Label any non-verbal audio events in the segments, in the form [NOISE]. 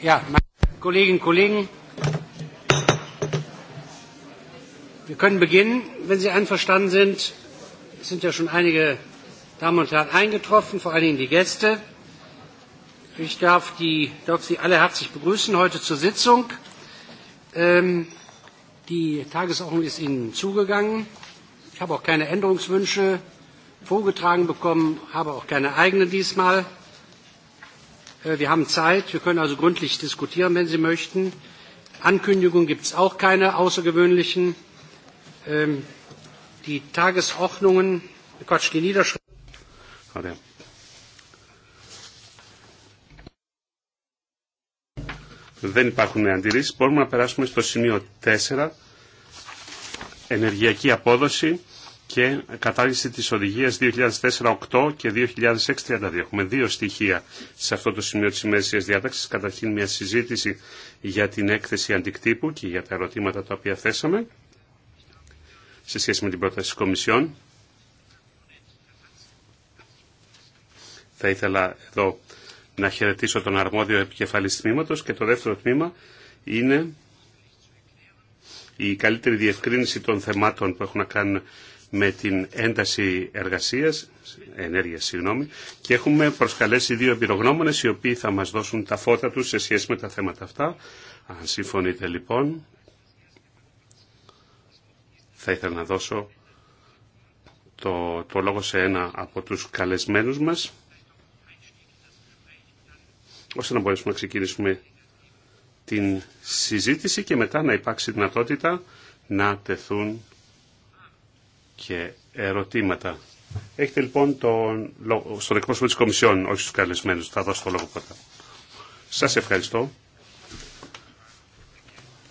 Ja, meine Kolleginnen und Kollegen, wir können beginnen, wenn Sie einverstanden sind. Es sind ja schon einige Damen und Herren eingetroffen, vor allen Dingen die Gäste. Ich darf, die, Sie alle herzlich begrüßen heute zur Sitzung. Ähm, die Tagesordnung ist Ihnen zugegangen. Ich habe auch keine Änderungswünsche vorgetragen bekommen, habe auch keine eigenen diesmal. Wir haben Zeit. Wir können also gründlich diskutieren, wenn Sie möchten. Ankündigungen gibt es auch keine außergewöhnlichen. Die Tagesordnungen, Quatsch, die Niederschrift. Δεν υπάρχουν αντιρρήσεις. Μπορούμε να περάσουμε στο σημείο 4. Ενεργειακή απόδοση και κατάργηση της οδηγίας 2004-8 και 2006-32. Έχουμε δύο στοιχεία σε αυτό το σημείο της ημέρησιας διάταξης. Καταρχήν μια συζήτηση για την έκθεση αντικτύπου και για τα ερωτήματα τα οποία θέσαμε σε σχέση με την πρόταση της Κομισιόν. Θα ήθελα εδώ να χαιρετήσω τον αρμόδιο επικεφαλής τμήματος και το δεύτερο τμήμα είναι η καλύτερη διευκρίνηση των θεμάτων που έχουν να κάνουν με την ένταση εργασίας, ενέργειας συγγνώμη, και έχουμε προσκαλέσει δύο εμπειρογνώμονες οι οποίοι θα μας δώσουν τα φώτα τους σε σχέση με τα θέματα αυτά. Αν συμφωνείτε λοιπόν, θα ήθελα να δώσω το, το λόγο σε ένα από τους καλεσμένους μας, ώστε να μπορέσουμε να ξεκινήσουμε την συζήτηση και μετά να υπάρξει δυνατότητα να τεθούν και ερωτήματα. Έχετε λοιπόν τον λόγο, στον εκπρόσωπο της Κομισιόν, όχι στους καλεσμένους. Θα δώσω το λόγο πρώτα. Σας ευχαριστώ.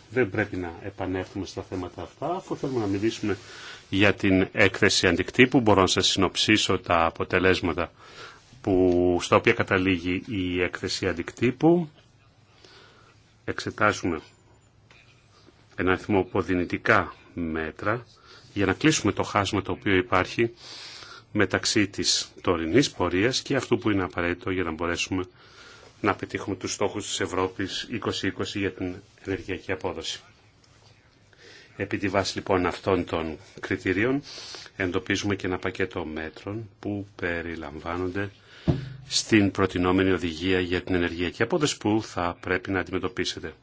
Δεν πρέπει να επανέλθουμε στα θέματα αυτά, αφού θέλουμε να μιλήσουμε για την έκθεση αντικτύπου. Μπορώ να σας συνοψίσω τα αποτελέσματα που, στα οποία καταλήγει η έκθεση αντικτύπου. Εξετάζουμε ένα αριθμό μέτρα για να κλείσουμε το χάσμα το οποίο υπάρχει μεταξύ της τωρινής πορείας και αυτού που είναι απαραίτητο για να μπορέσουμε να πετύχουμε τους στόχους της Ευρώπης 2020 για την ενεργειακή απόδοση. Επί τη βάση λοιπόν αυτών των κριτηρίων εντοπίζουμε και ένα πακέτο μέτρων που περιλαμβάνονται στην προτινόμενη οδηγία για την ενεργειακή απόδοση που θα πρέπει να αντιμετωπίσετε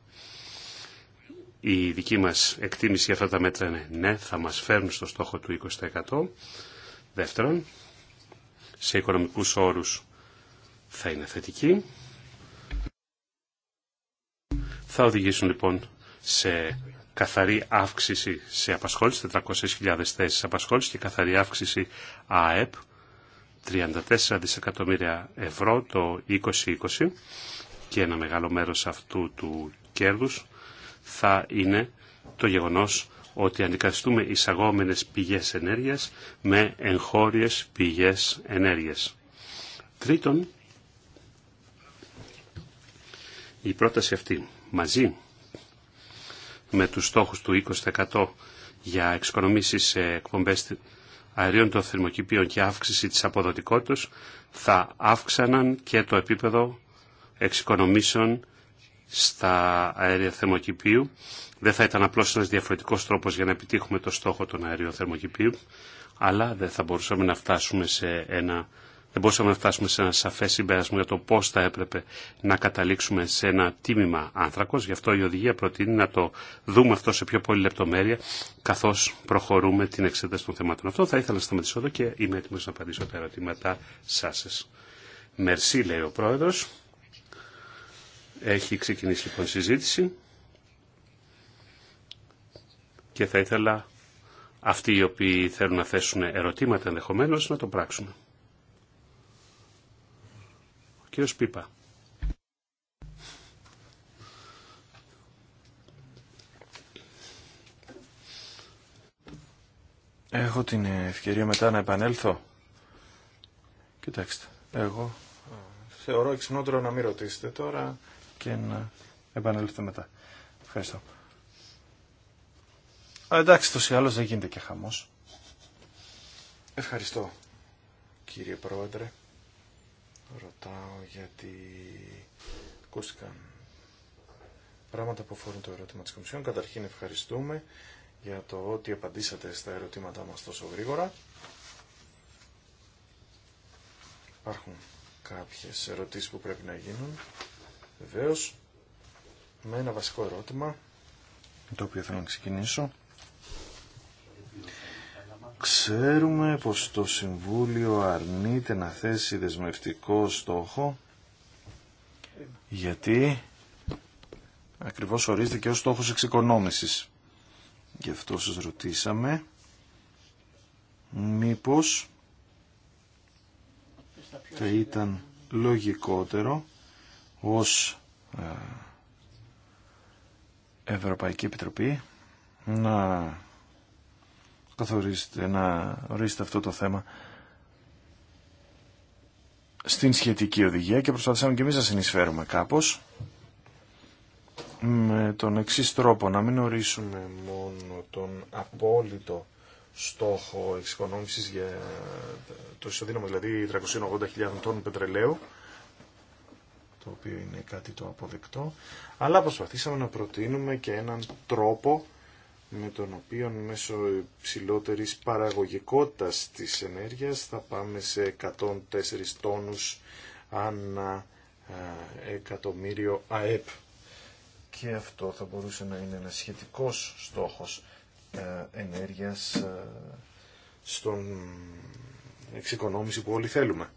η δική μας εκτίμηση για αυτά τα μέτρα είναι ναι, θα μας φέρουν στο στόχο του 20%. Δεύτερον, σε οικονομικούς όρους θα είναι θετική. Θα οδηγήσουν λοιπόν σε καθαρή αύξηση σε απασχόληση, 400.000 θέσεις απασχόληση και καθαρή αύξηση ΑΕΠ, 34 δισεκατομμύρια ευρώ το 2020 και ένα μεγάλο μέρος αυτού του κέρδους θα είναι το γεγονός ότι αντικαθιστούμε εισαγόμενες πηγές ενέργειας με εγχώριες πηγές ενέργειας. Τρίτον, η πρόταση αυτή μαζί με τους στόχους του 20% για εξοικονομήσεις σε εκπομπές αερίων των θερμοκηπίων και αύξηση της αποδοτικότητας θα αύξαναν και το επίπεδο εξοικονομήσεων στα αέρια θερμοκηπίου. Δεν θα ήταν απλώς ένας διαφορετικός τρόπος για να επιτύχουμε το στόχο των αερίων θερμοκηπίου, αλλά δεν θα μπορούσαμε να φτάσουμε σε ένα δεν μπορούσαμε να φτάσουμε σε ένα σαφές συμπέρασμα για το πώ θα έπρεπε να καταλήξουμε σε ένα τίμημα άνθρακο. Γι' αυτό η οδηγία προτείνει να το δούμε αυτό σε πιο πολλή λεπτομέρεια καθώ προχωρούμε την εξέταση των θεμάτων. Αυτό θα ήθελα να σταματήσω εδώ και είμαι έτοιμο να απαντήσω τα ερωτήματά σα. Μερσή λέει ο πρόεδρο. Έχει ξεκινήσει λοιπόν συζήτηση και θα ήθελα αυτοί οι οποίοι θέλουν να θέσουν ερωτήματα ενδεχομένω να το πράξουν. Ο κύριος Πίπα. Έχω την ευκαιρία μετά να επανέλθω. Κοιτάξτε, εγώ ε, θεωρώ εξυπνότερο να μην ρωτήσετε τώρα και να επανέλθω μετά. Ευχαριστώ. Α, εντάξει, τόσο ή δεν γίνεται και χαμός. Ευχαριστώ, κύριε Πρόεδρε. Ρωτάω γιατί ακούστηκαν πράγματα που αφορούν το ερώτημα τη Κομισιόν. Καταρχήν ευχαριστούμε για το ότι απαντήσατε στα ερωτήματά μας τόσο γρήγορα. Υπάρχουν κάποιες ερωτήσεις που πρέπει να γίνουν βεβαίως με ένα βασικό ερώτημα το οποίο θέλω να ξεκινήσω. Ξέρουμε πως το Συμβούλιο αρνείται να θέσει δεσμευτικό στόχο γιατί ακριβώς ορίζεται και ως στόχος εξοικονόμησης. Γι' αυτό σας ρωτήσαμε μήπως θα ήταν λογικότερο ως ε, Ευρωπαϊκή Επιτροπή να καθορίσετε, να ορίσετε αυτό το θέμα στην σχετική οδηγία και προσπαθήσαμε και εμείς να συνεισφέρουμε κάπως με τον εξή τρόπο να μην ορίσουμε μόνο τον απόλυτο στόχο εξοικονόμησης για το ισοδύναμο δηλαδή 380.000 τόνων πετρελαίου το οποίο είναι κάτι το αποδεκτό, αλλά προσπαθήσαμε να προτείνουμε και έναν τρόπο με τον οποίο μέσω υψηλότερης παραγωγικότητας της ενέργειας θα πάμε σε 104 τόνους ανά ε, εκατομμύριο ΑΕΠ. Και αυτό θα μπορούσε να είναι ένα σχετικός στόχος ε, ενέργειας ε, στον εξοικονόμηση που όλοι θέλουμε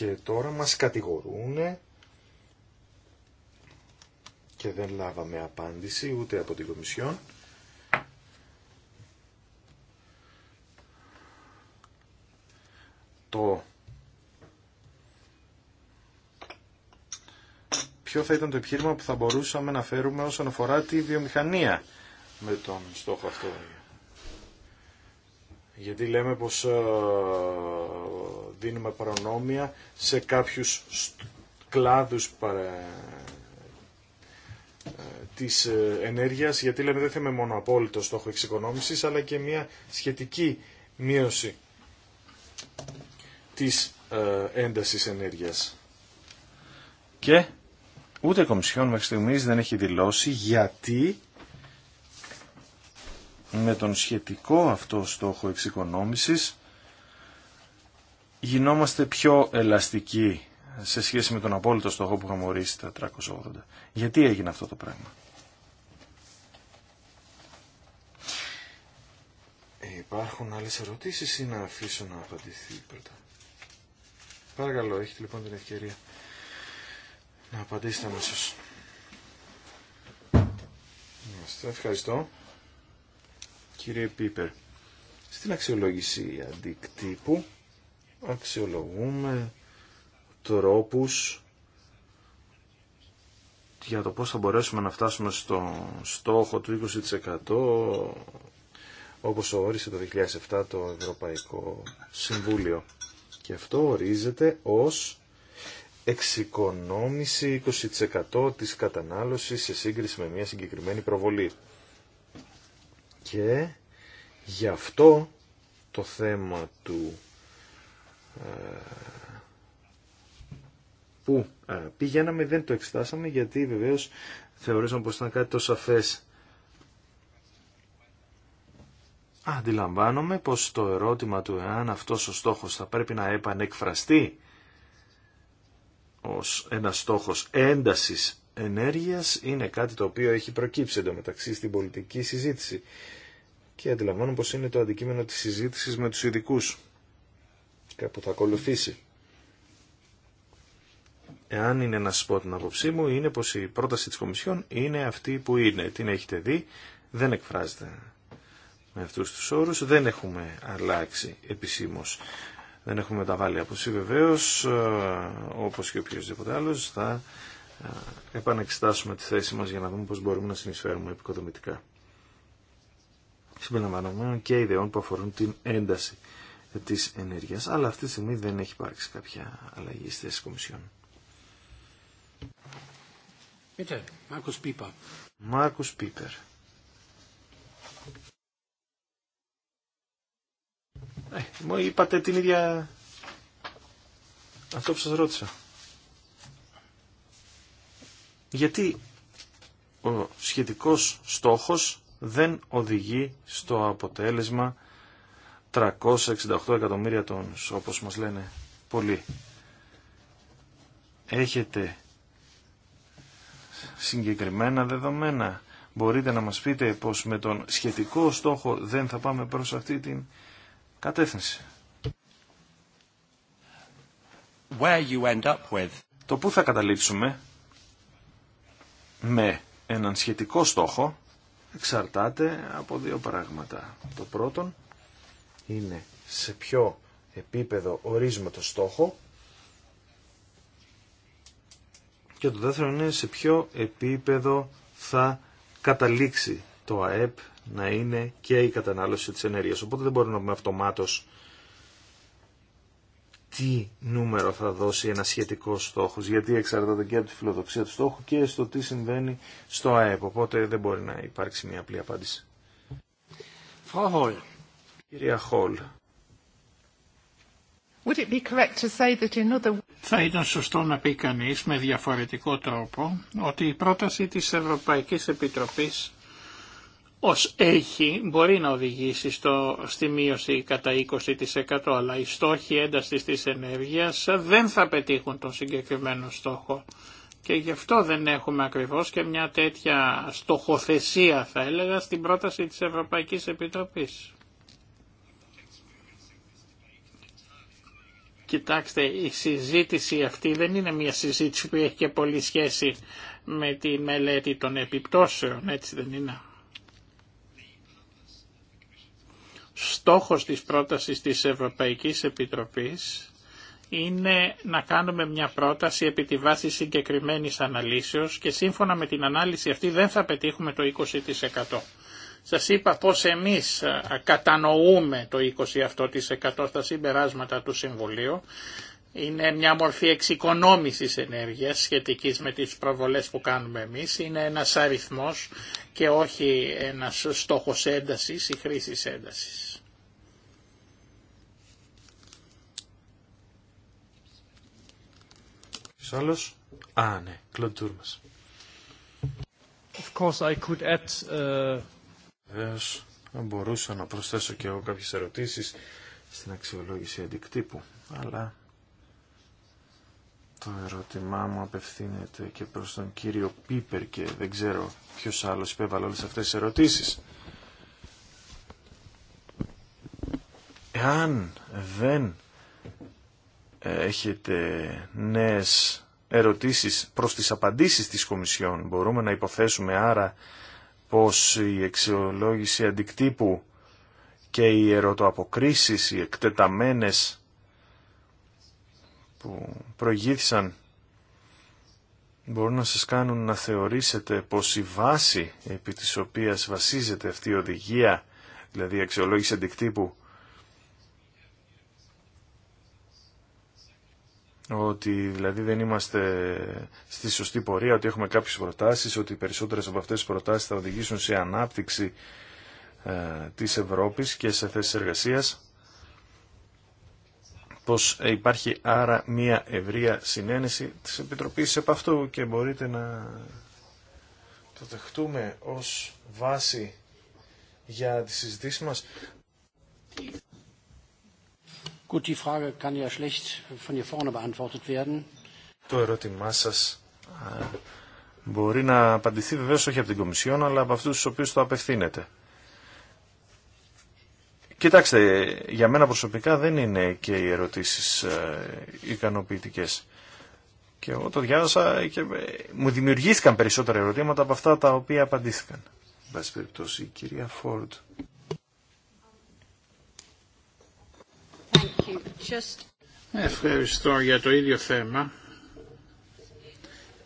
και τώρα μας κατηγορούν και δεν λάβαμε απάντηση ούτε από την Κομισιόν. Το ποιο θα ήταν το επιχείρημα που θα μπορούσαμε να φέρουμε όσον αφορά τη βιομηχανία με τον στόχο αυτό γιατί λέμε πως ε, δίνουμε προνόμια σε κάποιους κλάδους παρα... Ε, της ε, ενέργειας, γιατί λέμε δεν θέλουμε μόνο απόλυτο στόχο εξοικονόμησης, αλλά και μια σχετική μείωση της έντασης ενέργειας. Και ούτε η Κομισιόν μέχρι στιγμής δεν έχει δηλώσει γιατί με τον σχετικό αυτό στόχο εξοικονόμησης γινόμαστε πιο ελαστικοί σε σχέση με τον απόλυτο στόχο που είχαμε ορίσει τα 380. Γιατί έγινε αυτό το πράγμα. Ε, υπάρχουν άλλες ερωτήσεις ή να αφήσω να απαντηθεί πρώτα. Παρακαλώ, έχετε λοιπόν την ευκαιρία να απαντήσετε αμέσως. Ευχαριστώ κύριε Πίπερ. Στην αξιολόγηση αντικτύπου αξιολογούμε τρόπους για το πώς θα μπορέσουμε να φτάσουμε στο στόχο του 20% όπως όρισε το 2007 το Ευρωπαϊκό Συμβούλιο. Και αυτό ορίζεται ως εξοικονόμηση 20% της κατανάλωσης σε σύγκριση με μια συγκεκριμένη προβολή και γι' αυτό το θέμα του ε, που ε, πηγαίναμε δεν το εξετάσαμε γιατί βεβαίως θεωρήσαμε πως ήταν κάτι το σαφές. Αντιλαμβάνομαι πως το ερώτημα του εάν αυτός ο στόχος θα πρέπει να επανεκφραστεί ως ένας στόχος έντασης ενέργειας είναι κάτι το οποίο έχει προκύψει εντωμεταξύ στην πολιτική συζήτηση και αντιλαμβάνω πως είναι το αντικείμενο της συζήτησης με τους ειδικού και που θα ακολουθήσει. Εάν είναι να σας πω την άποψή μου, είναι πως η πρόταση της Κομισιόν είναι αυτή που είναι. Την έχετε δει, δεν εκφράζεται με αυτούς τους όρους, δεν έχουμε αλλάξει επισήμως. Δεν έχουμε μεταβάλει άποψη βεβαίω, ε, όπως και οποιοδήποτε άλλο θα ε, επανεξετάσουμε τη θέση μας για να δούμε πώς μπορούμε να συνεισφέρουμε επικοδομητικά συμπεριλαμβανομένων και ιδεών που αφορούν την ένταση τη ενέργεια. Αλλά αυτή τη στιγμή δεν έχει υπάρξει κάποια αλλαγή στι θέσει κομισιών Μάρκος Πίπερ. Μάρκος Πίπερ. Ε, μου είπατε την ίδια αυτό που σας ρώτησα. Γιατί ο σχετικός στόχος δεν οδηγεί στο αποτέλεσμα 368 εκατομμύρια τόνους, όπως μας λένε πολλοί. Έχετε συγκεκριμένα δεδομένα. Μπορείτε να μας πείτε πως με τον σχετικό στόχο δεν θα πάμε προς αυτή την κατεύθυνση. Where you end up with. Το που θα καταλήξουμε με έναν σχετικό στόχο εξαρτάται από δύο πράγματα. Το πρώτον είναι σε ποιο επίπεδο ορίζουμε το στόχο και το δεύτερο είναι σε ποιο επίπεδο θα καταλήξει το ΑΕΠ να είναι και η κατανάλωση της ενέργειας. Οπότε δεν μπορούμε να αυτομάτως τι νούμερο θα δώσει ένα σχετικό στόχος, γιατί εξαρτάται και από τη φιλοδοξία του στόχου και στο τι συμβαίνει στο ΑΕΠ, οπότε δεν μπορεί να υπάρξει μια απλή απάντηση. Κυρία Χολ. Θα ήταν σωστό να πει κανείς με διαφορετικό τρόπο ότι η πρόταση της Ευρωπαϊκής Επιτροπής ως έχει μπορεί να οδηγήσει στο, στη μείωση κατά 20% αλλά οι στόχοι έντασης της ενέργειας δεν θα πετύχουν τον συγκεκριμένο στόχο. Και γι' αυτό δεν έχουμε ακριβώς και μια τέτοια στοχοθεσία θα έλεγα στην πρόταση της Ευρωπαϊκής Επιτροπής. Κοιτάξτε, η συζήτηση αυτή δεν είναι μια συζήτηση που έχει και πολύ σχέση με τη μελέτη των επιπτώσεων, έτσι δεν είναι. στόχος της πρότασης της Ευρωπαϊκής Επιτροπής είναι να κάνουμε μια πρόταση επί τη βάση συγκεκριμένης αναλύσεως και σύμφωνα με την ανάλυση αυτή δεν θα πετύχουμε το 20%. Σας είπα πώς εμείς κατανοούμε το 20% στα συμπεράσματα του Συμβουλίου. Είναι μια μορφή εξοικονόμησης ενέργειας σχετικής με τις προβολές που κάνουμε εμείς. Είναι ένας αριθμός και όχι ένας στόχος έντασης ή χρήσης έντασης. Κάποιος άλλος. Α, ναι, Κλοντ Τούρμας. Of course I could add... Uh, μπορούσα να προσθέσω και εγώ κάποιες ερωτήσεις στην αξιολόγηση αντικτύπου, αλλά το ερώτημά μου απευθύνεται και προς τον κύριο Πίπερ και δεν ξέρω ποιος άλλος υπέβαλε όλες αυτές τις ερωτήσεις. Εάν δεν έχετε νέες ερωτήσεις προς τις απαντήσεις της Κομισιόν. Μπορούμε να υποθέσουμε άρα πως η αξιολόγηση αντικτύπου και οι ερωτοαποκρίσεις, οι εκτεταμένες που προηγήθησαν μπορούν να σας κάνουν να θεωρήσετε πως η βάση επί της οποίας βασίζεται αυτή η οδηγία, δηλαδή η αξιολόγηση αντικτύπου, ότι δηλαδή δεν είμαστε στη σωστή πορεία, ότι έχουμε κάποιες προτάσεις, ότι οι περισσότερες από αυτές τις προτάσεις θα οδηγήσουν σε ανάπτυξη ε, της Ευρώπης και σε θέσεις εργασίας, πως ε, υπάρχει άρα μία ευρεία συνένεση της Επιτροπής επ' αυτού και μπορείτε να το δεχτούμε ως βάση για τη συζήτηση μας. Το ερώτημά σας μπορεί να απαντηθεί βεβαίως όχι από την Κομισιόν, αλλά από αυτούς τους οποίους το απευθύνεται. Κοιτάξτε, για μένα προσωπικά δεν είναι και οι ερωτήσεις ε, ικανοποιητικές. Και εγώ το διάβασα και ε, μου δημιουργήθηκαν περισσότερα ερωτήματα από αυτά τα οποία απαντήθηκαν. Εν πάση περιπτώσει, η κυρία Φόρντ. Ευχαριστώ για το ίδιο θέμα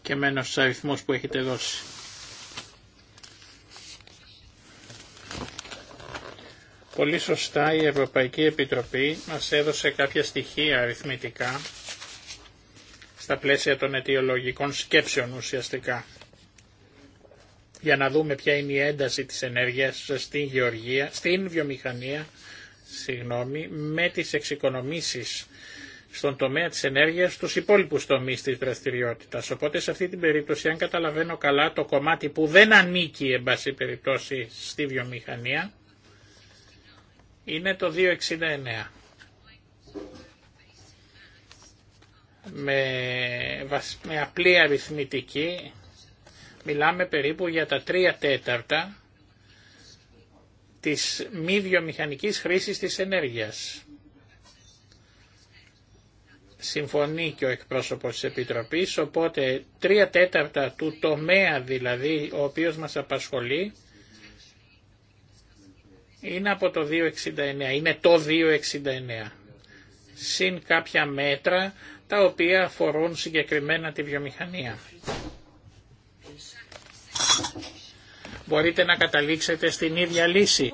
και μένω στους αριθμούς που έχετε δώσει. Πολύ σωστά η Ευρωπαϊκή Επιτροπή μας έδωσε κάποια στοιχεία αριθμητικά στα πλαίσια των αιτιολογικών σκέψεων ουσιαστικά για να δούμε ποια είναι η ένταση της ενέργειας στην γεωργία, στην βιομηχανία συγγνώμη, με τις εξοικονομήσεις στον τομέα της ενέργειας στους υπόλοιπους τομείς της δραστηριότητας. Οπότε σε αυτή την περίπτωση, αν καταλαβαίνω καλά, το κομμάτι που δεν ανήκει, εν πάση περιπτώσει, στη βιομηχανία, είναι το 269. Με, με απλή αριθμητική μιλάμε περίπου για τα 3 τέταρτα της μη βιομηχανική χρήσης της ενέργειας. Συμφωνεί και ο εκπρόσωπος της Επιτροπής, οπότε τρία τέταρτα του τομέα δηλαδή, ο οποίος μας απασχολεί, είναι από το 269, είναι το 269, συν κάποια μέτρα τα οποία αφορούν συγκεκριμένα τη βιομηχανία μπορείτε να καταλήξετε στην ίδια λύση.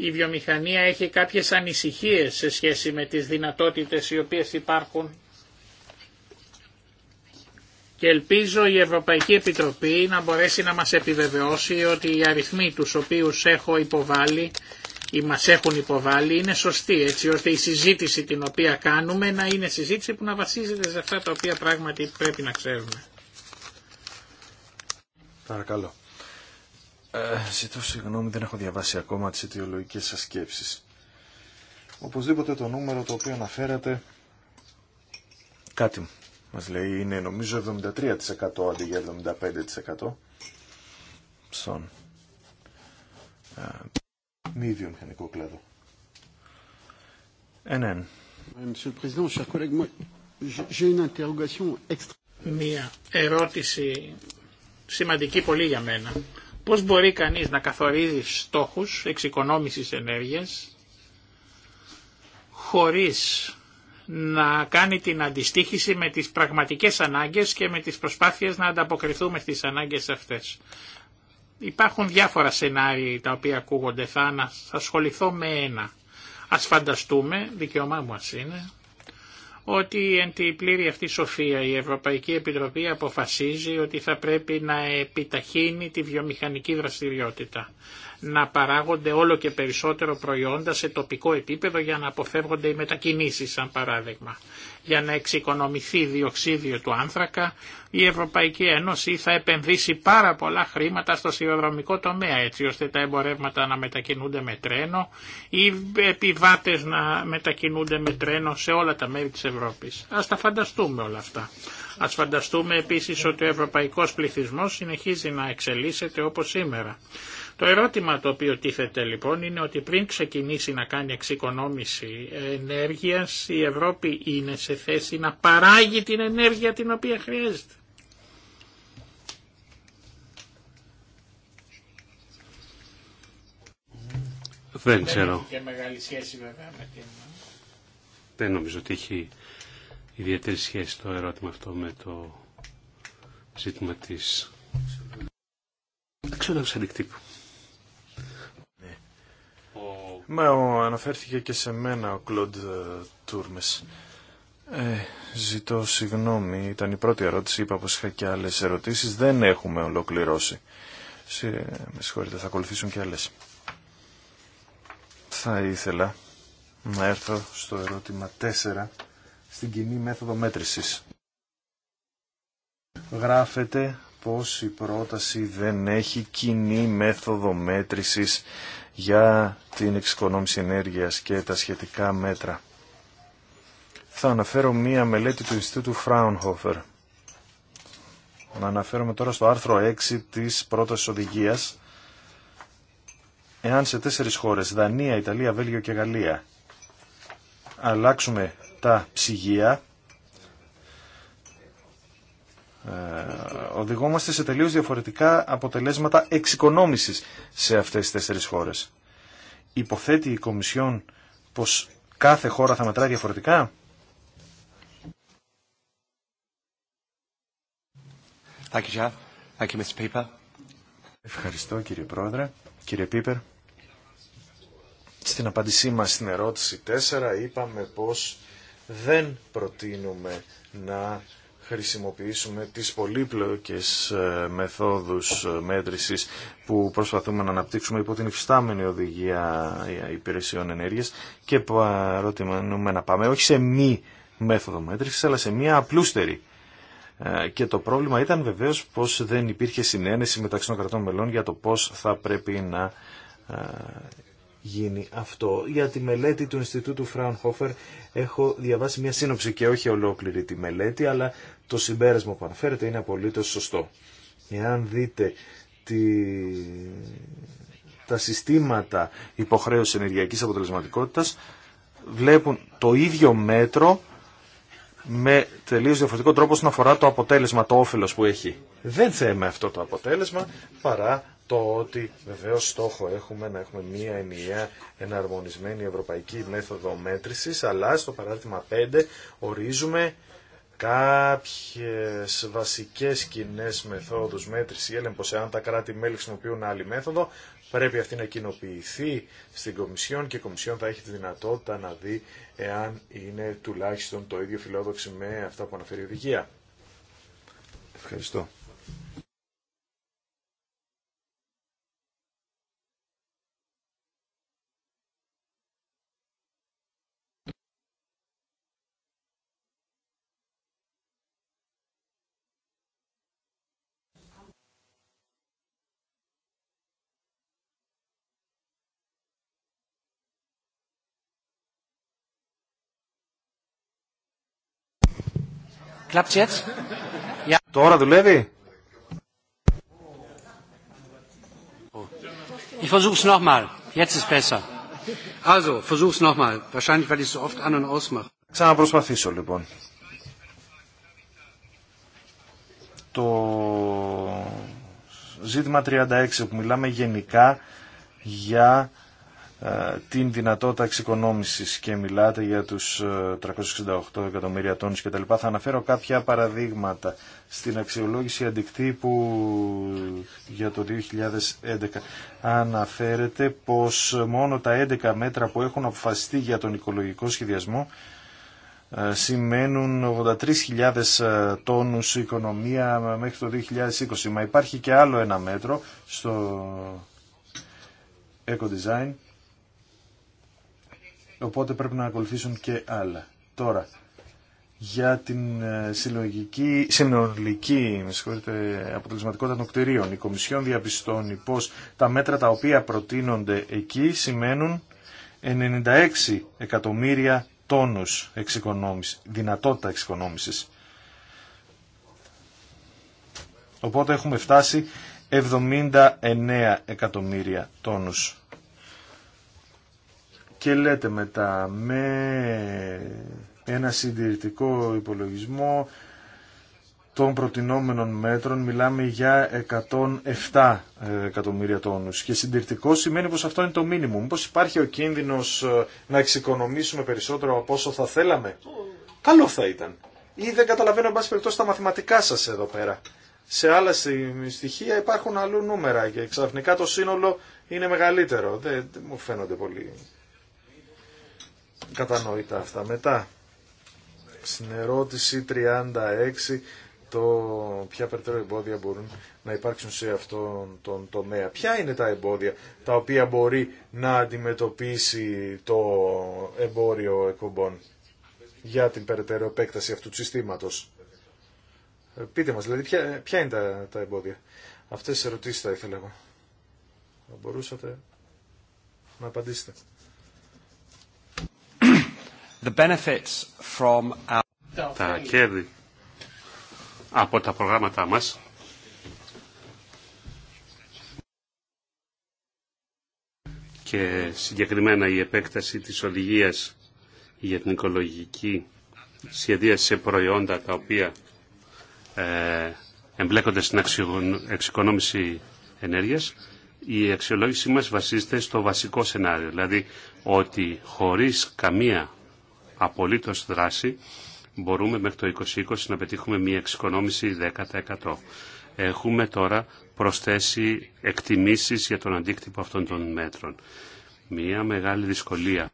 Η βιομηχανία έχει κάποιες ανησυχίες σε σχέση με τις δυνατότητες οι οποίες υπάρχουν και ελπίζω η Ευρωπαϊκή Επιτροπή να μπορέσει να μας επιβεβαιώσει ότι οι αριθμοί τους οποίους έχω υποβάλει ή μας έχουν υποβάλει είναι σωστή έτσι ώστε η συζήτηση την οποία κάνουμε να είναι συζήτηση που να βασίζεται σε αυτά τα οποία πράγματι πρέπει να ξέρουμε. Παρακαλώ. Ε, ζητώ συγγνώμη, δεν έχω διαβάσει ακόμα τις αιτιολογικές σας σκέψεις. Οπωσδήποτε το νούμερο το οποίο αναφέρατε κάτι μας λέει είναι νομίζω 73% αντί για 75% στον ε, κλάδο. Μία ερώτηση σημαντική πολύ για μένα. Πώς μπορεί κανείς να καθορίζει στόχους εξοικονόμησης ενέργειας χωρίς να κάνει την αντιστοίχηση με τις πραγματικές ανάγκες και με τις προσπάθειες να ανταποκριθούμε στις ανάγκες αυτές. Υπάρχουν διάφορα σενάρια τα οποία ακούγονται θα ασχοληθώ με ένα. Ας φανταστούμε, δικαιωμά μου ας είναι, ότι εν τη πλήρη αυτή σοφία η Ευρωπαϊκή Επιτροπή αποφασίζει ότι θα πρέπει να επιταχύνει τη βιομηχανική δραστηριότητα, να παράγονται όλο και περισσότερο προϊόντα σε τοπικό επίπεδο για να αποφεύγονται οι μετακινήσεις, σαν παράδειγμα για να εξοικονομηθεί διοξίδιο του άνθρακα, η Ευρωπαϊκή Ένωση θα επενδύσει πάρα πολλά χρήματα στο σιδηροδρομικό τομέα έτσι ώστε τα εμπορεύματα να μετακινούνται με τρένο ή επιβάτες να μετακινούνται με τρένο σε όλα τα μέρη της Ευρώπης. Ας τα φανταστούμε όλα αυτά. Ας φανταστούμε επίσης ότι ο ευρωπαϊκός πληθυσμός συνεχίζει να εξελίσσεται όπως σήμερα. Το ερώτημα το οποίο τίθεται λοιπόν είναι ότι πριν ξεκινήσει να κάνει εξοικονόμηση ενέργειας η Ευρώπη είναι σε θέση να παράγει την ενέργεια την οποία χρειάζεται. Δεν ξέρω. και μεγάλη σχέση βέβαια με την... Δεν νομίζω ότι έχει ιδιαίτερη σχέση το ερώτημα αυτό με το ζήτημα της σε αντικτύπου. Μα ο, αναφέρθηκε και σε μένα ο Κλοντ ε, Τούρμες. Ε, ζητώ συγγνώμη, ήταν η πρώτη ερώτηση, είπα πως είχα και άλλες ερωτήσεις, δεν έχουμε ολοκληρώσει. Σε, με συγχωρείτε, θα ακολουθήσουν και άλλες. Θα ήθελα να έρθω στο ερώτημα 4, στην κοινή μέθοδο μέτρησης. Γράφεται πως η πρόταση δεν έχει κοινή μέθοδο μέτρησης για την εξοικονόμηση ενέργειας και τα σχετικά μέτρα. Θα αναφέρω μία μελέτη του Ινστιτούτου Φράουνχόφερ. Να αναφέρομαι τώρα στο άρθρο 6 της πρώτας οδηγίας. Εάν σε τέσσερις χώρες, Δανία, Ιταλία, Βέλγιο και Γαλλία, αλλάξουμε τα ψυγεία, ε, οδηγόμαστε σε τελείως διαφορετικά αποτελέσματα εξοικονόμησης σε αυτές τις τέσσερις χώρες. Υποθέτει η Κομισιόν πως κάθε χώρα θα μετράει διαφορετικά. Ευχαριστώ κύριε Πρόεδρε. Κύριε Πίπερ, στην απάντησή μας στην ερώτηση 4 είπαμε πως δεν προτείνουμε να χρησιμοποιήσουμε τις πολύπλοκες ε, μεθόδους ε, μέτρησης που προσπαθούμε να αναπτύξουμε υπό την υφιστάμενη οδηγία ε, υπηρεσιών ενέργειας και προτιμούμε να πάμε όχι σε μη μέθοδο μέτρησης αλλά σε μία απλούστερη. Και το πρόβλημα ήταν βεβαίως πως δεν υπήρχε συνένεση μεταξύ των κρατών μελών για το πώς θα πρέπει να γίνει αυτό. Για τη μελέτη του Ινστιτούτου Φράουνχόφερ έχω διαβάσει μια σύνοψη και όχι ολόκληρη τη μελέτη, αλλά το συμπέρασμα που αναφέρεται είναι απολύτως σωστό. Εάν δείτε τη... τα συστήματα υποχρέωσης ενεργειακής αποτελεσματικότητας, βλέπουν το ίδιο μέτρο με τελείω διαφορετικό τρόπο όσον αφορά το αποτέλεσμα, το όφελο που έχει. Δεν θέμε αυτό το αποτέλεσμα παρά το ότι βεβαίως στόχο έχουμε να έχουμε μία ενιαία εναρμονισμένη ευρωπαϊκή μέθοδο μέτρησης, αλλά στο παράδειγμα 5 ορίζουμε κάποιες βασικές κοινέ μεθόδους μέτρησης, Έλεγε πως εάν τα κράτη-μέλη χρησιμοποιούν άλλη μέθοδο, πρέπει αυτή να κοινοποιηθεί στην Κομισιόν και η Κομισιόν θα έχει τη δυνατότητα να δει εάν είναι τουλάχιστον το ίδιο φιλόδοξη με αυτά που αναφέρει η οδηγία. Ευχαριστώ. Klappt's jetzt? Ja. Τώρα δουλεύει. Ich versuch's nochmal. Jetzt ist besser. Also, versuch's nochmal. Wahrscheinlich, weil ich so oft an und ausmache. Ξαναπροσπαθήσω λοιπόν. Το ζήτημα 36 που μιλάμε γενικά για την δυνατότητα εξοικονόμησης και μιλάτε για τους 368 ε, εκατομμύρια τόνους κτλ. Θα αναφέρω κάποια παραδείγματα στην αξιολόγηση αντικτύπου για το 2011. Αναφέρεται πως μόνο τα 11 μέτρα που έχουν αποφασιστεί για τον οικολογικό σχεδιασμό ε, σημαίνουν 83.000 ε, τόνους οικονομία μέχρι το 2020. Μα υπάρχει και άλλο ένα μέτρο στο eco-design Οπότε πρέπει να ακολουθήσουν και άλλα. Τώρα, για την ε, συλλογική, συνολική αποτελεσματικότητα των κτηρίων. Η Κομισιόν διαπιστώνει πως τα μέτρα τα οποία προτείνονται εκεί σημαίνουν 96 εκατομμύρια τόνους εξοικονόμηση, δυνατότητα εξοικονόμησης. Οπότε έχουμε φτάσει 79 εκατομμύρια τόνους και λέτε μετά με ένα συντηρητικό υπολογισμό των προτινόμενων μέτρων μιλάμε για 107 ε, εκατομμύρια τόνους. Και συντηρητικό σημαίνει πως αυτό είναι το μήνυμο. Μήπως υπάρχει ο κίνδυνος ε, να εξοικονομήσουμε περισσότερο από όσο θα θέλαμε. Καλό θα ήταν. Ή δεν καταλαβαίνω, εν πάση περιπτώσει, τα μαθηματικά σας εδώ πέρα. Σε άλλα στοιχεία υπάρχουν αλλού νούμερα και ξαφνικά το σύνολο είναι μεγαλύτερο. Δεν, δεν μου φαίνονται πολύ κατανοητά αυτά. Μετά, στην ερώτηση 36, το ποια περαιτέρω εμπόδια μπορούν να υπάρξουν σε αυτόν τον τομέα. Ποια είναι τα εμπόδια τα οποία μπορεί να αντιμετωπίσει το εμπόριο εκπομπών για την περαιτέρω επέκταση αυτού του συστήματος. Ε, πείτε μας, δηλαδή, ποια, είναι τα, τα εμπόδια. Αυτές τις ερωτήσεις θα ήθελα εγώ. Θα μπορούσατε να απαντήσετε. Τα κέρδη από τα προγράμματά μας και συγκεκριμένα η επέκταση της οδηγίας για την οικολογική σχεδίαση σε προϊόντα τα οποία ε, εμπλέκονται στην εξοικονόμηση ενέργειας, η αξιολόγησή μας βασίζεται στο βασικό σενάριο, δηλαδή ότι χωρίς καμία απολύτως δράση μπορούμε μέχρι το 2020 να πετύχουμε μια εξοικονόμηση 10%. Έχουμε τώρα προσθέσει εκτιμήσεις για τον αντίκτυπο αυτών των μέτρων. Μια μεγάλη δυσκολία.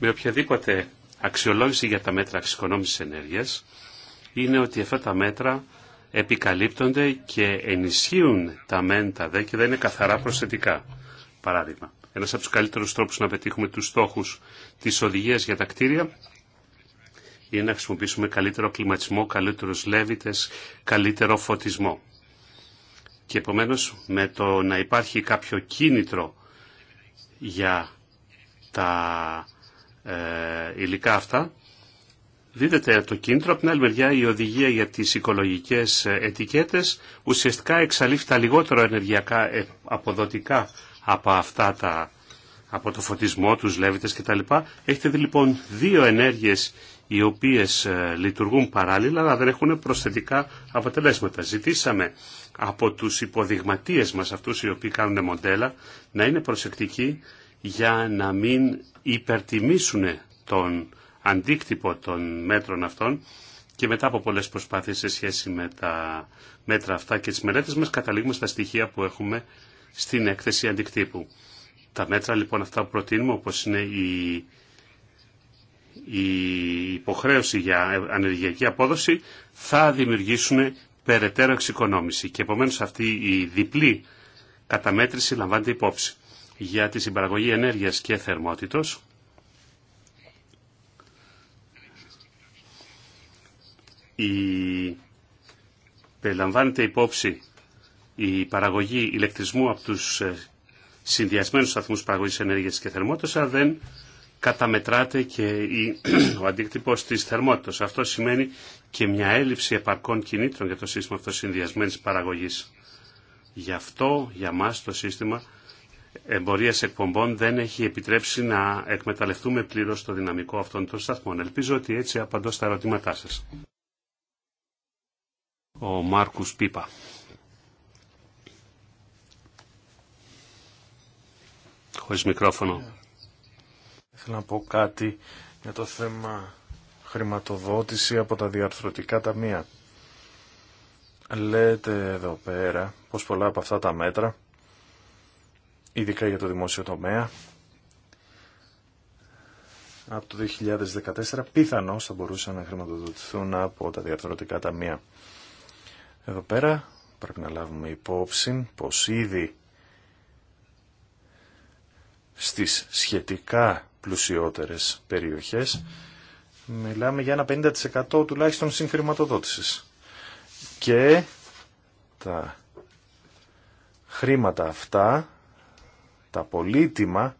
Με οποιαδήποτε αξιολόγηση για τα μέτρα εξοικονόμησης ενέργειας είναι ότι αυτά τα μέτρα επικαλύπτονται και ενισχύουν τα μέντα, δε και δεν είναι καθαρά προσθετικά. Παράδειγμα, ένας από τους καλύτερους τρόπους να πετύχουμε τους στόχους της οδηγίας για τα κτίρια είναι να χρησιμοποιήσουμε καλύτερο κλιματισμό, καλύτερους λέβητες, καλύτερο φωτισμό. Και επομένως με το να υπάρχει κάποιο κίνητρο για τα ε, υλικά αυτά, δίδεται το κίνητρο. Από την άλλη μεριά η οδηγία για τις οικολογικές ε, ετικέτες ουσιαστικά εξαλείφει τα λιγότερο ενεργειακά ε, αποδοτικά από αυτά τα από το φωτισμό, τους λέβητες κτλ. Έχετε δει λοιπόν δύο ενέργειες οι οποίες ε, λειτουργούν παράλληλα αλλά δεν έχουν προσθετικά αποτελέσματα. Ζητήσαμε από τους υποδειγματίες μας αυτούς οι οποίοι κάνουν μοντέλα να είναι προσεκτικοί για να μην υπερτιμήσουν τον αντίκτυπο των μέτρων αυτών και μετά από πολλές προσπάθειες σε σχέση με τα μέτρα αυτά και τις μελέτες μας καταλήγουμε στα στοιχεία που έχουμε στην έκθεση αντικτύπου. Τα μέτρα λοιπόν αυτά που προτείνουμε όπως είναι η, η υποχρέωση για ανεργειακή απόδοση θα δημιουργήσουν περαιτέρω εξοικονόμηση και επομένως αυτή η διπλή καταμέτρηση λαμβάνεται υπόψη για τη συμπαραγωγή ενέργειας και θερμότητος η... περιλαμβάνεται υπόψη η παραγωγή ηλεκτρισμού από τους ε, συνδυασμένους σταθμούς παραγωγής ενέργειας και θερμότητας, δεν καταμετράται και [CLEARS THROAT] ο αντίκτυπος της θερμότητας. Αυτό σημαίνει και μια έλλειψη επαρκών κινήτρων για το σύστημα αυτό συνδυασμένης παραγωγής. Γι' αυτό για μας το σύστημα εμπορίας εκπομπών δεν έχει επιτρέψει να εκμεταλλευτούμε πλήρως το δυναμικό αυτών των σταθμών. Ελπίζω ότι έτσι απαντώ στα ερωτήματά σας. Ο Μάρκους Πίπα. χωρίς μικρόφωνο. Θέλω να πω κάτι για το θέμα χρηματοδότηση από τα διαρθρωτικά ταμεία. Λέτε εδώ πέρα πως πολλά από αυτά τα μέτρα, ειδικά για το δημόσιο τομέα, από το 2014 πιθανώς θα μπορούσαν να χρηματοδοτηθούν από τα διαρθρωτικά ταμεία. Εδώ πέρα πρέπει να λάβουμε υπόψη πως ήδη στις σχετικά πλουσιότερες περιοχές, μιλάμε για ένα 50% τουλάχιστον συγχρηματοδότησης. Και τα χρήματα αυτά, τα πολύτιμα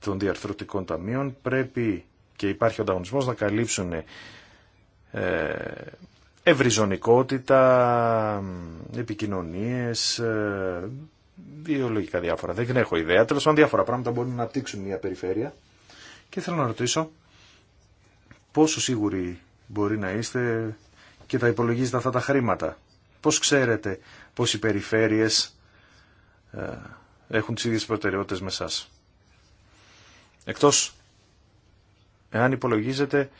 των διαρθρωτικών ταμείων πρέπει και υπάρχει ο ανταγωνισμός να καλύψουν ε, ευρυζωνικότητα, επικοινωνίες, ε, βιολογικά διάφορα. Δεν έχω ιδέα. Τέλο πάντων, διάφορα πράγματα μπορούν να απτύξουν μια περιφέρεια. Και θέλω να ρωτήσω πόσο σίγουροι μπορεί να είστε και θα υπολογίζετε αυτά τα χρήματα. Πώς ξέρετε πως οι περιφέρειες ε, έχουν τις ίδιες προτεραιότητες με εσάς. Εκτός εάν υπολογίζετε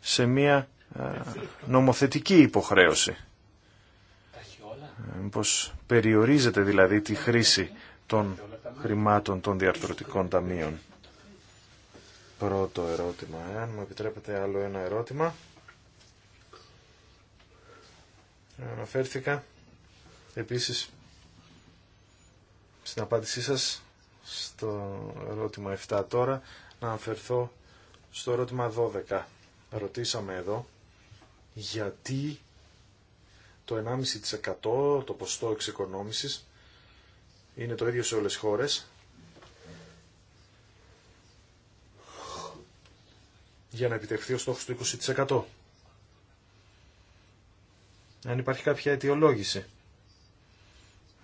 σε μια ε, νομοθετική υποχρέωση. Μήπως περιορίζεται δηλαδή τη χρήση των χρημάτων των διαρθρωτικών ταμείων. Πρώτο ερώτημα. Άν μου επιτρέπετε άλλο ένα ερώτημα. Αναφέρθηκα επίσης στην απάντησή σας στο ερώτημα 7 τώρα να αναφερθώ στο ερώτημα 12. Ρωτήσαμε εδώ γιατί το 1,5% το ποστό εξοικονόμησης είναι το ίδιο σε όλες τις χώρες. για να επιτευχθεί ο στόχος του 20%. Αν υπάρχει κάποια αιτιολόγηση.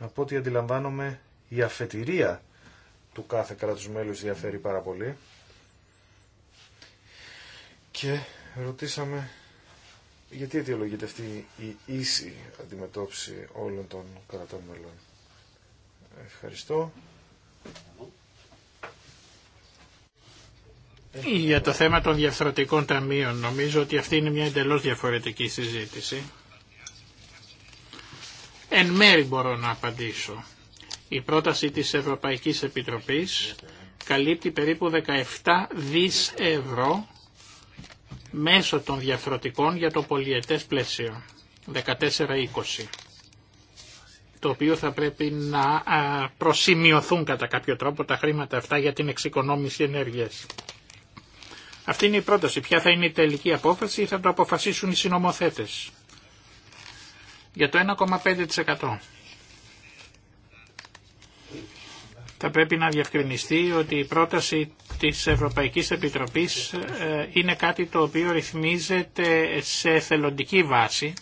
Από ό,τι αντιλαμβάνομαι η αφετηρία του κάθε κράτους μέλους διαφέρει πάρα πολύ. Και ρωτήσαμε γιατί αιτιολογείται αυτή η ίση αντιμετώπιση όλων των κρατών μελών. Ευχαριστώ. Για το θέμα των διαφθορτικών ταμείων νομίζω ότι αυτή είναι μια εντελώς διαφορετική συζήτηση. Εν μέρη μπορώ να απαντήσω. Η πρόταση της Ευρωπαϊκής Επιτροπής καλύπτει περίπου 17 δις ευρώ μέσω των διαφορετικών για το πολιετές πλαίσιο 14-20 το οποίο θα πρέπει να προσημειωθούν κατά κάποιο τρόπο τα χρήματα αυτά για την εξοικονόμηση ενέργειας. Αυτή είναι η πρόταση. Ποια θα είναι η τελική απόφαση ή θα το αποφασίσουν οι συνομοθέτες. Για το 1,5%. θα πρέπει να διευκρινιστεί ότι η πρόταση της Ευρωπαϊκής Επιτροπής ε, είναι κάτι το οποίο ρυθμίζεται σε θελοντική βάση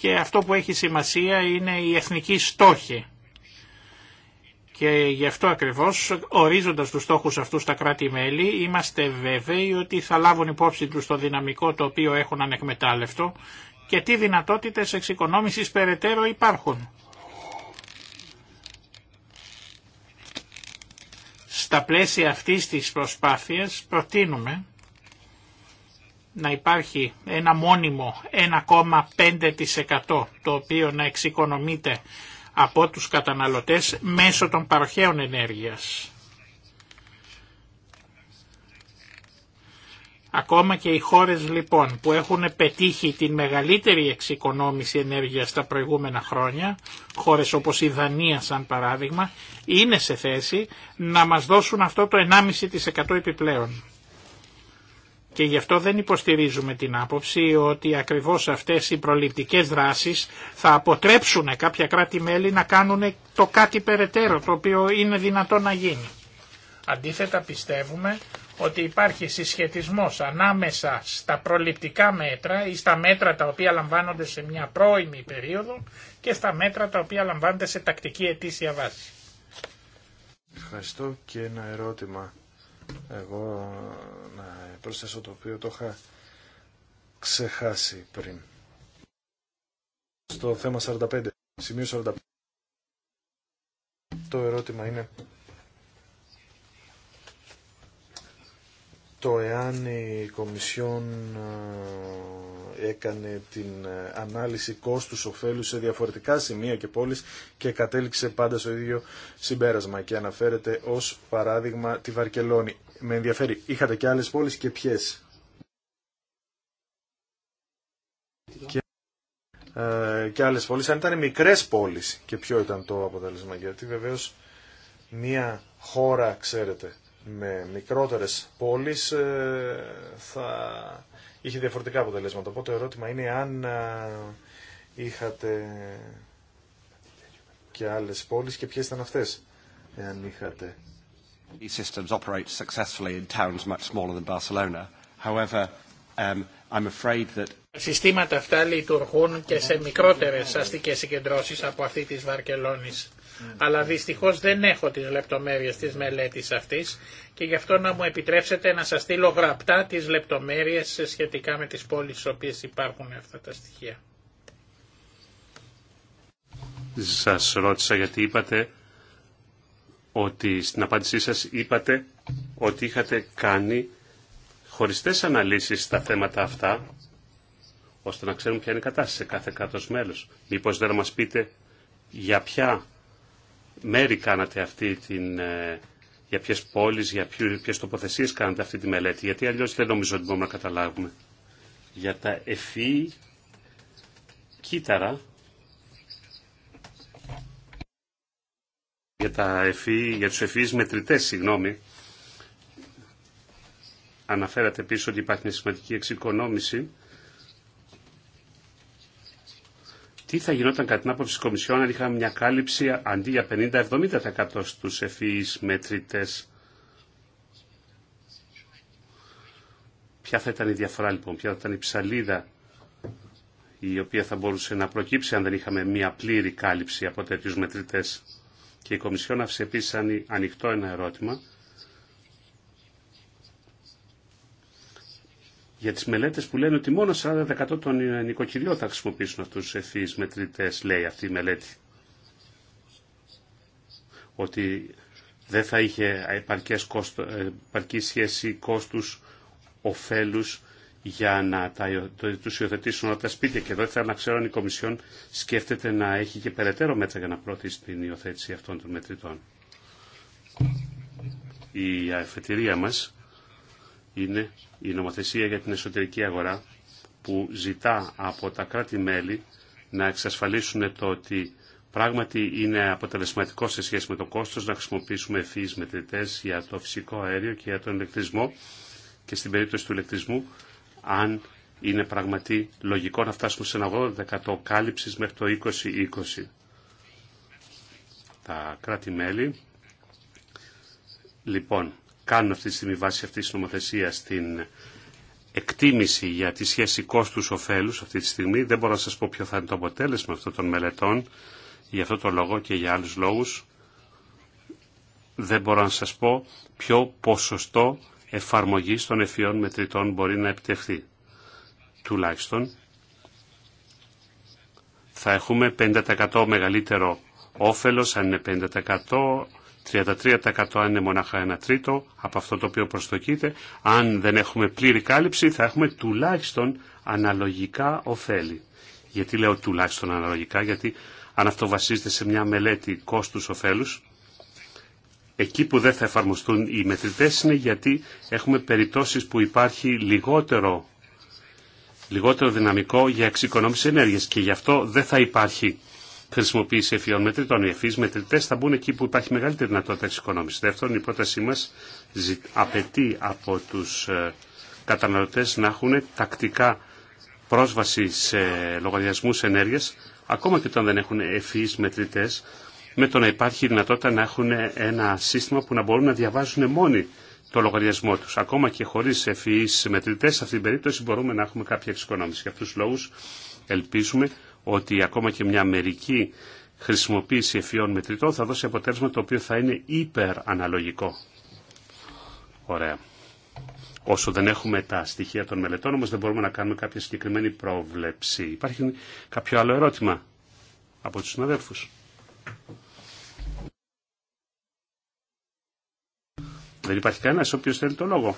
και αυτό που έχει σημασία είναι η εθνική στόχοι. Και γι' αυτό ακριβώς, ορίζοντας τους στόχους αυτούς τα κράτη-μέλη, είμαστε βέβαιοι ότι θα λάβουν υπόψη τους το δυναμικό το οποίο έχουν ανεκμετάλλευτο και τι δυνατότητες εξοικονόμησης περαιτέρω υπάρχουν. Στα πλαίσια αυτής της προσπάθειας προτείνουμε να υπάρχει ένα μόνιμο 1,5% το οποίο να εξοικονομείται από τους καταναλωτές μέσω των παροχαίων ενέργειας. Ακόμα και οι χώρες λοιπόν που έχουν πετύχει την μεγαλύτερη εξοικονόμηση ενέργειας τα προηγούμενα χρόνια, χώρες όπως η Δανία σαν παράδειγμα, είναι σε θέση να μας δώσουν αυτό το 1,5% επιπλέον. Και γι' αυτό δεν υποστηρίζουμε την άποψη ότι ακριβώς αυτές οι προληπτικές δράσεις θα αποτρέψουν κάποια κράτη-μέλη να κάνουν το κάτι περαιτέρω, το οποίο είναι δυνατό να γίνει. Αντίθετα πιστεύουμε ότι υπάρχει συσχετισμός ανάμεσα στα προληπτικά μέτρα ή στα μέτρα τα οποία λαμβάνονται σε μια πρώιμη περίοδο και στα μέτρα τα οποία λαμβάνονται σε τακτική ετήσια βάση. Ευχαριστώ και ένα ερώτημα εγώ να προσθέσω το οποίο το είχα ξεχάσει πριν. Στο θέμα 45, σημείο 45. Το ερώτημα είναι το εάν η Κομισιόν έκανε την ανάλυση κόστους κόστους-οφέλους σε διαφορετικά σημεία και πόλεις και κατέληξε πάντα στο ίδιο συμπέρασμα και αναφέρεται ως παράδειγμα τη Βαρκελόνη. Με ενδιαφέρει, είχατε και άλλες πόλεις και ποιες. Και, ε, και άλλες πόλεις, αν ήταν μικρές πόλεις και ποιο ήταν το αποτέλεσμα γιατί βεβαίως μία χώρα, ξέρετε, με μικρότερες πόλεις ε, θα είχε διαφορετικά αποτελέσματα. Οπότε το ερώτημα είναι αν ε, είχατε και άλλες πόλεις και ποιες ήταν αυτές, εάν είχατε. These systems operate successfully in towns much smaller than Barcelona. However, um, I'm afraid that τα συστήματα αυτά λειτουργούν και σε μικρότερες αστικές συγκεντρώσεις από αυτή της Βαρκελόνης. Mm. αλλά δυστυχώ δεν έχω τις λεπτομέρειες τη μελέτη αυτή και γι' αυτό να μου επιτρέψετε να σας στείλω γραπτά τις λεπτομέρειες σχετικά με τις πόλεις στις οποίες υπάρχουν αυτά τα στοιχεία. Σας ρώτησα γιατί είπατε ότι στην απάντησή σας είπατε ότι είχατε κάνει χωριστές αναλύσεις στα θέματα αυτά ώστε να ξέρουμε ποια είναι η κατάσταση σε κάθε κράτος μέλος. Μήπως δεν μας πείτε για ποια μέρη κάνατε αυτή την, ε, για ποιες πόλεις, για ποιες τοποθεσίες κάνατε αυτή τη μελέτη, γιατί αλλιώς δεν νομίζω ότι μπορούμε να καταλάβουμε. Για τα ευφύ κύτταρα, για, τα εφή, για τους εφείς μετρητές, συγγνώμη, αναφέρατε επίσης ότι υπάρχει μια σημαντική εξοικονόμηση Τι θα γινόταν κατά την άποψη της Κομισιόν αν είχαμε μια κάλυψη αντί για 50-70% στους ευφυείς μετρητές. Ποια θα ήταν η διαφορά λοιπόν, ποια θα ήταν η ψαλίδα η οποία θα μπορούσε να προκύψει αν δεν είχαμε μια πλήρη κάλυψη από τέτοιου μετρητές. Και η Κομισιόν άφησε επίσης ανοιχτό ένα ερώτημα για τις μελέτες που λένε ότι μόνο 40% των νοικοκυριών θα χρησιμοποιήσουν αυτούς τους ευθύς μετρητές, λέει αυτή η μελέτη. Ότι δεν θα είχε ε, επαρκή σχέση κόστους οφέλους για να τα, το, τους υιοθετήσουν όλα τα σπίτια και εδώ ήθελα να ξέρω αν η Κομισιόν σκέφτεται να έχει και περαιτέρω μέτρα για να προωθήσει την υιοθέτηση αυτών των μετρητών. Η αφετηρία μας είναι η νομοθεσία για την εσωτερική αγορά που ζητά από τα κράτη-μέλη να εξασφαλίσουν το ότι πράγματι είναι αποτελεσματικό σε σχέση με το κόστος να χρησιμοποιήσουμε ευφύης μετρητές για το φυσικό αέριο και για τον ηλεκτρισμό και στην περίπτωση του ηλεκτρισμού αν είναι πραγματι λογικό να φτάσουμε σε ένα 80% κάλυψης μέχρι το 2020. Τα κράτη-μέλη λοιπόν κάνουν αυτή τη στιγμή βάση αυτής τη νομοθεσία την εκτίμηση για τη σχεση κόστου κόστους-οφέλους αυτή τη στιγμή. Δεν μπορώ να σας πω ποιο θα είναι το αποτέλεσμα αυτών των μελετών. Για αυτό το λόγο και για άλλους λόγους δεν μπορώ να σας πω ποιο ποσοστό εφαρμογή των εφιών μετρητών μπορεί να επιτευχθεί. Τουλάχιστον θα έχουμε 50% μεγαλύτερο όφελος, αν είναι 50% 33% αν είναι μονάχα ένα τρίτο από αυτό το οποίο προστοκείται. Αν δεν έχουμε πλήρη κάλυψη θα έχουμε τουλάχιστον αναλογικά ωφέλη. Γιατί λέω τουλάχιστον αναλογικά, γιατί αν αυτό βασίζεται σε μια μελέτη κόστους-οφέλους, εκεί που δεν θα εφαρμοστούν οι μετρητές είναι γιατί έχουμε περιπτώσεις που υπάρχει λιγότερο, λιγότερο δυναμικό για εξοικονόμηση ενέργειας και γι' αυτό δεν θα υπάρχει χρησιμοποίηση ευφυών μετρητών. Οι ευφυεί μετρητέ θα μπουν εκεί που υπάρχει μεγαλύτερη δυνατότητα εξοικονόμηση. Δεύτερον, η πρότασή μα απαιτεί από του ε, καταναλωτέ να έχουν τακτικά πρόσβαση σε λογαριασμού ενέργεια, ακόμα και όταν δεν έχουν ευφυεί μετρητέ, με το να υπάρχει δυνατότητα να έχουν ένα σύστημα που να μπορούν να διαβάζουν μόνοι το λογαριασμό τους. Ακόμα και χωρίς ευφυείς μετρητές, σε αυτήν την περίπτωση μπορούμε να έχουμε κάποια εξοικονόμηση. Για αυτού τους λόγους ελπίζουμε ότι ακόμα και μια μερική χρησιμοποίηση εφιών μετρητών θα δώσει αποτέλεσμα το οποίο θα είναι υπεραναλογικό. Ωραία. Όσο δεν έχουμε τα στοιχεία των μελετών, όμως δεν μπορούμε να κάνουμε κάποια συγκεκριμένη πρόβλεψη. Υπάρχει κάποιο άλλο ερώτημα από τους συναδέλφους. Δεν υπάρχει κανένας ο οποίος θέλει το λόγο.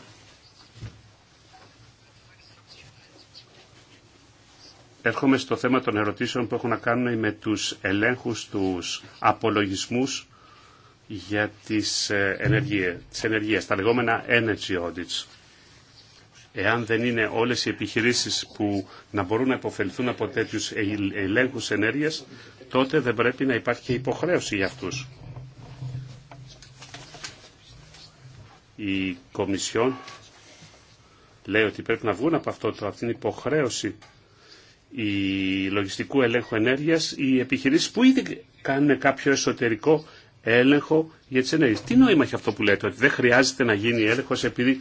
Έρχομαι στο θέμα των ερωτήσεων που έχουν να κάνουν με τους ελέγχους, τους απολογισμούς για τις ε, ενεργείες, ενεργείες τα λεγόμενα energy audits. Εάν δεν είναι όλες οι επιχειρήσεις που να μπορούν να υποφελθούν από τέτοιους ελέγχους ενέργειας, τότε δεν πρέπει να υπάρχει και υποχρέωση για αυτούς. Η Κομισιόν λέει ότι πρέπει να βγουν από αυτό το, αυτήν την υποχρέωση η λογιστικού ελέγχου ενέργειας οι επιχειρήσεις που ήδη κάνουν κάποιο εσωτερικό έλεγχο για τις ενέργειες. Τι νόημα έχει αυτό που λέτε, ότι δεν χρειάζεται να γίνει έλεγχος επειδή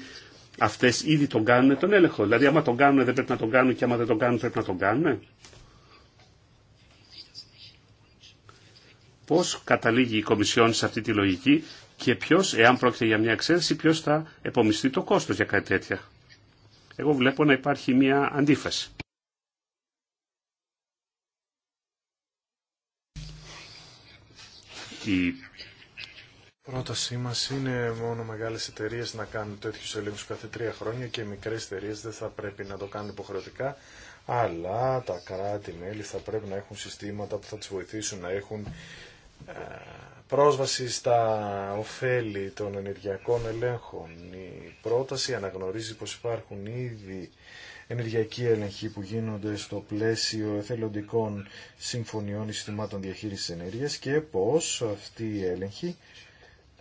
αυτές ήδη τον κάνουν τον έλεγχο. Δηλαδή άμα τον κάνουν δεν πρέπει να τον κάνουν και άμα δεν τον κάνουν πρέπει να τον κάνουν. Πώς καταλήγει η Κομισιόν σε αυτή τη λογική και ποιο, εάν πρόκειται για μια εξαίρεση, ποιο θα επομιστεί το κόστος για κάτι τέτοια. Εγώ βλέπω να υπάρχει μια αντίφαση. Η πρότασή μα είναι μόνο μεγάλε εταιρείε να κάνουν τέτοιου ελέγχου κάθε τρία χρόνια και μικρέ εταιρείε δεν θα πρέπει να το κάνουν υποχρεωτικά. Αλλά τα κράτη-μέλη θα πρέπει να έχουν συστήματα που θα τις βοηθήσουν να έχουν ε, πρόσβαση στα ωφέλη των ενεργειακών ελέγχων. Η πρόταση αναγνωρίζει πως υπάρχουν ήδη ενεργειακοί έλεγχοι που γίνονται στο πλαίσιο εθελοντικών συμφωνιών ή συστημάτων διαχείρισης ενέργειας και πώς αυτοί οι έλεγχοι,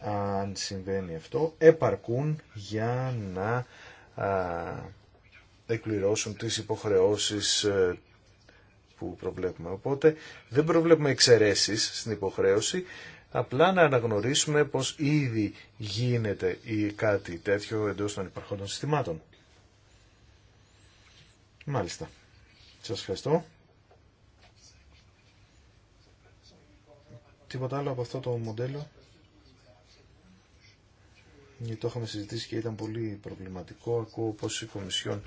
αν συμβαίνει αυτό, επαρκούν για να εκπληρώσουν τις υποχρεώσεις ε, που προβλέπουμε. Οπότε δεν προβλέπουμε εξαιρέσεις στην υποχρέωση, απλά να αναγνωρίσουμε πως ήδη γίνεται ή κάτι τέτοιο εντός των υπαρχόντων συστημάτων. Μάλιστα. Σας ευχαριστώ. Τίποτα άλλο από αυτό το μοντέλο. Γιατί το είχαμε συζητήσει και ήταν πολύ προβληματικό. Ακούω πως η Κομισιόν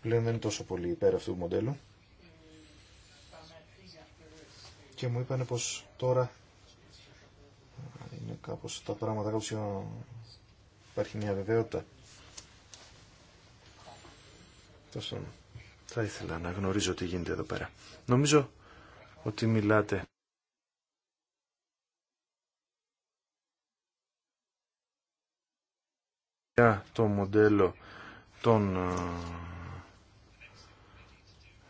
πλέον δεν είναι τόσο πολύ υπέρ αυτού του μοντέλου. Και μου είπαν πως τώρα είναι κάπως τα πράγματα κάπως υπάρχει μια βεβαιότητα. Τόσο. Θα ήθελα να γνωρίζω τι γίνεται εδώ πέρα. Νομίζω ότι μιλάτε. για το μοντέλο των ε,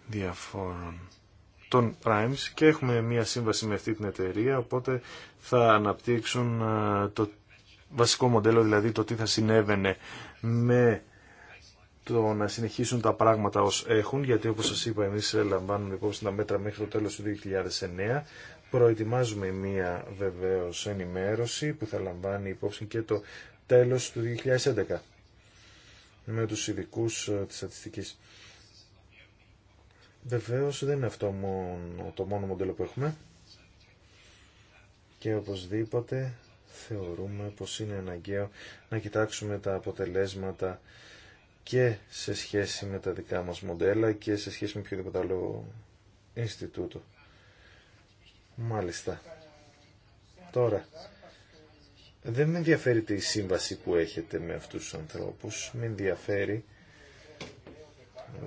διαφόρων των Primes και έχουμε μία σύμβαση με αυτή την εταιρεία οπότε θα αναπτύξουν ε, το βασικό μοντέλο δηλαδή το τι θα συνέβαινε με το να συνεχίσουν τα πράγματα ως έχουν, γιατί όπως σας είπα εμείς λαμβάνουμε υπόψη τα μέτρα μέχρι το τέλος του 2009. Προετοιμάζουμε μία βεβαίως ενημέρωση που θα λαμβάνει υπόψη και το τέλος του 2011 με τους ειδικού ε, της στατιστικής. Βεβαίω δεν είναι αυτό μόνο, το μόνο μοντέλο που έχουμε και οπωσδήποτε θεωρούμε πως είναι αναγκαίο να κοιτάξουμε τα αποτελέσματα και σε σχέση με τα δικά μας μοντέλα και σε σχέση με οποιοδήποτε άλλο Ινστιτούτο. Μάλιστα. Τώρα, δεν με ενδιαφέρει τη σύμβαση που έχετε με αυτούς τους ανθρώπους. Με ενδιαφέρει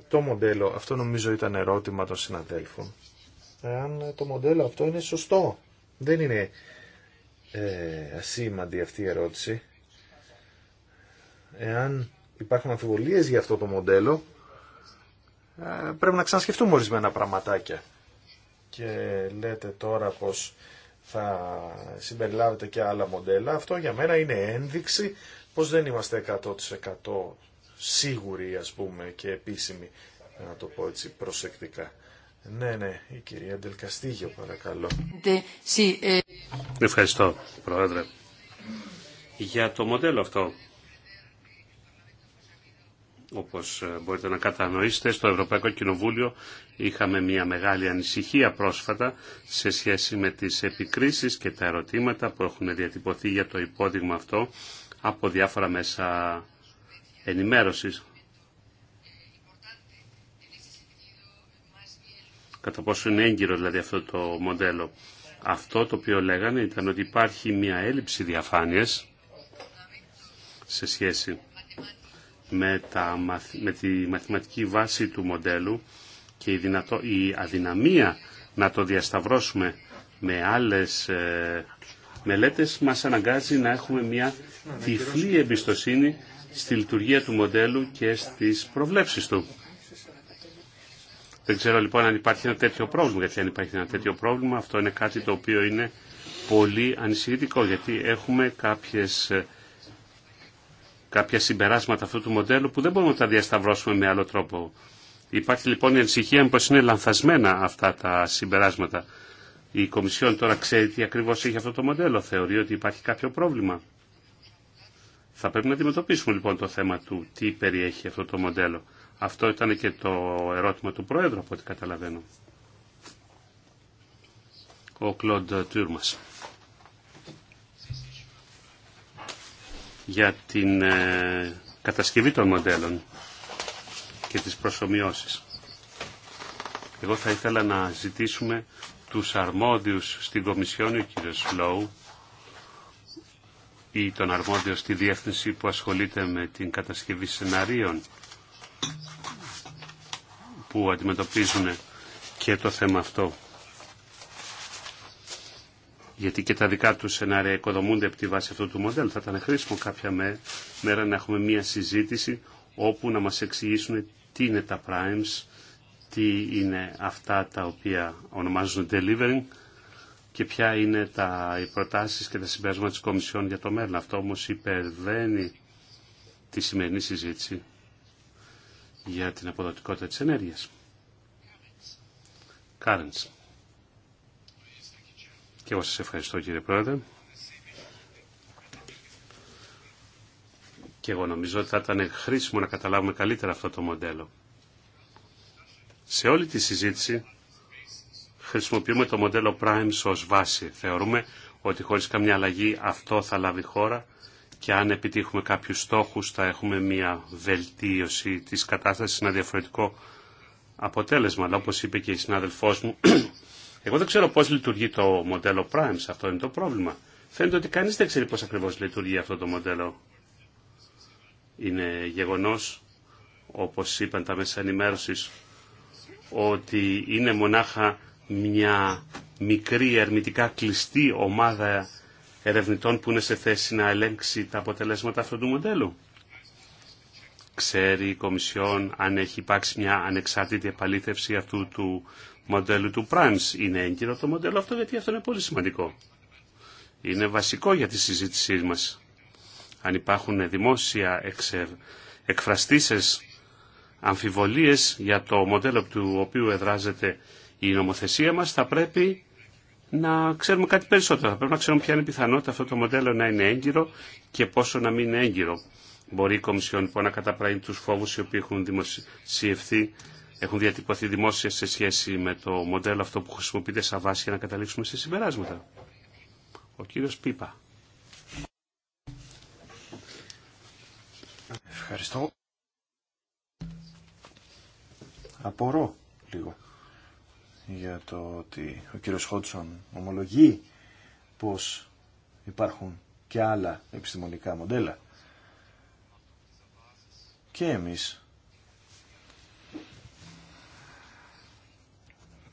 το μοντέλο. Αυτό νομίζω ήταν ερώτημα των συναδέλφων. Εάν το μοντέλο αυτό είναι σωστό. Δεν είναι ε, ασήμαντη αυτή η ερώτηση. Εάν υπάρχουν αμφιβολίες για αυτό το μοντέλο, ε, πρέπει να ξανασκεφτούμε ορισμένα πραγματάκια. Και λέτε τώρα πως θα συμπεριλάβετε και άλλα μοντέλα. Αυτό για μένα είναι ένδειξη πως δεν είμαστε 100% σίγουροι ας πούμε και επίσημοι, να το πω έτσι προσεκτικά. Ναι, ναι, η κυρία Ντελκαστίγιο παρακαλώ. Ε. Ευχαριστώ, Πρόεδρε. Για το μοντέλο αυτό όπως ε, μπορείτε να κατανοήσετε, στο Ευρωπαϊκό Κοινοβούλιο είχαμε μια μεγάλη ανησυχία πρόσφατα σε σχέση με τις επικρίσεις και τα ερωτήματα που έχουν διατυπωθεί για το υπόδειγμα αυτό από διάφορα μέσα ενημέρωσης. Κατά πόσο είναι έγκυρο δηλαδή αυτό το μοντέλο. Αυτό το οποίο λέγανε ήταν ότι υπάρχει μια έλλειψη διαφάνειας σε σχέση με, τη μαθηματική βάση του μοντέλου και η, η αδυναμία να το διασταυρώσουμε με άλλες ε, μελέτες μας αναγκάζει να έχουμε μια τυφλή εμπιστοσύνη στη λειτουργία του μοντέλου και στις προβλέψεις του. Δεν ξέρω λοιπόν αν υπάρχει ένα τέτοιο πρόβλημα, γιατί αν υπάρχει ένα τέτοιο πρόβλημα αυτό είναι κάτι το οποίο είναι πολύ ανησυχητικό, γιατί έχουμε κάποιες ε, κάποια συμπεράσματα αυτού του μοντέλου που δεν μπορούμε να τα διασταυρώσουμε με άλλο τρόπο. Υπάρχει λοιπόν η ανησυχία μήπως είναι λανθασμένα αυτά τα συμπεράσματα. Η Κομισιόν τώρα ξέρει τι ακριβώς έχει αυτό το μοντέλο. Θεωρεί ότι υπάρχει κάποιο πρόβλημα. Θα πρέπει να αντιμετωπίσουμε λοιπόν το θέμα του τι περιέχει αυτό το μοντέλο. Αυτό ήταν και το ερώτημα του Πρόεδρου από ό,τι καταλαβαίνω. Ο Κλοντ Τούρμας. για την ε, κατασκευή των μοντέλων και τις προσωμιώσεις. Εγώ θα ήθελα να ζητήσουμε τους αρμόδιους στην Κομισιόν, ο κύριος ή τον αρμόδιο στη διεύθυνση που ασχολείται με την κατασκευή σεναρίων που αντιμετωπίζουν και το θέμα αυτό γιατί και τα δικά του σενάρια οικοδομούνται από τη βάση αυτού του μοντέλου. Θα ήταν χρήσιμο κάποια μέρα να έχουμε μία συζήτηση όπου να μας εξηγήσουν τι είναι τα primes, τι είναι αυτά τα οποία ονομάζουν delivering και ποια είναι τα, οι προτάσεις και τα συμπέρασμα της Κομισιόν για το μέλλον. Αυτό όμως υπερβαίνει τη σημερινή συζήτηση για την αποδοτικότητα της ενέργειας. Currents. Και εγώ σας ευχαριστώ κύριε Πρόεδρε. Και εγώ νομίζω ότι θα ήταν χρήσιμο να καταλάβουμε καλύτερα αυτό το μοντέλο. Σε όλη τη συζήτηση χρησιμοποιούμε το μοντέλο Primes ως βάση. Θεωρούμε ότι χωρίς καμιά αλλαγή αυτό θα λάβει χώρα και αν επιτύχουμε κάποιους στόχους θα έχουμε μια βελτίωση της κατάστασης, ένα διαφορετικό αποτέλεσμα. Αλλά όπως είπε και η συνάδελφός μου, εγώ δεν ξέρω πώς λειτουργεί το μοντέλο Prime αυτό είναι το πρόβλημα. Φαίνεται ότι κανείς δεν ξέρει πώς ακριβώς λειτουργεί αυτό το μοντέλο. Είναι γεγονός, όπως είπαν τα μέσα ενημέρωσης, ότι είναι μονάχα μια μικρή ερμητικά κλειστή ομάδα ερευνητών που είναι σε θέση να ελέγξει τα αποτελέσματα αυτού του μοντέλου. Ξέρει η Κομισιόν αν έχει υπάρξει μια ανεξάρτητη επαλήθευση αυτού του μοντέλου του Πράνς. Είναι έγκυρο το μοντέλο αυτό γιατί αυτό είναι πολύ σημαντικό. Είναι βασικό για τη συζήτησή μας. Αν υπάρχουν δημόσια εξε... εκφραστήσεις αμφιβολίες για το μοντέλο του οποίου εδράζεται η νομοθεσία μας, θα πρέπει να ξέρουμε κάτι περισσότερο. Θα πρέπει να ξέρουμε ποια είναι η πιθανότητα αυτό το μοντέλο να είναι έγκυρο και πόσο να μην είναι έγκυρο. Μπορεί η Κομισιόν λοιπόν να καταπράγει τους φόβους οι οποίοι έχουν δημοσιευθεί έχουν διατυπωθεί δημόσια σε σχέση με το μοντέλο αυτό που χρησιμοποιείται σαν βάση για να καταλήξουμε σε συμπεράσματα. Ο κύριος Πίπα. Ευχαριστώ. Απορώ λίγο για το ότι ο κύριος Χότσον ομολογεί πως υπάρχουν και άλλα επιστημονικά μοντέλα. Και εμείς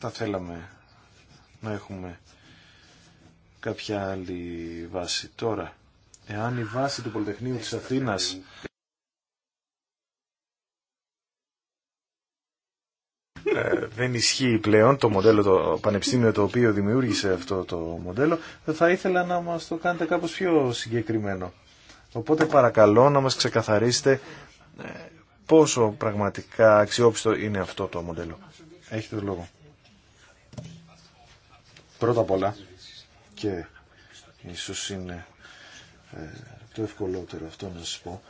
θα θέλαμε να έχουμε κάποια άλλη βάση. Τώρα, εάν η βάση του Πολυτεχνείου της Αθήνας ε, δεν ισχύει πλέον το μοντέλο, το πανεπιστήμιο το οποίο δημιούργησε αυτό το μοντέλο, ε, θα ήθελα να μας το κάνετε κάπως πιο συγκεκριμένο. Οπότε παρακαλώ να μας ξεκαθαρίσετε ε, πόσο πραγματικά αξιόπιστο είναι αυτό το μοντέλο. Έχετε το λόγο. Πρώτα απ' όλα και ίσως είναι ε, το ευκολότερο αυτό να σας πω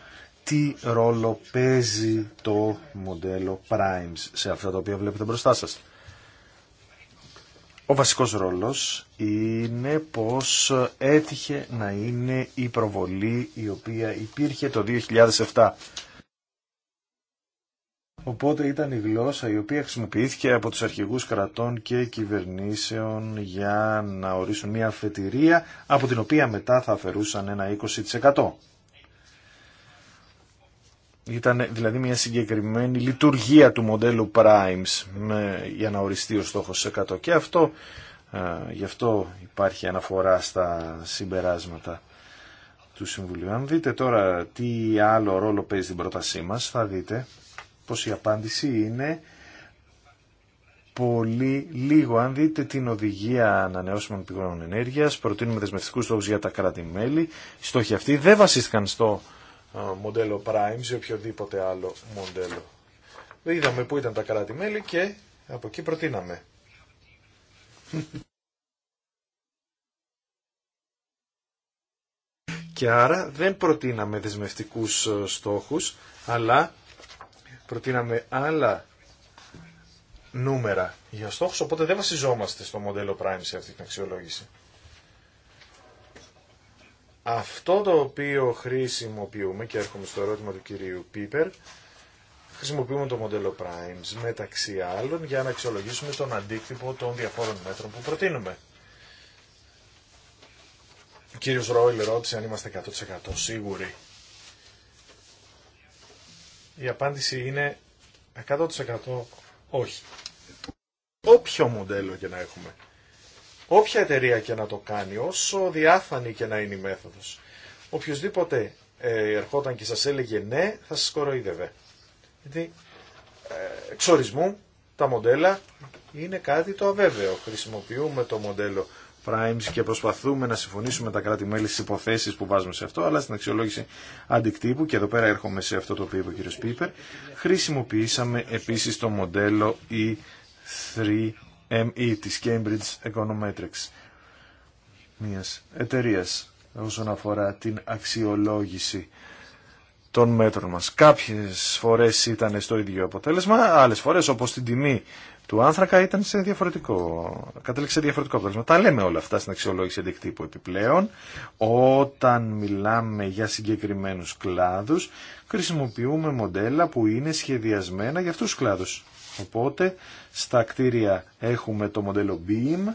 τι ρόλο παίζει το μοντέλο Primes σε αυτά τα οποία βλέπετε μπροστά σας. Ο βασικός ρόλος είναι πως έτυχε να είναι η προβολή η οποία υπήρχε το 2007 Οπότε ήταν η γλώσσα η οποία χρησιμοποιήθηκε από τους αρχηγούς κρατών και κυβερνήσεων για να ορίσουν μια αφετηρία από την οποία μετά θα αφαιρούσαν ένα 20%. Ήταν δηλαδή μια συγκεκριμένη λειτουργία του μοντέλου Primes με, για να οριστεί ο στόχος 100. Και αυτό, γι' αυτό υπάρχει αναφορά στα συμπεράσματα του Συμβουλίου. Αν δείτε τώρα τι άλλο ρόλο παίζει στην πρότασή μας, θα δείτε πως η απάντηση είναι πολύ λίγο. Αν δείτε την οδηγία ανανεώσιμων πηγών ενέργειας, προτείνουμε δεσμευτικούς στόχους για τα κράτη-μέλη. Οι στόχοι αυτοί δεν βασίστηκαν στο ε, μοντέλο Prime ή οποιοδήποτε άλλο μοντέλο. Είδαμε που ήταν τα κράτη-μέλη και από εκεί προτείναμε. Και άρα δεν προτείναμε δεσμευτικούς ε, στόχους, αλλά προτείναμε άλλα νούμερα για στόχους, οπότε δεν βασιζόμαστε στο μοντέλο Prime σε αυτή την αξιολόγηση. Αυτό το οποίο χρησιμοποιούμε, και έρχομαι στο ερώτημα του κυρίου Πίπερ, χρησιμοποιούμε το μοντέλο Primes μεταξύ άλλων για να αξιολογήσουμε τον αντίκτυπο των διαφόρων μέτρων που προτείνουμε. Ο κύριος Ρόιλ ρώτησε αν είμαστε 100% σίγουροι η απάντηση είναι 100% όχι. Όποιο μοντέλο και να έχουμε, όποια εταιρεία και να το κάνει, όσο διάφανη και να είναι η μέθοδος, οποιοδήποτε ε, ερχόταν και σας έλεγε ναι, θα σας κοροϊδεύε. Γιατί ε, εξορισμού τα μοντέλα είναι κάτι το αβέβαιο. Χρησιμοποιούμε το μοντέλο Primes και προσπαθούμε να συμφωνήσουμε τα κράτη-μέλη στι υποθέσει που βάζουμε σε αυτό, αλλά στην αξιολόγηση αντικτύπου, και εδώ πέρα έρχομαι σε αυτό το οποίο είπε ο κ. Πίπερ, χρησιμοποιήσαμε επίση το μοντέλο E3ME τη Cambridge Econometrics, μια εταιρεία όσον αφορά την αξιολόγηση των μέτρων μας. Κάποιες φορές ήταν στο ίδιο αποτέλεσμα, άλλες φορές όπως την τιμή του άνθρακα ήταν σε διαφορετικό, κατέληξε σε διαφορετικό αποτέλεσμα. Τα λέμε όλα αυτά στην αξιολόγηση αντικτύπου επιπλέον. Όταν μιλάμε για συγκεκριμένους κλάδους, χρησιμοποιούμε μοντέλα που είναι σχεδιασμένα για αυτούς τους κλάδους. Οπότε, στα κτίρια έχουμε το μοντέλο BEAM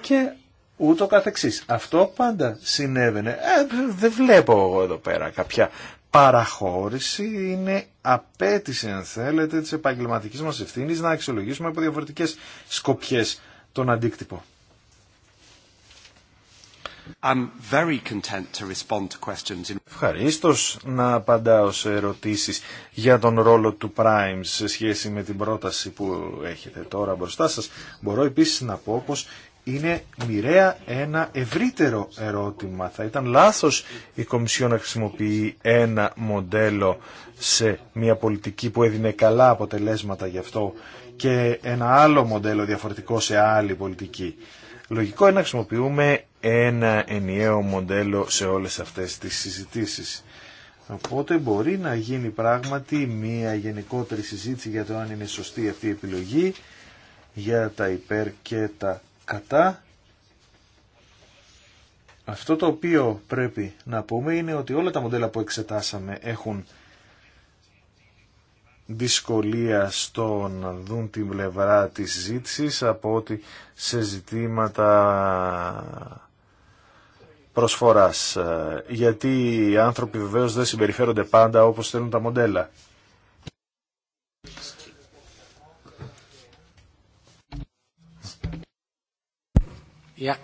και ούτω καθεξής. Αυτό πάντα συνέβαινε. Ε, δεν βλέπω εγώ εδώ πέρα κάποια παραχώρηση είναι απέτηση, αν θέλετε, της επαγγελματικής μας ευθύνη να αξιολογήσουμε από διαφορετικέ σκοπιές τον αντίκτυπο. I'm Ευχαρίστως να απαντάω σε ερωτήσεις για τον ρόλο του Prime σε σχέση με την πρόταση που έχετε τώρα μπροστά σας. Μπορώ επίσης να πω πως είναι μοιραία ένα ευρύτερο ερώτημα. Θα ήταν λάθος η Κομισιό να χρησιμοποιεί ένα μοντέλο σε μια πολιτική που έδινε καλά αποτελέσματα γι' αυτό και ένα άλλο μοντέλο διαφορετικό σε άλλη πολιτική. Λογικό είναι να χρησιμοποιούμε ένα ενιαίο μοντέλο σε όλες αυτές τις συζητήσεις. Οπότε μπορεί να γίνει πράγματι μια γενικότερη συζήτηση για το αν είναι σωστή αυτή η επιλογή για τα υπέρ και τα κατά. Αυτό το οποίο πρέπει να πούμε είναι ότι όλα τα μοντέλα που εξετάσαμε έχουν δυσκολία στο να δουν την πλευρά της ζήτησης από ότι σε ζητήματα προσφοράς. Ε, γιατί οι άνθρωποι βεβαίως δεν συμπεριφέρονται πάντα όπως θέλουν τα μοντέλα. Äh,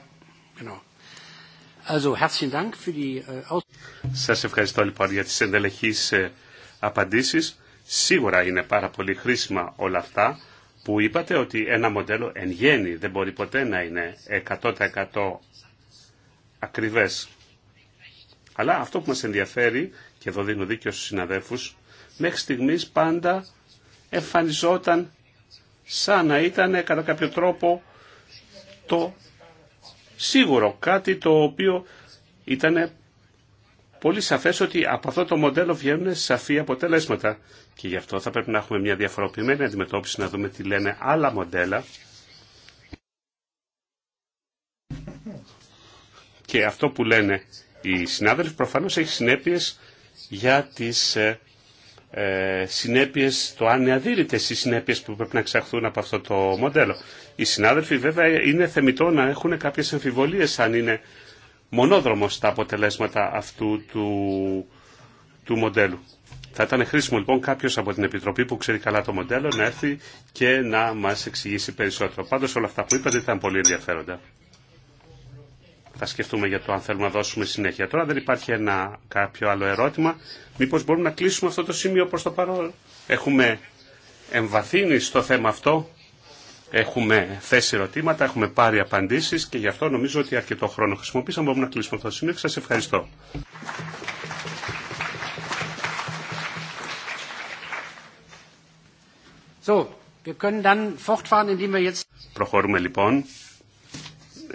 Σας ευχαριστώ λοιπόν για τις εντελεχείς ε, απαντήσεις. Σίγουρα είναι πάρα πολύ χρήσιμα όλα αυτά που είπατε ότι ένα μοντέλο εν γέννη δεν μπορεί ποτέ να είναι 100% ακριβές. Αλλά αυτό που μας ενδιαφέρει, και εδώ δίνω δίκιο στους συναδέλφους, μέχρι στιγμής πάντα εμφανιζόταν σαν να ήταν κατά κάποιο τρόπο το σίγουρο, κάτι το οποίο ήταν πολύ σαφές ότι από αυτό το μοντέλο βγαίνουν σαφή αποτελέσματα και γι' αυτό θα πρέπει να έχουμε μια διαφοροποιημένη αντιμετώπιση, να δούμε τι λένε άλλα μοντέλα και αυτό που λένε οι συνάδελφοι προφανώς έχει συνέπειες για τις ε, ε, συνέπειες, το αν είναι οι συνέπειες που πρέπει να εξαχθούν από αυτό το μοντέλο. Οι συνάδελφοι βέβαια είναι θεμητό να έχουν κάποιες εμφιβολίες αν είναι μονόδρομος τα αποτελέσματα αυτού του, του μοντέλου. Θα ήταν χρήσιμο λοιπόν κάποιο από την Επιτροπή που ξέρει καλά το μοντέλο να έρθει και να μα εξηγήσει περισσότερο. Πάντω όλα αυτά που είπατε ήταν πολύ ενδιαφέροντα θα σκεφτούμε για το αν θέλουμε να δώσουμε συνέχεια. Τώρα δεν υπάρχει ένα κάποιο άλλο ερώτημα. Μήπως μπορούμε να κλείσουμε αυτό το σημείο προς το παρόν. Έχουμε εμβαθύνει στο θέμα αυτό. Έχουμε θέσει ερωτήματα, έχουμε πάρει απαντήσεις και γι' αυτό νομίζω ότι αρκετό χρόνο χρησιμοποίησαμε. Μπορούμε να κλείσουμε αυτό το σημείο σας ευχαριστώ. wir dann indem wir jetzt... Προχωρούμε λοιπόν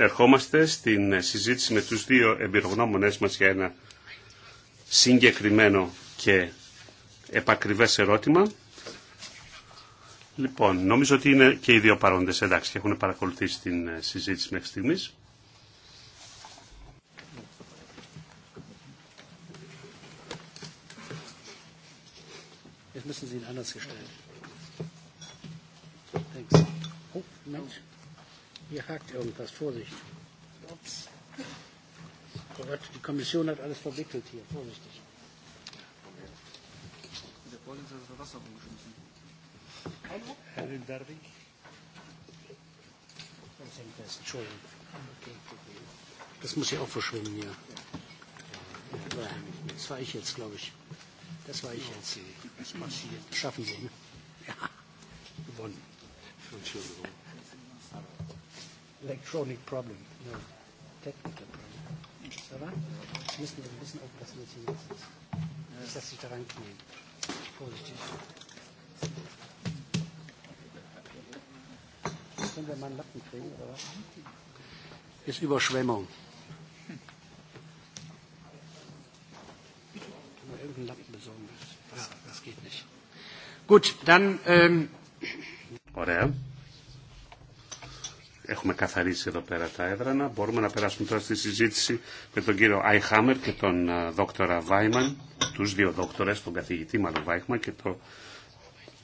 ερχόμαστε στην συζήτηση με τους δύο εμπειρογνώμονές μας για ένα συγκεκριμένο και επακριβές ερώτημα. Λοιπόν, νομίζω ότι είναι και οι δύο παρόντες εντάξει και έχουν παρακολουθήσει την ε, συζήτηση μέχρι στιγμής. Jetzt müssen Sie ihn anders oh, Hier hakt irgendwas. Vorsicht. Ups. Oh Gott, die Kommission hat alles verwickelt hier. Vorsichtig. Der Vorsitzende hat Wasser umgeschmissen. Herr Lindarvik. Das hängt fest. Entschuldigung. Das muss ja auch verschwinden, hier. Das war ich jetzt, glaube ich. Das war ich jetzt. Das passiert. Schaffen Sie. Ja. Gewonnen. Entschuldigung electronic problem, no technical problem. Ça va? Müssen wir ein bisschen aufpassen, was hier jetzt ist. Nicht, dass sich da knien. Vorsichtig. Können wir mal einen Lappen kriegen, oder was? Ist Überschwemmung. Können man irgendeinen Lappen besorgen? Ja, das geht nicht. Gut, dann. Ähm Ωραία έχουμε καθαρίσει εδώ πέρα τα έδρανα. Μπορούμε να περάσουμε τώρα στη συζήτηση με τον κύριο Άιχάμερ και τον δόκτορα Βάιμαν, τους δύο δόκτορες, τον καθηγητή μάλλον Βάιχμα και τον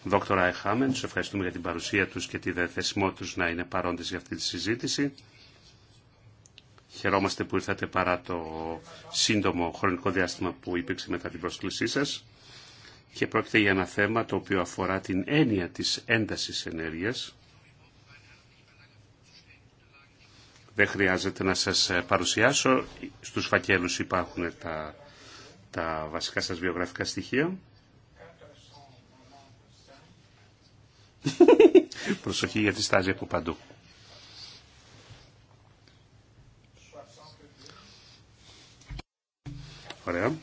δόκτορα Άιχάμερ. Τους ευχαριστούμε για την παρουσία τους και τη διαθέσιμό τους να είναι παρόντες για αυτή τη συζήτηση. Χαιρόμαστε που ήρθατε παρά το σύντομο χρονικό διάστημα που υπήρξε μετά την πρόσκλησή σας και πρόκειται για ένα θέμα το οποίο αφορά την έννοια της έντασης ενέργειας δεν χρειάζεται να σας ε, παρουσιάσω. Στους φακέλους υπάρχουν τα, τα βασικά σας βιογραφικά στοιχεία. [LAUGHS] Προσοχή για τη στάζει από παντού. Ωραία.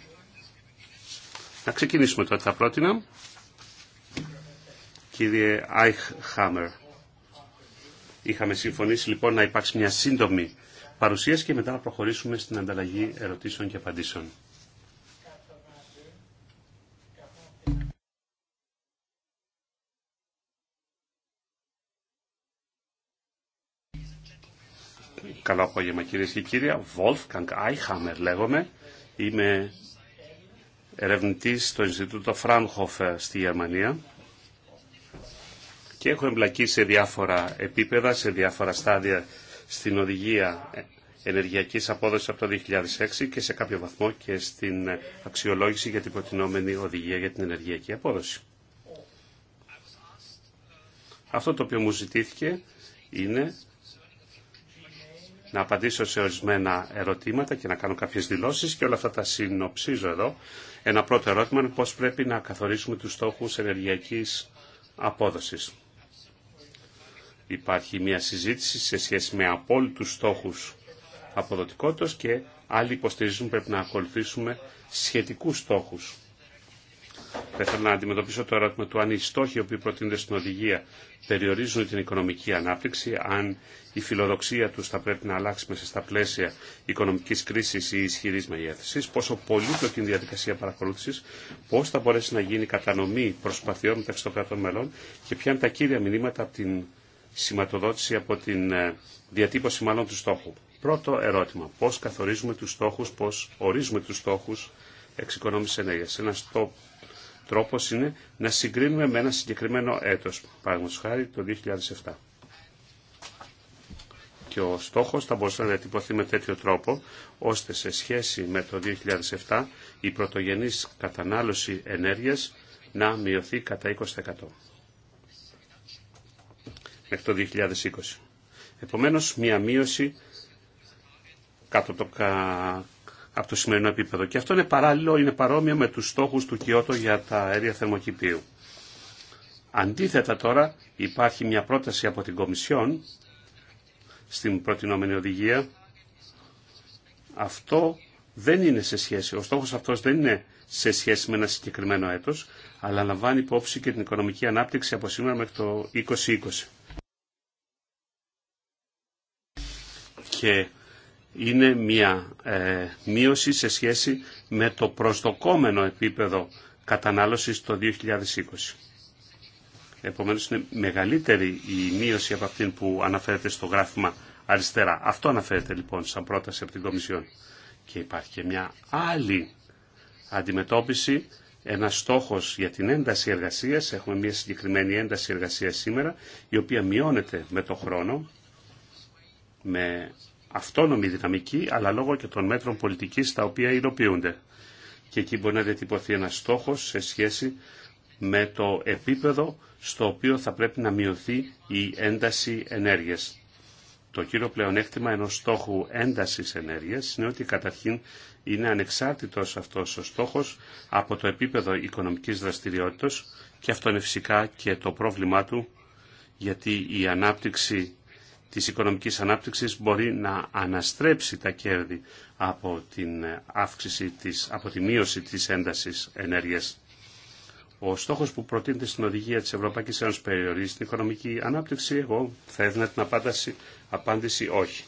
Να ξεκινήσουμε τώρα τα πρότεινα. Κύριε Άιχ Χάμερ. Είχαμε συμφωνήσει λοιπόν να υπάρξει μια σύντομη παρουσίαση και μετά να προχωρήσουμε στην ανταλλαγή ερωτήσεων και απαντήσεων. Καλό απόγευμα κυρίε και κύριοι. Wolfgang Eichhammer λέγομαι. Είμαι ερευνητή στο Ινστιτούτο Φράνχοφερ στη Γερμανία και έχω εμπλακεί σε διάφορα επίπεδα, σε διάφορα στάδια στην οδηγία ενεργειακής απόδοσης από το 2006 και σε κάποιο βαθμό και στην αξιολόγηση για την προτινόμενη οδηγία για την ενεργειακή απόδοση. Αυτό το οποίο μου ζητήθηκε είναι να απαντήσω σε ορισμένα ερωτήματα και να κάνω κάποιες δηλώσεις και όλα αυτά τα συνοψίζω εδώ. Ένα πρώτο ερώτημα είναι πώς πρέπει να καθορίσουμε τους στόχους ενεργειακής απόδοσης υπάρχει μια συζήτηση σε σχέση με απόλυτους στόχους αποδοτικότητας και άλλοι υποστηρίζουν πρέπει να ακολουθήσουμε σχετικούς στόχους. Δεν θέλω να αντιμετωπίσω το ερώτημα του αν οι στόχοι οι οποίοι προτείνονται στην οδηγία περιορίζουν την οικονομική ανάπτυξη, αν η φιλοδοξία του θα πρέπει να αλλάξει μέσα στα πλαίσια οικονομικής κρίσης ή ισχυρής μεγέθυνσης, πόσο πολύπλοκη είναι η ισχυρης μεγεθυνση ποσο παρακολούθησης, πώς θα μπορέσει να γίνει κατανομή προσπαθειών μεταξύ των κρατών μελών και ποια είναι τα κύρια μηνύματα την σηματοδότηση από την ε, διατύπωση μάλλον του στόχου. Πρώτο ερώτημα. Πώς καθορίζουμε τους στόχους, πώς ορίζουμε τους στόχους εξοικονόμηση ενέργειας. Ένας τρόπος είναι να συγκρίνουμε με ένα συγκεκριμένο έτος. Παραδείγματος χάρη το 2007. Και ο στόχος θα μπορούσε να διατυπωθεί με τέτοιο τρόπο, ώστε σε σχέση με το 2007 η πρωτογενής κατανάλωση ενέργειας να μειωθεί κατά 20% μέχρι το 2020. Επομένως, μια μείωση κάτω το, από το σημερινό επίπεδο. Και αυτό είναι παράλληλο, είναι παρόμοιο με τους στόχους του Κιώτο για τα αέρια θερμοκηπίου. Αντίθετα τώρα υπάρχει μια πρόταση από την Κομισιόν στην προτινόμενη οδηγία. Αυτό δεν είναι σε σχέση, ο στόχος αυτός δεν είναι σε σχέση με ένα συγκεκριμένο έτος, αλλά λαμβάνει υπόψη και την οικονομική ανάπτυξη από σήμερα μέχρι το 2020. και είναι μια ε, μείωση σε σχέση με το προσδοκόμενο επίπεδο κατανάλωσης το 2020. Επομένως είναι μεγαλύτερη η μείωση από αυτήν που αναφέρεται στο γράφημα αριστερά. Αυτό αναφέρεται λοιπόν σαν πρόταση από την Κομισιόν. Και υπάρχει και μια άλλη αντιμετώπιση, ένα στόχος για την ένταση εργασίας, έχουμε μια συγκεκριμένη ένταση εργασίας σήμερα, η οποία μειώνεται με το χρόνο, με αυτόνομη δυναμική, αλλά λόγω και των μέτρων πολιτικής τα οποία υλοποιούνται. Και εκεί μπορεί να διατυπωθεί ένα στόχος σε σχέση με το επίπεδο στο οποίο θα πρέπει να μειωθεί η ένταση ενέργειας. Το κύριο πλεονέκτημα ενός στόχου έντασης ενέργειας είναι ότι καταρχήν είναι ανεξάρτητος αυτός ο στόχος από το επίπεδο οικονομικής δραστηριότητας και αυτό είναι φυσικά και το πρόβλημά του γιατί η ανάπτυξη της οικονομικής ανάπτυξης μπορεί να αναστρέψει τα κέρδη από την αύξηση της, από τη μείωση της έντασης ενέργειας. Ο στόχος που προτείνεται στην οδηγία της Ευρωπαϊκής Ένωσης περιορίζει την οικονομική ανάπτυξη, εγώ θα έδινα την απάντηση, απάντηση όχι.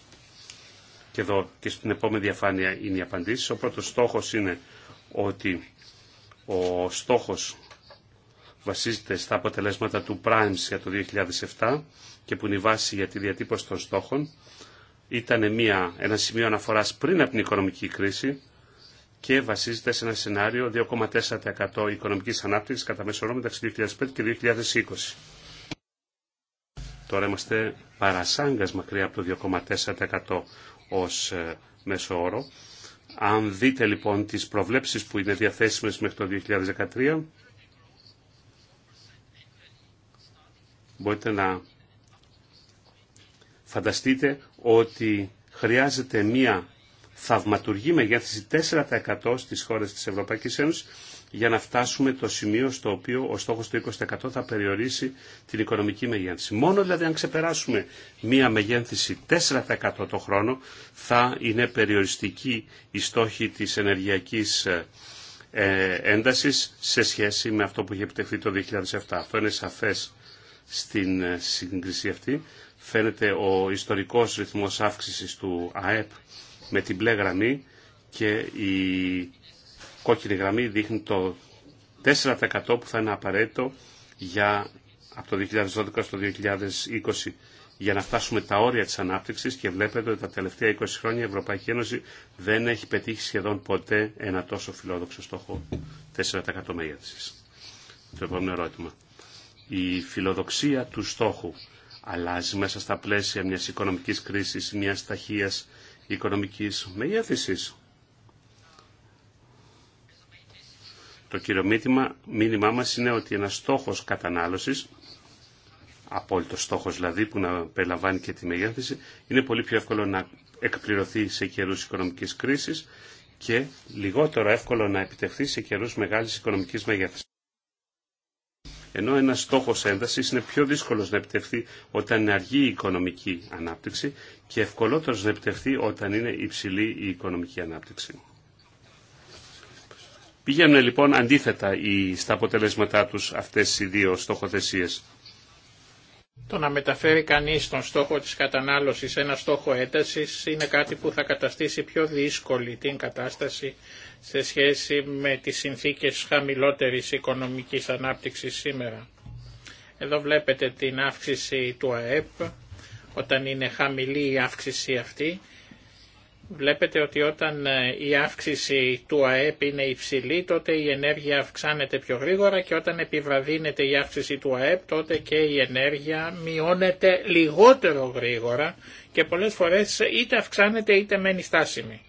Και εδώ και στην επόμενη διαφάνεια είναι οι απαντήσεις. Ο πρώτος στόχος είναι ότι ο στόχος βασίζεται στα αποτελέσματα του Primes για το 2007 και που είναι η βάση για τη διατύπωση των στόχων ήταν μια, ένα σημείο αναφοράς πριν από την οικονομική κρίση και βασίζεται σε ένα σενάριο 2,4% οικονομικής ανάπτυξης κατά μέσο όρο μεταξύ 2005 και 2020. Τώρα είμαστε παρασάγκα μακριά από το 2,4% ως ε, μέσο όρο. Αν δείτε λοιπόν τις προβλέψεις που είναι διαθέσιμες μέχρι το 2013, μπορείτε να Φανταστείτε ότι χρειάζεται μία θαυματουργή μεγέθυνση 4% στις χώρες της Ευρωπαϊκής Ένωσης για να φτάσουμε το σημείο στο οποίο ο στόχος του 20% θα περιορίσει την οικονομική μεγέθυνση. Μόνο δηλαδή αν ξεπεράσουμε μία μεγέθυνση 4% το χρόνο θα είναι περιοριστική η στόχη της ενεργειακής ε, έντασης σε σχέση με αυτό που είχε επιτευχθεί το 2007. Αυτό είναι σαφές στην ε, σύγκριση αυτή φαίνεται ο ιστορικός ρυθμός αύξησης του ΑΕΠ με την μπλε γραμμή και η κόκκινη γραμμή δείχνει το 4% που θα είναι απαραίτητο για, από το 2012 στο 2020 για να φτάσουμε τα όρια της ανάπτυξης και βλέπετε ότι τα τελευταία 20 χρόνια η Ευρωπαϊκή Ένωση δεν έχει πετύχει σχεδόν ποτέ ένα τόσο φιλόδοξο στόχο 4% μεγέθυνσης. Το επόμενο ερώτημα. Η φιλοδοξία του στόχου αλλάζει μέσα στα πλαίσια μιας οικονομικής κρίσης, μιας ταχείας οικονομικής μεγέθυνσης. Το κύριο μήνυμα, μήνυμά μας είναι ότι ένας στόχος κατανάλωσης, απόλυτος στόχος δηλαδή που να περιλαμβάνει και τη μεγέθυνση, είναι πολύ πιο εύκολο να εκπληρωθεί σε καιρούς οικονομικής κρίσης και λιγότερο εύκολο να επιτευχθεί σε καιρούς μεγάλης οικονομικής μεγέθυνσης. Ενώ ένας στόχος ένταση είναι πιο δύσκολος να επιτευχθεί όταν είναι αργή η οικονομική ανάπτυξη και ευκολότερο να επιτευχθεί όταν είναι υψηλή η οικονομική ανάπτυξη. Πηγαίνουν λοιπόν αντίθετα στα αποτελέσματά τους αυτές οι δύο στοχοθεσίες. Το να μεταφέρει κανείς τον στόχο της κατανάλωσης σε ένα στόχο έντασης είναι κάτι που θα καταστήσει πιο δύσκολη την κατάσταση σε σχέση με τις συνθήκες χαμηλότερης οικονομικής ανάπτυξης σήμερα. Εδώ βλέπετε την αύξηση του ΑΕΠ, όταν είναι χαμηλή η αύξηση αυτή, Βλέπετε ότι όταν ε, η αύξηση του ΑΕΠ είναι υψηλή, τότε η ενέργεια αυξάνεται πιο γρήγορα και όταν επιβραδύνεται η αύξηση του ΑΕΠ, τότε και η ενέργεια μειώνεται λιγότερο γρήγορα και πολλές φορές είτε αυξάνεται είτε μένει στάσιμη.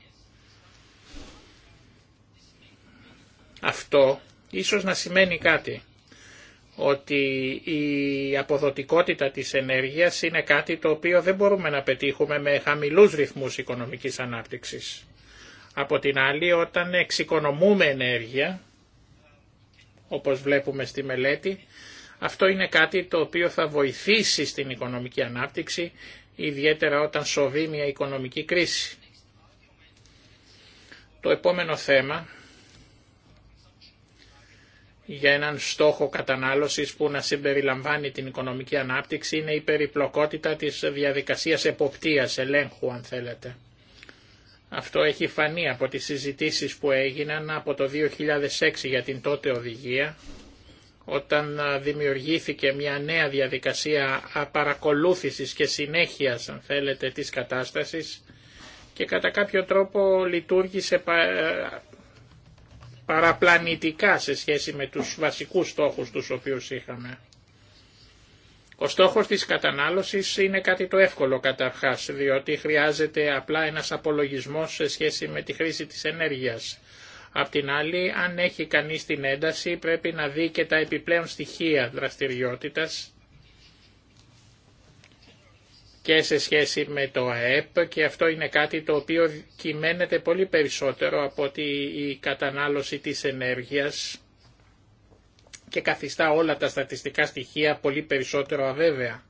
Αυτό ίσως να σημαίνει κάτι ότι η αποδοτικότητα της ενέργειας είναι κάτι το οποίο δεν μπορούμε να πετύχουμε με χαμηλούς ρυθμούς οικονομικής ανάπτυξης. Από την άλλη, όταν εξοικονομούμε ενέργεια, όπως βλέπουμε στη μελέτη, αυτό είναι κάτι το οποίο θα βοηθήσει στην οικονομική ανάπτυξη, ιδιαίτερα όταν σοβεί μια οικονομική κρίση. Το επόμενο θέμα για έναν στόχο κατανάλωσης που να συμπεριλαμβάνει την οικονομική ανάπτυξη είναι η περιπλοκότητα της διαδικασίας εποπτείας, ελέγχου αν θέλετε. Αυτό έχει φανεί από τις συζητήσεις που έγιναν από το 2006 για την τότε οδηγία, όταν δημιουργήθηκε μια νέα διαδικασία απαρακολούθησης και συνέχειας, αν θέλετε, της κατάστασης και κατά κάποιο τρόπο λειτουργήσε ε, παραπλανητικά σε σχέση με τους βασικούς στόχους τους οποίους είχαμε. Ο στόχος της κατανάλωσης είναι κάτι το εύκολο καταρχάς, διότι χρειάζεται απλά ένας απολογισμός σε σχέση με τη χρήση της ενέργειας. Απ' την άλλη, αν έχει κανείς την ένταση, πρέπει να δει και τα επιπλέον στοιχεία δραστηριότητας, και σε σχέση με το ΑΕΠ και αυτό είναι κάτι το οποίο κυμαίνεται πολύ περισσότερο από ότι η κατανάλωση της ενέργειας και καθιστά όλα τα στατιστικά στοιχεία πολύ περισσότερο αβέβαια.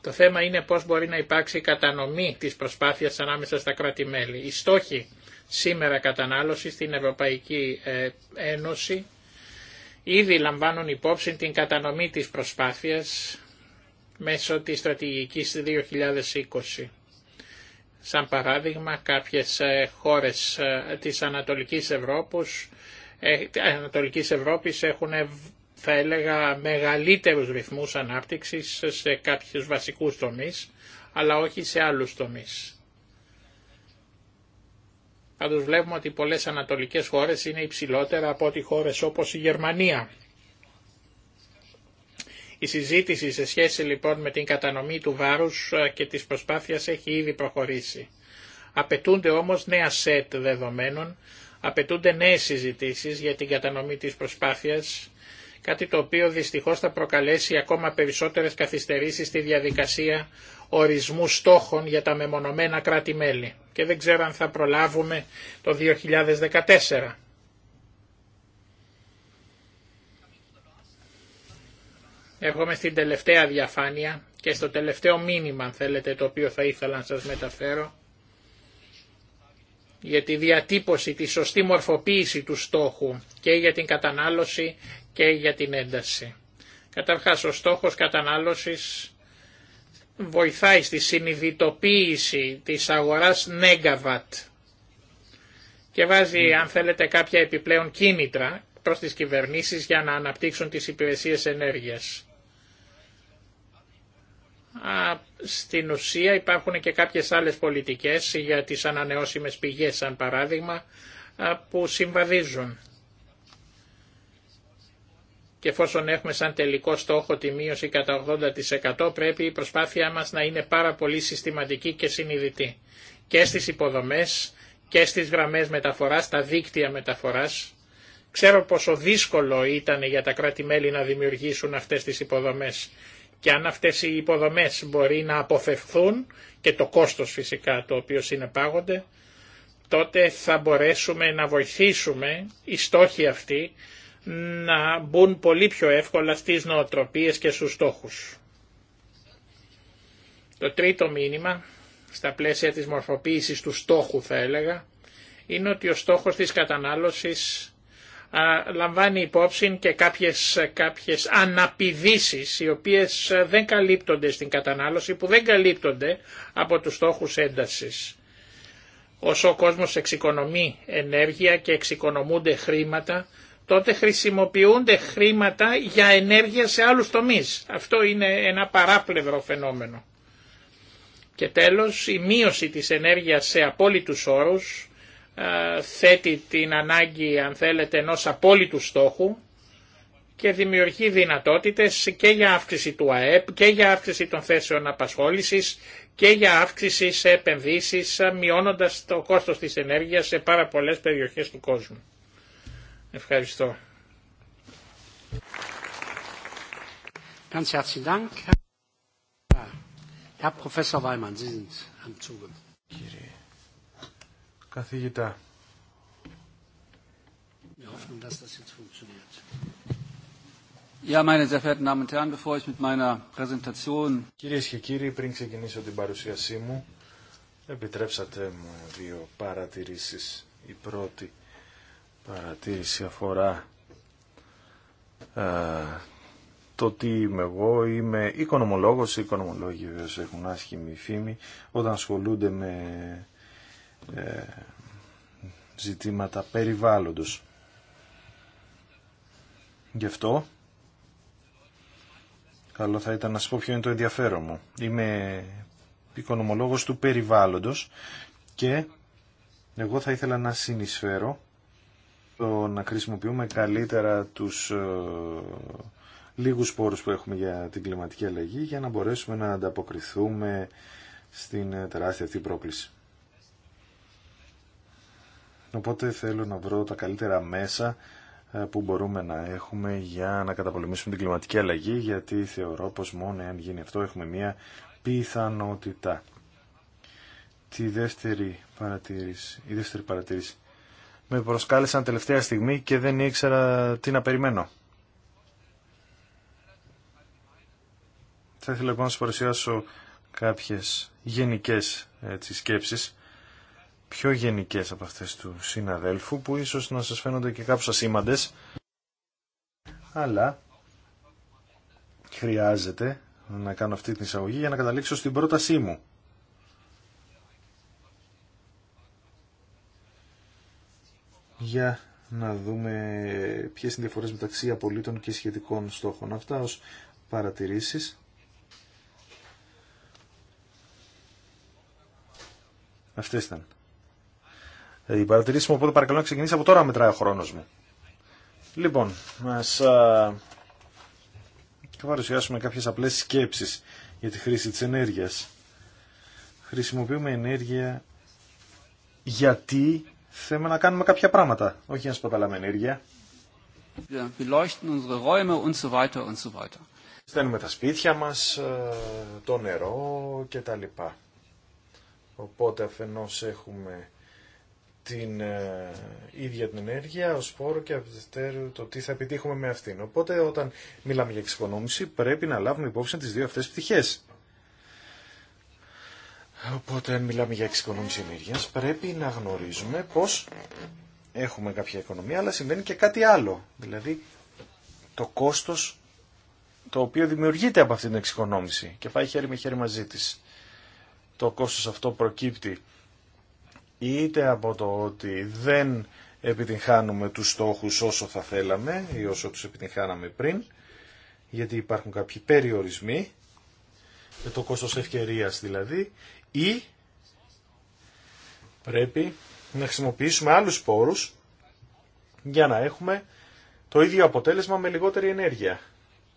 Το θέμα είναι πώς μπορεί να υπάρξει η κατανομή της προσπάθειας ανάμεσα στα κράτη-μέλη. Η σήμερα κατανάλωση στην Ευρωπαϊκή ε, Ένωση ήδη λαμβάνουν υπόψη την κατανομή της προσπάθειας μέσω της στρατηγικής 2020. Σαν παράδειγμα, κάποιες ε, χώρες ε, ε, της Ανατολικής Ευρώπης, Ανατολικής Ευρώπης έχουν θα έλεγα μεγαλύτερους ρυθμούς ανάπτυξης σε κάποιους βασικούς τομείς, αλλά όχι σε άλλους τομείς. Πάντως βλέπουμε ότι πολλές ανατολικές χώρες είναι υψηλότερα από ό,τι χώρες όπως η Γερμανία. Η συζήτηση σε σχέση λοιπόν με την κατανομή του βάρους ε, και της προσπάθειας έχει ήδη προχωρήσει. Απαιτούνται όμως νέα σετ δεδομένων, απαιτούνται νέες συζητήσεις για την κατανομή της προσπάθειας κάτι το οποίο δυστυχώς θα προκαλέσει ακόμα περισσότερες καθυστερήσεις στη διαδικασία ορισμού στόχων για τα μεμονωμένα κράτη-μέλη και δεν ξέρω αν θα προλάβουμε το 2014. Έρχομαι στην τελευταία διαφάνεια και στο τελευταίο μήνυμα, αν θέλετε, το οποίο θα ήθελα να σας μεταφέρω για τη διατύπωση, τη σωστή μορφοποίηση του στόχου και για την κατανάλωση και για την ένταση. Καταρχάς ο στόχος κατανάλωσης βοηθάει στη συνειδητοποίηση της αγοράς νέγκαβατ και βάζει αν θέλετε κάποια επιπλέον κίνητρα προς τις κυβερνήσεις για να αναπτύξουν τις υπηρεσίες ενέργειας στην ουσία υπάρχουν και κάποιες άλλες πολιτικές για τις ανανεώσιμες πηγές σαν παράδειγμα που συμβαδίζουν. Και εφόσον έχουμε σαν τελικό στόχο τη μείωση κατά 80% πρέπει η προσπάθειά μας να είναι πάρα πολύ συστηματική και συνειδητή. Και στις υποδομές και στις γραμμές μεταφοράς, τα δίκτυα μεταφοράς. Ξέρω πόσο δύσκολο ήταν για τα κράτη-μέλη να δημιουργήσουν αυτές τις υποδομές και αν αυτές οι υποδομές μπορεί να αποφευθούν και το κόστος φυσικά το οποίο συνεπάγονται, τότε θα μπορέσουμε να βοηθήσουμε οι στόχοι αυτοί να μπουν πολύ πιο εύκολα στις νοοτροπίες και στους στόχους. Το τρίτο μήνυμα, στα πλαίσια της μορφοποίησης του στόχου θα έλεγα, είναι ότι ο στόχος της κατανάλωσης λαμβάνει υπόψη και κάποιες, κάποιες αναπηδήσεις οι οποίες δεν καλύπτονται στην κατανάλωση, που δεν καλύπτονται από τους στόχους έντασης. Όσο ο κόσμος εξοικονομεί ενέργεια και εξοικονομούνται χρήματα, τότε χρησιμοποιούνται χρήματα για ενέργεια σε άλλους τομείς. Αυτό είναι ένα παράπλευρο φαινόμενο. Και τέλος, η μείωση της ενέργειας σε απόλυτους όρους ε, θέτει την ανάγκη αν θέλετε ενός απόλυτου στόχου και δημιουργεί δυνατότητες και για αύξηση του ΑΕΠ και για αύξηση των θέσεων απασχόλησης και για αύξηση σε επενδύσεις ε, μειώνοντας το κόστος της ενέργειας σε πάρα πολλές περιοχές του κόσμου. Ευχαριστώ. Herr Professor Weimann, Sie sind am Zuge καθηγητά. Ja, και κύριοι, πριν ξεκινήσω την παρουσίασή μου, επιτρέψατε μου δύο παρατηρήσεις. Η πρώτη παρατήρηση αφορά ε, το τι είμαι εγώ. Είμαι οικονομολόγος, οι οικονομολόγοι βέβαια έχουν άσχημη φήμη όταν ασχολούνται με ε, ζητήματα περιβάλλοντος. Γι' αυτό, καλό θα ήταν να σα πω ποιο είναι το ενδιαφέρον μου. Είμαι οικονομολόγος του περιβάλλοντος και εγώ θα ήθελα να συνεισφέρω να χρησιμοποιούμε καλύτερα τους ε, λίγους πόρους που έχουμε για την κλιματική αλλαγή για να μπορέσουμε να ανταποκριθούμε στην τεράστια αυτή πρόκληση. Οπότε θέλω να βρω τα καλύτερα μέσα ε, που μπορούμε να έχουμε για να καταπολεμήσουμε την κλιματική αλλαγή, γιατί θεωρώ πως μόνο αν γίνει αυτό έχουμε μία πιθανότητα. Τη δεύτερη παρατήρηση, η δεύτερη παρατήρηση. Με προσκάλεσαν τελευταία στιγμή και δεν ήξερα τι να περιμένω. Θα ήθελα λοιπόν να σας παρουσιάσω κάποιες γενικές έτσι, σκέψεις πιο γενικές από αυτές του συναδέλφου που ίσως να σας φαίνονται και κάπως ασήμαντες αλλά χρειάζεται να κάνω αυτή την εισαγωγή για να καταλήξω στην πρότασή μου. Για να δούμε ποιες είναι οι διαφορές μεταξύ απολύτων και σχετικών στόχων. Αυτά ως παρατηρήσεις. Αυτές ήταν. Δηλαδή, παρατηρήσουμε παρατηρήσει μου, οπότε παρακαλώ να ξεκινήσει από τώρα μετράει ο χρόνος μου. Λοιπόν, να θα παρουσιάσουμε κάποιες απλές σκέψεις για τη χρήση της ενέργειας. Χρησιμοποιούμε ενέργεια γιατί θέλουμε να κάνουμε κάποια πράγματα, όχι να σπαταλάμε ενέργεια. Στέλνουμε τα σπίτια μας, το νερό και τα λοιπά. Οπότε αφενός έχουμε την ε, ίδια την ενέργεια ως πόρο και από το τι θα επιτύχουμε με αυτήν. Οπότε όταν μιλάμε για εξοικονόμηση πρέπει να λάβουμε υπόψη τις δύο αυτές πτυχές. Οπότε αν μιλάμε για εξοικονόμηση ενέργειας πρέπει να γνωρίζουμε πως έχουμε κάποια οικονομία αλλά συμβαίνει και κάτι άλλο. Δηλαδή το κόστος το οποίο δημιουργείται από αυτή την εξοικονόμηση και πάει χέρι με χέρι μαζί της. Το κόστος αυτό προκύπτει είτε από το ότι δεν επιτυγχάνουμε τους στόχους όσο θα θέλαμε ή όσο τους επιτυγχάναμε πριν, γιατί υπάρχουν κάποιοι περιορισμοί, με το κόστος ευκαιρίας δηλαδή, ή πρέπει να χρησιμοποιήσουμε άλλους πόρους για να έχουμε το ίδιο αποτέλεσμα με λιγότερη ενέργεια.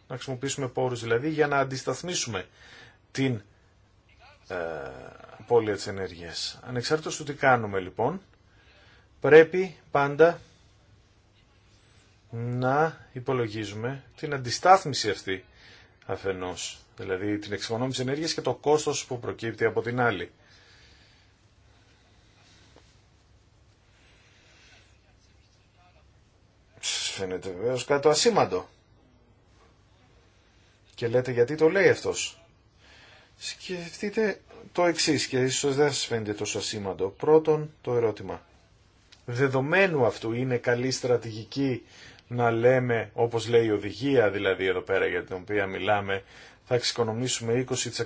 Να χρησιμοποιήσουμε πόρους δηλαδή για να αντισταθμίσουμε την ε, απώλεια της ενέργειας. Ανεξάρτητος του τι κάνουμε λοιπόν, πρέπει πάντα να υπολογίζουμε την αντιστάθμιση αυτή αφενός, δηλαδή την εξοικονόμηση ενέργειας και το κόστος που προκύπτει από την άλλη. Φαίνεται βεβαίως κάτι ασήμαντο. Και λέτε γιατί το λέει αυτός. Σκεφτείτε το εξή και ίσως δεν σας φαίνεται τόσο ασήμαντο. Πρώτον το ερώτημα. Δεδομένου αυτού είναι καλή στρατηγική να λέμε όπως λέει η οδηγία δηλαδή εδώ πέρα για την οποία μιλάμε θα εξοικονομήσουμε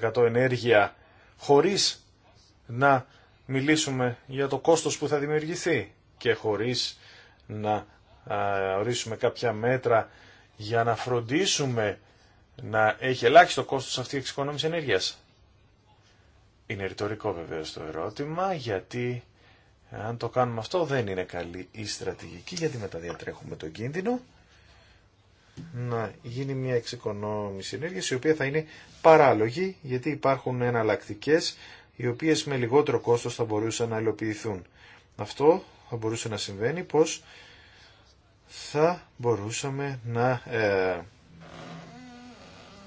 20% ενέργεια χωρίς να μιλήσουμε για το κόστος που θα δημιουργηθεί και χωρίς να ορίσουμε κάποια μέτρα για να φροντίσουμε να έχει ελάχιστο κόστος αυτή η εξοικονόμηση ενέργειας. Είναι ρητορικό βεβαίω το ερώτημα γιατί αν το κάνουμε αυτό δεν είναι καλή η στρατηγική γιατί διατρέχουμε τον κίνδυνο να γίνει μια εξοικονόμηση ενέργειας η οποία θα είναι παράλογη γιατί υπάρχουν εναλλακτικέ οι οποίες με λιγότερο κόστος θα μπορούσαν να υλοποιηθούν. Αυτό θα μπορούσε να συμβαίνει πω θα μπορούσαμε να ε,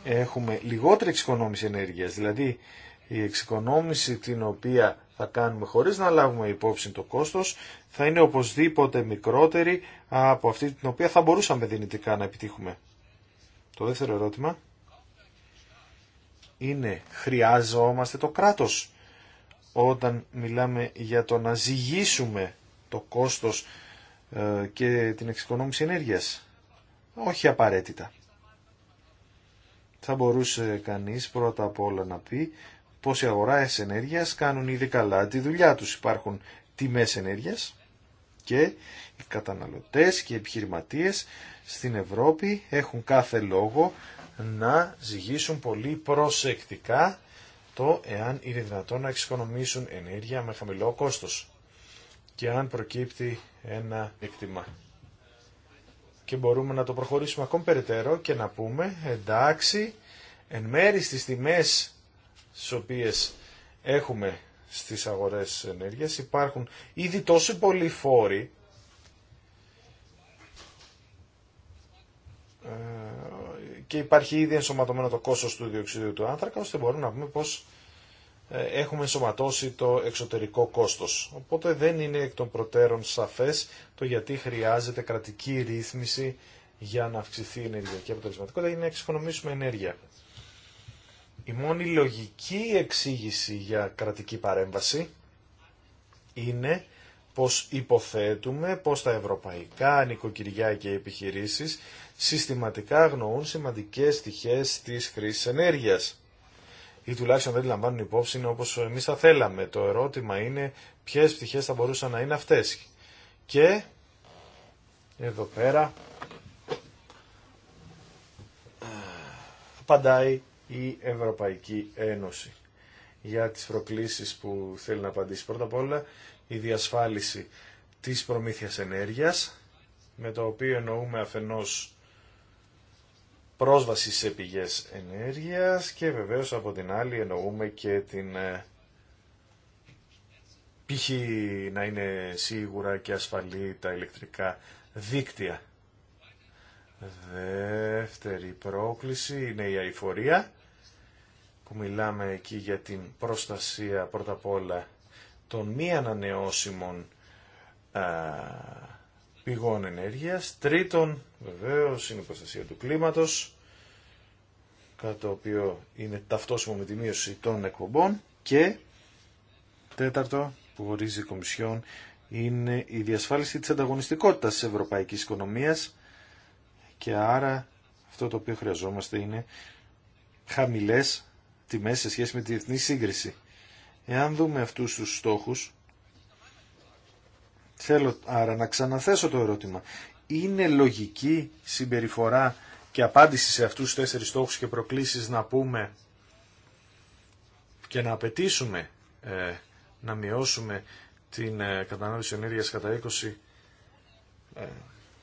έχουμε λιγότερη εξοικονόμηση ενέργειας. Δηλαδή η εξοικονόμηση την οποία θα κάνουμε χωρίς να λάβουμε υπόψη το κόστος θα είναι οπωσδήποτε μικρότερη από αυτή την οποία θα μπορούσαμε δυνητικά να επιτύχουμε. Το δεύτερο ερώτημα είναι χρειάζομαστε το κράτος όταν μιλάμε για το να ζυγίσουμε το κόστος ε, και την εξοικονόμηση ενέργειας. Όχι απαραίτητα. Θα μπορούσε κανείς πρώτα απ' όλα να πει πως οι αγοράες ενέργειας κάνουν ήδη καλά τη δουλειά τους. Υπάρχουν τιμές ενέργειας και οι καταναλωτές και οι επιχειρηματίες στην Ευρώπη έχουν κάθε λόγο να ζυγίσουν πολύ προσεκτικά το εάν είναι δυνατόν να εξοικονομήσουν ενέργεια με χαμηλό κόστος και αν προκύπτει ένα εκτιμά. Και μπορούμε να το προχωρήσουμε ακόμη περαιτέρω και να πούμε εντάξει εν μέρη στις τιμές στις οποίες έχουμε στις αγορές ενέργειας υπάρχουν ήδη τόσο πολλοί φόροι ε, και υπάρχει ήδη ενσωματωμένο το κόστος του διοξιδίου του άνθρακα ώστε μπορούμε να πούμε πως ε, έχουμε ενσωματώσει το εξωτερικό κόστος. Οπότε δεν είναι εκ των προτέρων σαφές το γιατί χρειάζεται κρατική ρύθμιση για να αυξηθεί η ενεργειακή αποτελεσματικότητα ή να εξοικονομήσουμε ενέργεια. Η μόνη λογική εξήγηση για κρατική παρέμβαση είναι πως υποθέτουμε πως τα ευρωπαϊκά νοικοκυριά και επιχειρήσεις συστηματικά αγνοούν σημαντικές στοιχές της χρήσης ενέργειας ή τουλάχιστον δεν λαμβάνουν υπόψη είναι όπως εμείς θα θέλαμε. Το ερώτημα είναι ποιες πτυχές θα μπορούσαν να είναι αυτές. Και εδώ πέρα ε, απαντάει η Ευρωπαϊκή Ένωση για τις προκλήσεις που θέλει να απαντήσει. Πρώτα απ' όλα η διασφάλιση της προμήθειας ενέργειας, με το οποίο εννοούμε αφενός πρόσβαση σε πηγές ενέργειας και βεβαίως από την άλλη εννοούμε και την ε, π.χ. να είναι σίγουρα και ασφαλή τα ηλεκτρικά δίκτυα. Δεύτερη πρόκληση είναι η αηφορία που μιλάμε εκεί για την προστασία πρώτα απ' όλα των μη ανανεώσιμων πηγών ενέργειας. Τρίτον, βεβαίως, είναι η προστασία του κλίματος, κάτι το οποίο είναι ταυτόσιμο με τη μείωση των εκπομπών. Και τέταρτο, που ορίζει η Κομισιόν, είναι η διασφάλιση της ανταγωνιστικότητας της ευρωπαϊκής οικονομίας και άρα αυτό το οποίο χρειαζόμαστε είναι χαμηλές τιμές σε σχέση με τη διεθνή σύγκριση. Εάν δούμε αυτούς τους στόχους, θέλω άρα να ξαναθέσω το ερώτημα. Είναι λογική συμπεριφορά και απάντηση σε αυτούς τους τέσσερις στόχους και προκλήσεις να πούμε και να απαιτήσουμε ε, να μειώσουμε την ε, κατανάλωση ενέργειας κατά 20% ε,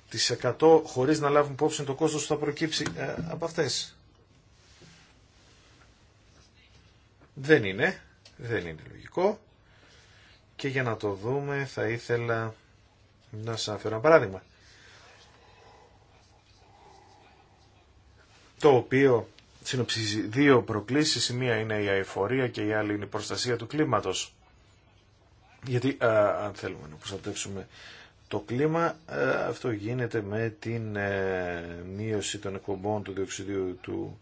τις 100 χωρίς να λάβουν υπόψη το κόστος που θα προκύψει ε, από αυτές. Δεν είναι, δεν είναι λογικό. Και για να το δούμε θα ήθελα να σας αναφέρω ένα παράδειγμα. Το οποίο συνοψίζει δύο προκλήσεις, η μία είναι η αεφορία και η άλλη είναι η προστασία του κλίματος. Γιατί αν θέλουμε να προστατεύσουμε το κλίμα, αυτό γίνεται με την ε, μείωση των εκπομπών του διοξιδίου του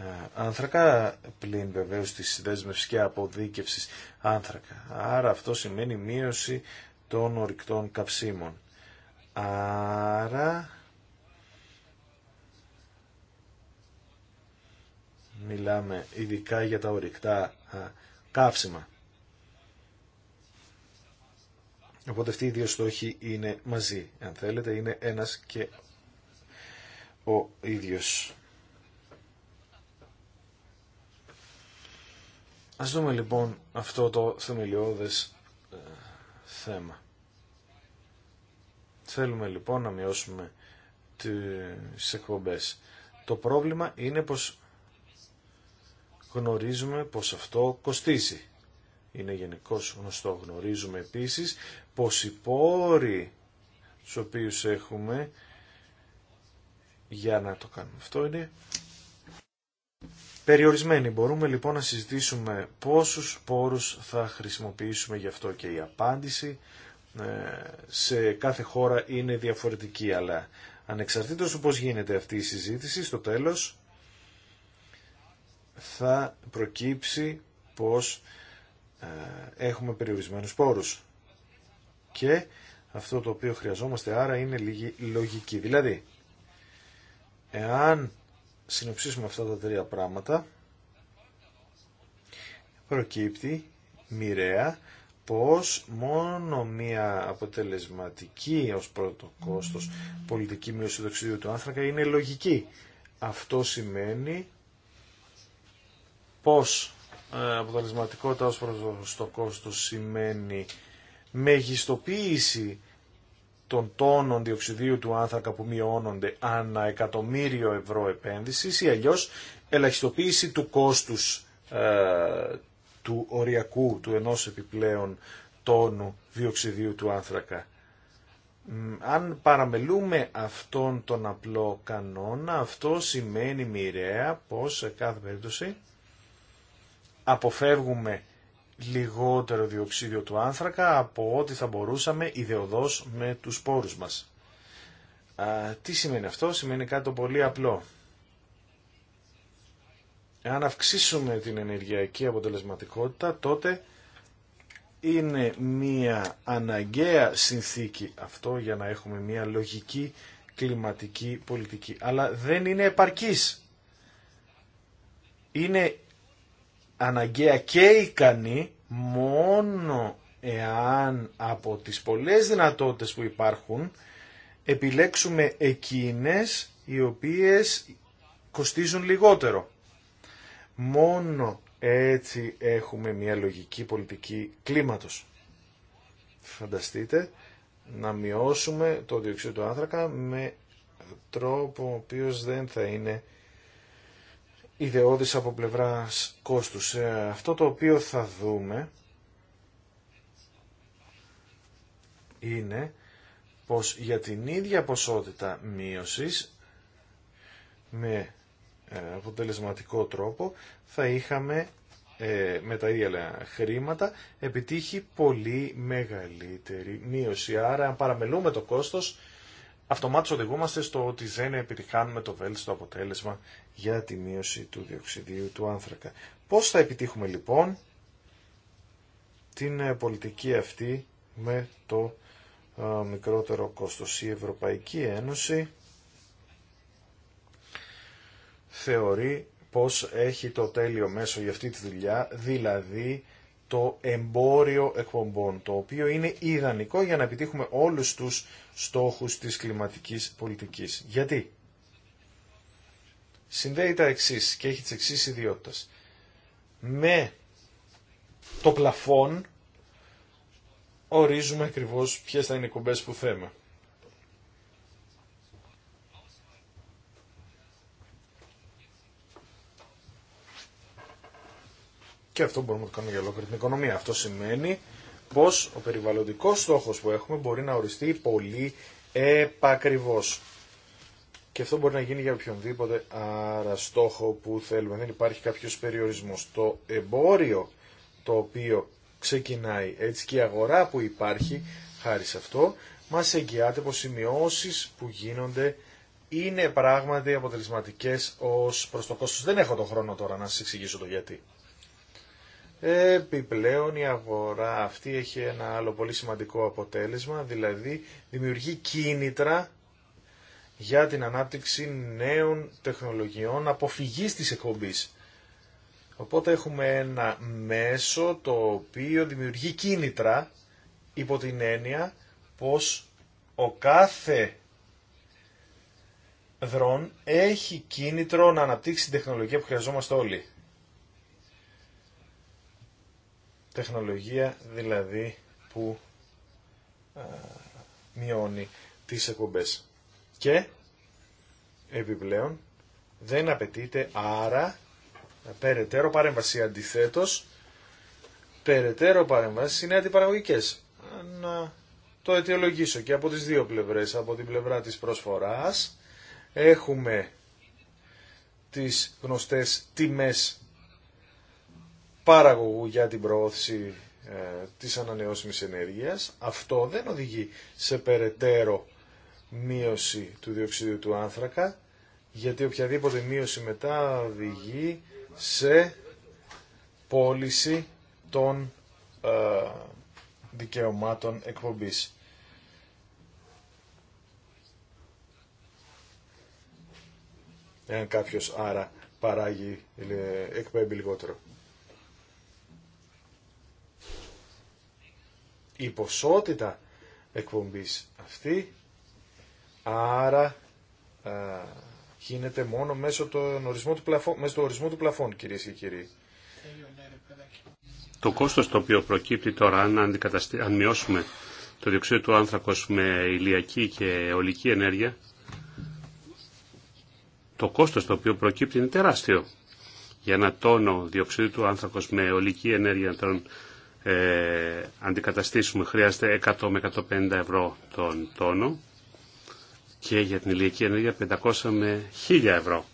ε, άνθρακα, πλην βεβαίω τη δέσμευση και αποδίκευση άνθρακα. Άρα αυτό σημαίνει μείωση των ορικτών καυσίμων. Άρα μιλάμε ειδικά για τα ορικτά ε, καύσιμα. Οπότε αυτοί οι δύο στόχοι είναι μαζί. Αν θέλετε είναι ένας και ο ίδιος Ας δούμε λοιπόν αυτό το θεμελιώδες ε, θέμα. Θέλουμε λοιπόν να μειώσουμε τις εκπομπές. Το πρόβλημα είναι πως γνωρίζουμε πως αυτό κοστίζει. Είναι γενικώ γνωστό. Γνωρίζουμε επίσης πως οι πόροι τους οποίους έχουμε για να το κάνουμε αυτό είναι Περιορισμένοι. Μπορούμε λοιπόν να συζητήσουμε πόσους πόρους θα χρησιμοποιήσουμε γι' αυτό και η απάντηση ε, σε κάθε χώρα είναι διαφορετική, αλλά ανεξαρτήτως του πώς γίνεται αυτή η συζήτηση, στο τέλος θα προκύψει πως ε, έχουμε περιορισμένους πόρους. Και αυτό το οποίο χρειαζόμαστε άρα είναι λίγη λογική. Δηλαδή, εάν συνοψίσουμε αυτά τα τρία πράγματα προκύπτει μοιραία πως μόνο μία αποτελεσματική ως πρώτο κόστος πολιτική μείωση του οξυδίου του άνθρακα είναι λογική. Αυτό σημαίνει πως ε, αποτελεσματικότητα ως πρώτο κόστος σημαίνει μεγιστοποίηση των τόνων διοξιδίου του άνθρακα που μειώνονται ανά εκατομμύριο ευρώ επένδυση ή αλλιώ ελαχιστοποίηση του κόστους ε, του οριακού, του ενός επιπλέον τόνου διοξιδίου του άνθρακα. Αν παραμελούμε αυτόν τον απλό κανόνα, αυτό σημαίνει μοιραία πως σε κάθε περίπτωση αποφεύγουμε λιγότερο διοξίδιο του άνθρακα από ό,τι θα μπορούσαμε ιδεωδώς με τους πόρους μας. τι σημαίνει αυτό, σημαίνει κάτι πολύ απλό. Αν αυξήσουμε την ενεργειακή αποτελεσματικότητα, τότε είναι μία αναγκαία συνθήκη αυτό για να έχουμε μία λογική κλιματική πολιτική. Αλλά δεν είναι επαρκής. Είναι αναγκαία και ικανή μόνο εάν από τις πολλές δυνατότητες που υπάρχουν επιλέξουμε εκείνες οι οποίες κοστίζουν λιγότερο. Μόνο έτσι έχουμε μια λογική πολιτική κλίματος. Φανταστείτε να μειώσουμε το διοξείδιο του άνθρακα με τρόπο ο οποίος δεν θα είναι ιδεώδης από πλευράς κόστους. Ε, αυτό το οποίο θα δούμε είναι πως για την ίδια ποσότητα μείωσης με ε, αποτελεσματικό τρόπο θα είχαμε ε, με τα ίδια χρήματα επιτύχει πολύ μεγαλύτερη μείωση. Άρα αν παραμελούμε το κόστος αυτομάτως οδηγούμαστε στο ότι δεν επιτυχάνουμε το βέλτιστο αποτέλεσμα για τη μείωση του διοξιδίου του άνθρακα. Πώς θα επιτύχουμε λοιπόν την ε, πολιτική αυτή με το ε, μικρότερο κόστος. Η Ευρωπαϊκή Ένωση θεωρεί πως έχει το τέλειο μέσο για αυτή τη δουλειά, δηλαδή το εμπόριο εκπομπών, το οποίο είναι ιδανικό για να επιτύχουμε όλους τους στόχους της κλιματικής πολιτικής. Γιατί? Συνδέει τα εξής και έχει τις εξής ιδιότητες. Με το πλαφόν ορίζουμε ακριβώς ποιες θα είναι οι κομπές που θέμα. Και αυτό μπορούμε να το κάνουμε για ολόκληρη την οικονομία. Αυτό σημαίνει πω ο περιβαλλοντικό στόχο που έχουμε μπορεί να οριστεί πολύ επακριβώς. Και αυτό μπορεί να γίνει για οποιονδήποτε άρα στόχο που θέλουμε. Δεν υπάρχει κάποιο περιορισμό. Το εμπόριο το οποίο ξεκινάει έτσι και η αγορά που υπάρχει χάρη σε αυτό μας εγγυάται πως οι μειώσει που γίνονται είναι πράγματι αποτελεσματικές ως προς το κόστος. Δεν έχω τον χρόνο τώρα να σας εξηγήσω το γιατί. Επιπλέον η αγορά αυτή έχει ένα άλλο πολύ σημαντικό αποτέλεσμα, δηλαδή δημιουργεί κίνητρα για την ανάπτυξη νέων τεχνολογιών αποφυγής της εκπομπής. Οπότε έχουμε ένα μέσο το οποίο δημιουργεί κίνητρα υπό την έννοια πως ο κάθε δρόν έχει κίνητρο να αναπτύξει την τεχνολογία που χρειαζόμαστε όλοι. τεχνολογία δηλαδή που μειώνει τις εκπομπές. Και επιπλέον δεν απαιτείται άρα περαιτέρω παρέμβαση. Αντιθέτως, περαιτέρω παρέμβαση είναι αντιπαραγωγικές. Να το αιτιολογήσω και από τις δύο πλευρές. Από την πλευρά της προσφοράς έχουμε τις γνωστές τιμές για την προώθηση ε, της ανανεώσιμης ενέργειας. Αυτό δεν οδηγεί σε περαιτέρω μείωση του διοξιδίου του άνθρακα, γιατί οποιαδήποτε μείωση μετά οδηγεί σε πώληση των ε, δικαιωμάτων εκπομπής. Εάν κάποιος άρα παράγει, ε, εκπέμπει λιγότερο. η ποσότητα εκπομπής αυτή, άρα γίνεται μόνο μέσω, ορισμό του πλαφών, μέσω του ορισμού του πλαφών, κυρίες και κύριοι. Το κόστος το οποίο προκύπτει τώρα, αν, αντικαταστη... αν μειώσουμε το διοξείδιο του άνθρακος με ηλιακή και ολική ενέργεια, το κόστος το οποίο προκύπτει είναι τεράστιο. Για ένα τόνο διοξείδιο του άνθρακος με ολική ενέργεια τον ε, αντικαταστήσουμε. Χρειάζεται 100 με 150 ευρώ τον τόνο και για την ηλιακή ενέργεια 500 με 1000 ευρώ.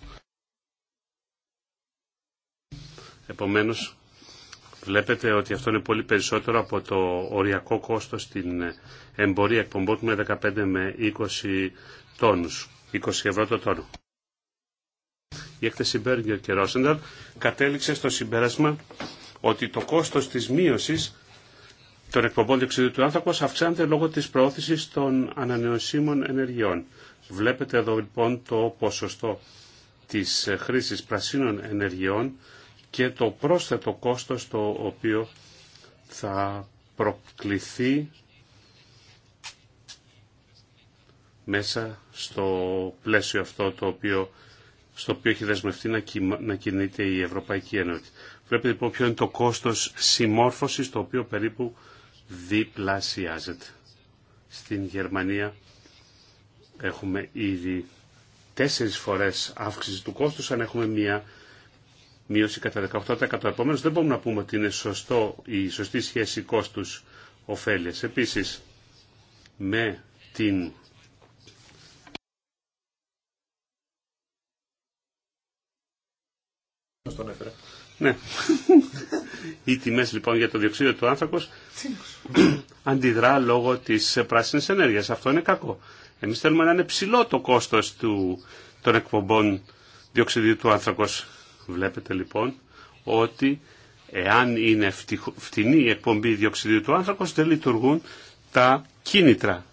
Επομένως, βλέπετε ότι αυτό είναι πολύ περισσότερο από το οριακό κόστος στην εμπορία εκπομπών με 15 με 20 τόνους, 20 ευρώ το τόνο. Η έκθεση Μπέργκερ και Ρόσενταλ κατέληξε στο συμπέρασμα ότι το κόστος της μείωσης των εκπομπών διοξιδίου του άνθρακος αυξάνεται λόγω της προώθησης των ανανεωσίμων ενεργειών. Βλέπετε εδώ λοιπόν το ποσοστό της χρήσης πρασίνων ενεργειών και το πρόσθετο κόστος το οποίο θα προκληθεί μέσα στο πλαίσιο αυτό το οποίο, στο οποίο έχει δεσμευτεί να, κινείται η Ευρωπαϊκή Ένωση πρέπει λοιπόν ποιο είναι το κόστος συμμόρφωσης το οποίο περίπου διπλασιάζεται. Στην Γερμανία έχουμε ήδη τέσσερις φορές αύξηση του κόστους αν έχουμε μία μείωση κατά 18%. Επομένως δεν μπορούμε να πούμε ότι είναι σωστό η σωστή σχέση κόστους ωφέλειας. Επίσης με την ναι. Οι τιμέ λοιπόν για το διοξείδιο του άνθρακος αντιδρά λόγω της ε, πράσινη ενέργειας. Αυτό είναι κακό. Εμείς θέλουμε να είναι ψηλό το κόστος των εκπομπών διοξιδίου του άνθρακος. Βλέπετε λοιπόν ότι εάν είναι φτηνή η εκπομπή διοξιδίου του άνθρακος δεν λειτουργούν τα κίνητρα.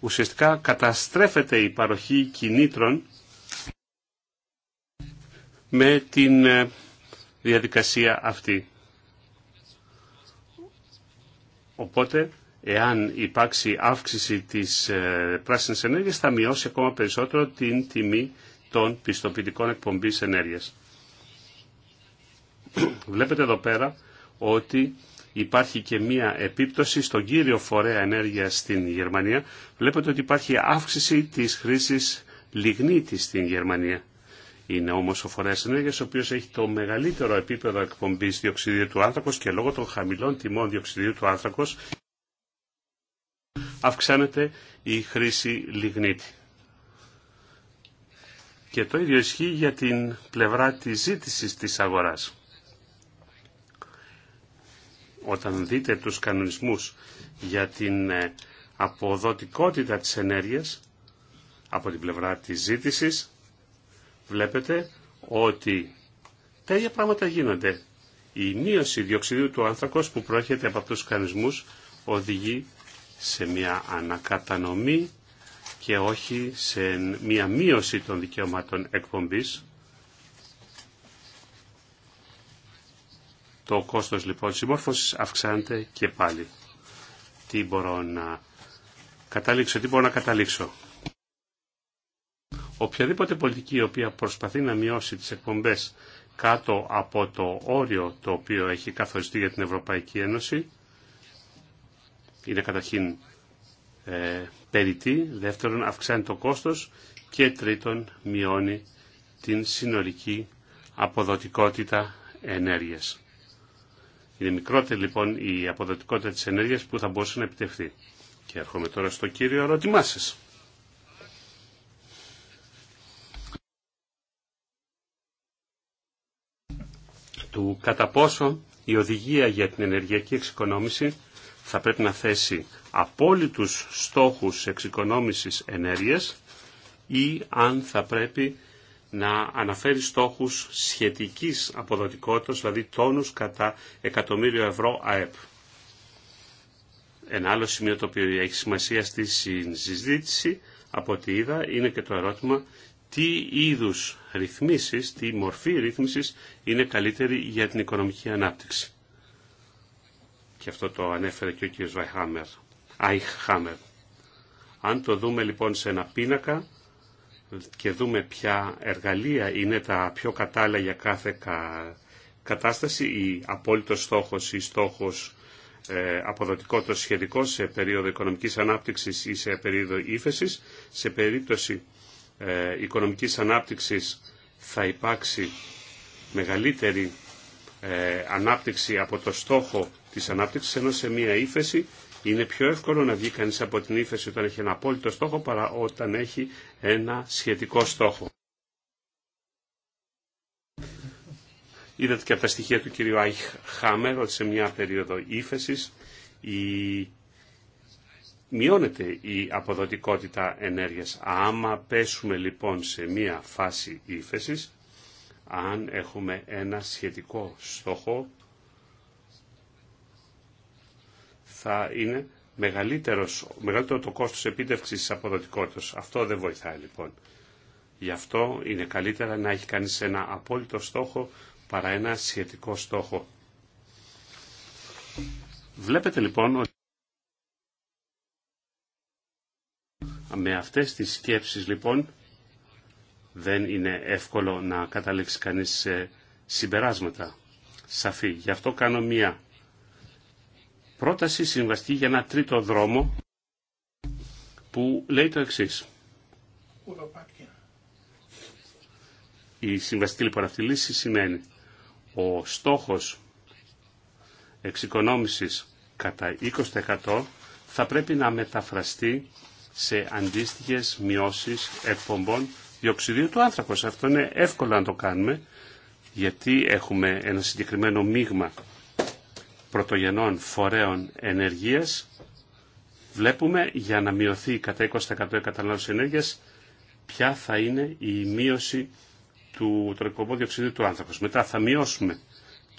Ουσιαστικά καταστρέφεται η παροχή κινήτρων με την ε, διαδικασία αυτή. Οπότε, εάν υπάρξει αύξηση της ε, πράσινης ενέργειας, θα μειώσει ακόμα περισσότερο την τιμή των πιστοποιητικών εκπομπής ενέργειας. Βλέπετε εδώ πέρα ότι υπάρχει και μία επίπτωση στον κύριο φορέα ενέργειας στην Γερμανία. Βλέπετε ότι υπάρχει αύξηση της χρήσης λιγνίτη στην Γερμανία. Είναι όμως ο φορέας ενέργειας ο οποίος έχει το μεγαλύτερο επίπεδο εκπομπής διοξιδίου του άνθρακος και λόγω των χαμηλών τιμών διοξιδίου του άνθρακος αυξάνεται η χρήση λιγνίτη. Και το ίδιο ισχύει για την πλευρά της ζήτησης της αγοράς. Όταν δείτε τους κανονισμούς για την ε, αποδοτικότητα της ενέργειας από την πλευρά της ζήτησης, βλέπετε ότι τέτοια πράγματα γίνονται. Η μείωση διοξιδίου του άνθρακος που προέρχεται από αυτούς τους κανισμούς οδηγεί σε μια ανακατανομή και όχι σε μια μείωση των δικαιωμάτων εκπομπής. Το κόστος λοιπόν συμμόρφωσης αυξάνεται και πάλι. Τι μπορώ να καταλήξω, τι μπορώ να καταλήξω. Οποιαδήποτε πολιτική η οποία προσπαθεί να μειώσει τις εκπομπές κάτω από το όριο το οποίο έχει καθοριστεί για την Ευρωπαϊκή Ένωση είναι καταρχήν ε, περιττή, δεύτερον αυξάνει το κόστος και τρίτον μειώνει την συνολική αποδοτικότητα ενέργειας. Είναι μικρότερη λοιπόν η αποδοτικότητα της ενέργειας που θα μπορούσε να επιτευχθεί. Και έρχομαι τώρα στο κύριο ερώτημά σας. κατά πόσο η οδηγία για την ενεργειακή εξοικονόμηση θα πρέπει να θέσει απόλυτους στόχους εξοικονόμησης ενέργειας ή αν θα πρέπει να αναφέρει στόχους σχετικής αποδοτικότητας, δηλαδή τόνους κατά εκατομμύριο ευρώ ΑΕΠ. Ένα άλλο σημείο το οποίο έχει σημασία στη συζήτηση, από ό,τι είδα, είναι και το ερώτημα τι είδους ρυθμίσεις, τι μορφή ρυθμίσεις είναι καλύτερη για την οικονομική ανάπτυξη. Και αυτό το ανέφερε και ο κ. Χάμερ. Αν το δούμε λοιπόν σε ένα πίνακα και δούμε ποια εργαλεία είναι τα πιο κατάλληλα για κάθε κατάσταση ή απόλυτος στόχος ή στόχος ε, αποδοτικότητας σχετικό σε περίοδο οικονομικής ανάπτυξης ή σε περίοδο ύφεσης, σε περίπτωση ε, οικονομικής ανάπτυξης θα υπάρξει μεγαλύτερη ε, ανάπτυξη από το στόχο της ανάπτυξης, ενώ σε μία ύφεση είναι πιο εύκολο να βγει κανείς από την ύφεση όταν έχει ένα απόλυτο στόχο παρά όταν έχει ένα σχετικό στόχο. Είδατε και από τα στοιχεία του κυρίου Άιχ Χάμερ ότι σε μια περίοδο ύφεση η μειώνεται η αποδοτικότητα ενέργειας. Άμα πέσουμε λοιπόν σε μία φάση ύφεση, αν έχουμε ένα σχετικό στόχο, θα είναι μεγαλύτερος, μεγαλύτερο το κόστος επίτευξης της αποδοτικότητας. Αυτό δεν βοηθάει λοιπόν. Γι' αυτό είναι καλύτερα να έχει κανείς ένα απόλυτο στόχο παρά ένα σχετικό στόχο. Βλέπετε λοιπόν ότι Με αυτές τις σκέψεις λοιπόν δεν είναι εύκολο να καταλήξει κανείς σε συμπεράσματα σαφή. Γι' αυτό κάνω μία πρόταση συμβαστή για ένα τρίτο δρόμο που λέει το εξής. Η συμβαστή λοιπόν αυτή λύση σημαίνει ο στόχος εξοικονόμησης κατά 20% θα πρέπει να μεταφραστεί σε αντίστοιχες μειώσεις εκπομπών διοξιδίου του άνθρακος. Αυτό είναι εύκολο να το κάνουμε γιατί έχουμε ένα συγκεκριμένο μείγμα πρωτογενών φορέων ενεργείας. Βλέπουμε για να μειωθεί κατά 20% η κατανάλωση ενέργειας ποια θα είναι η μείωση του εκπομπών διοξιδίου του άνθρακος. Μετά θα μειώσουμε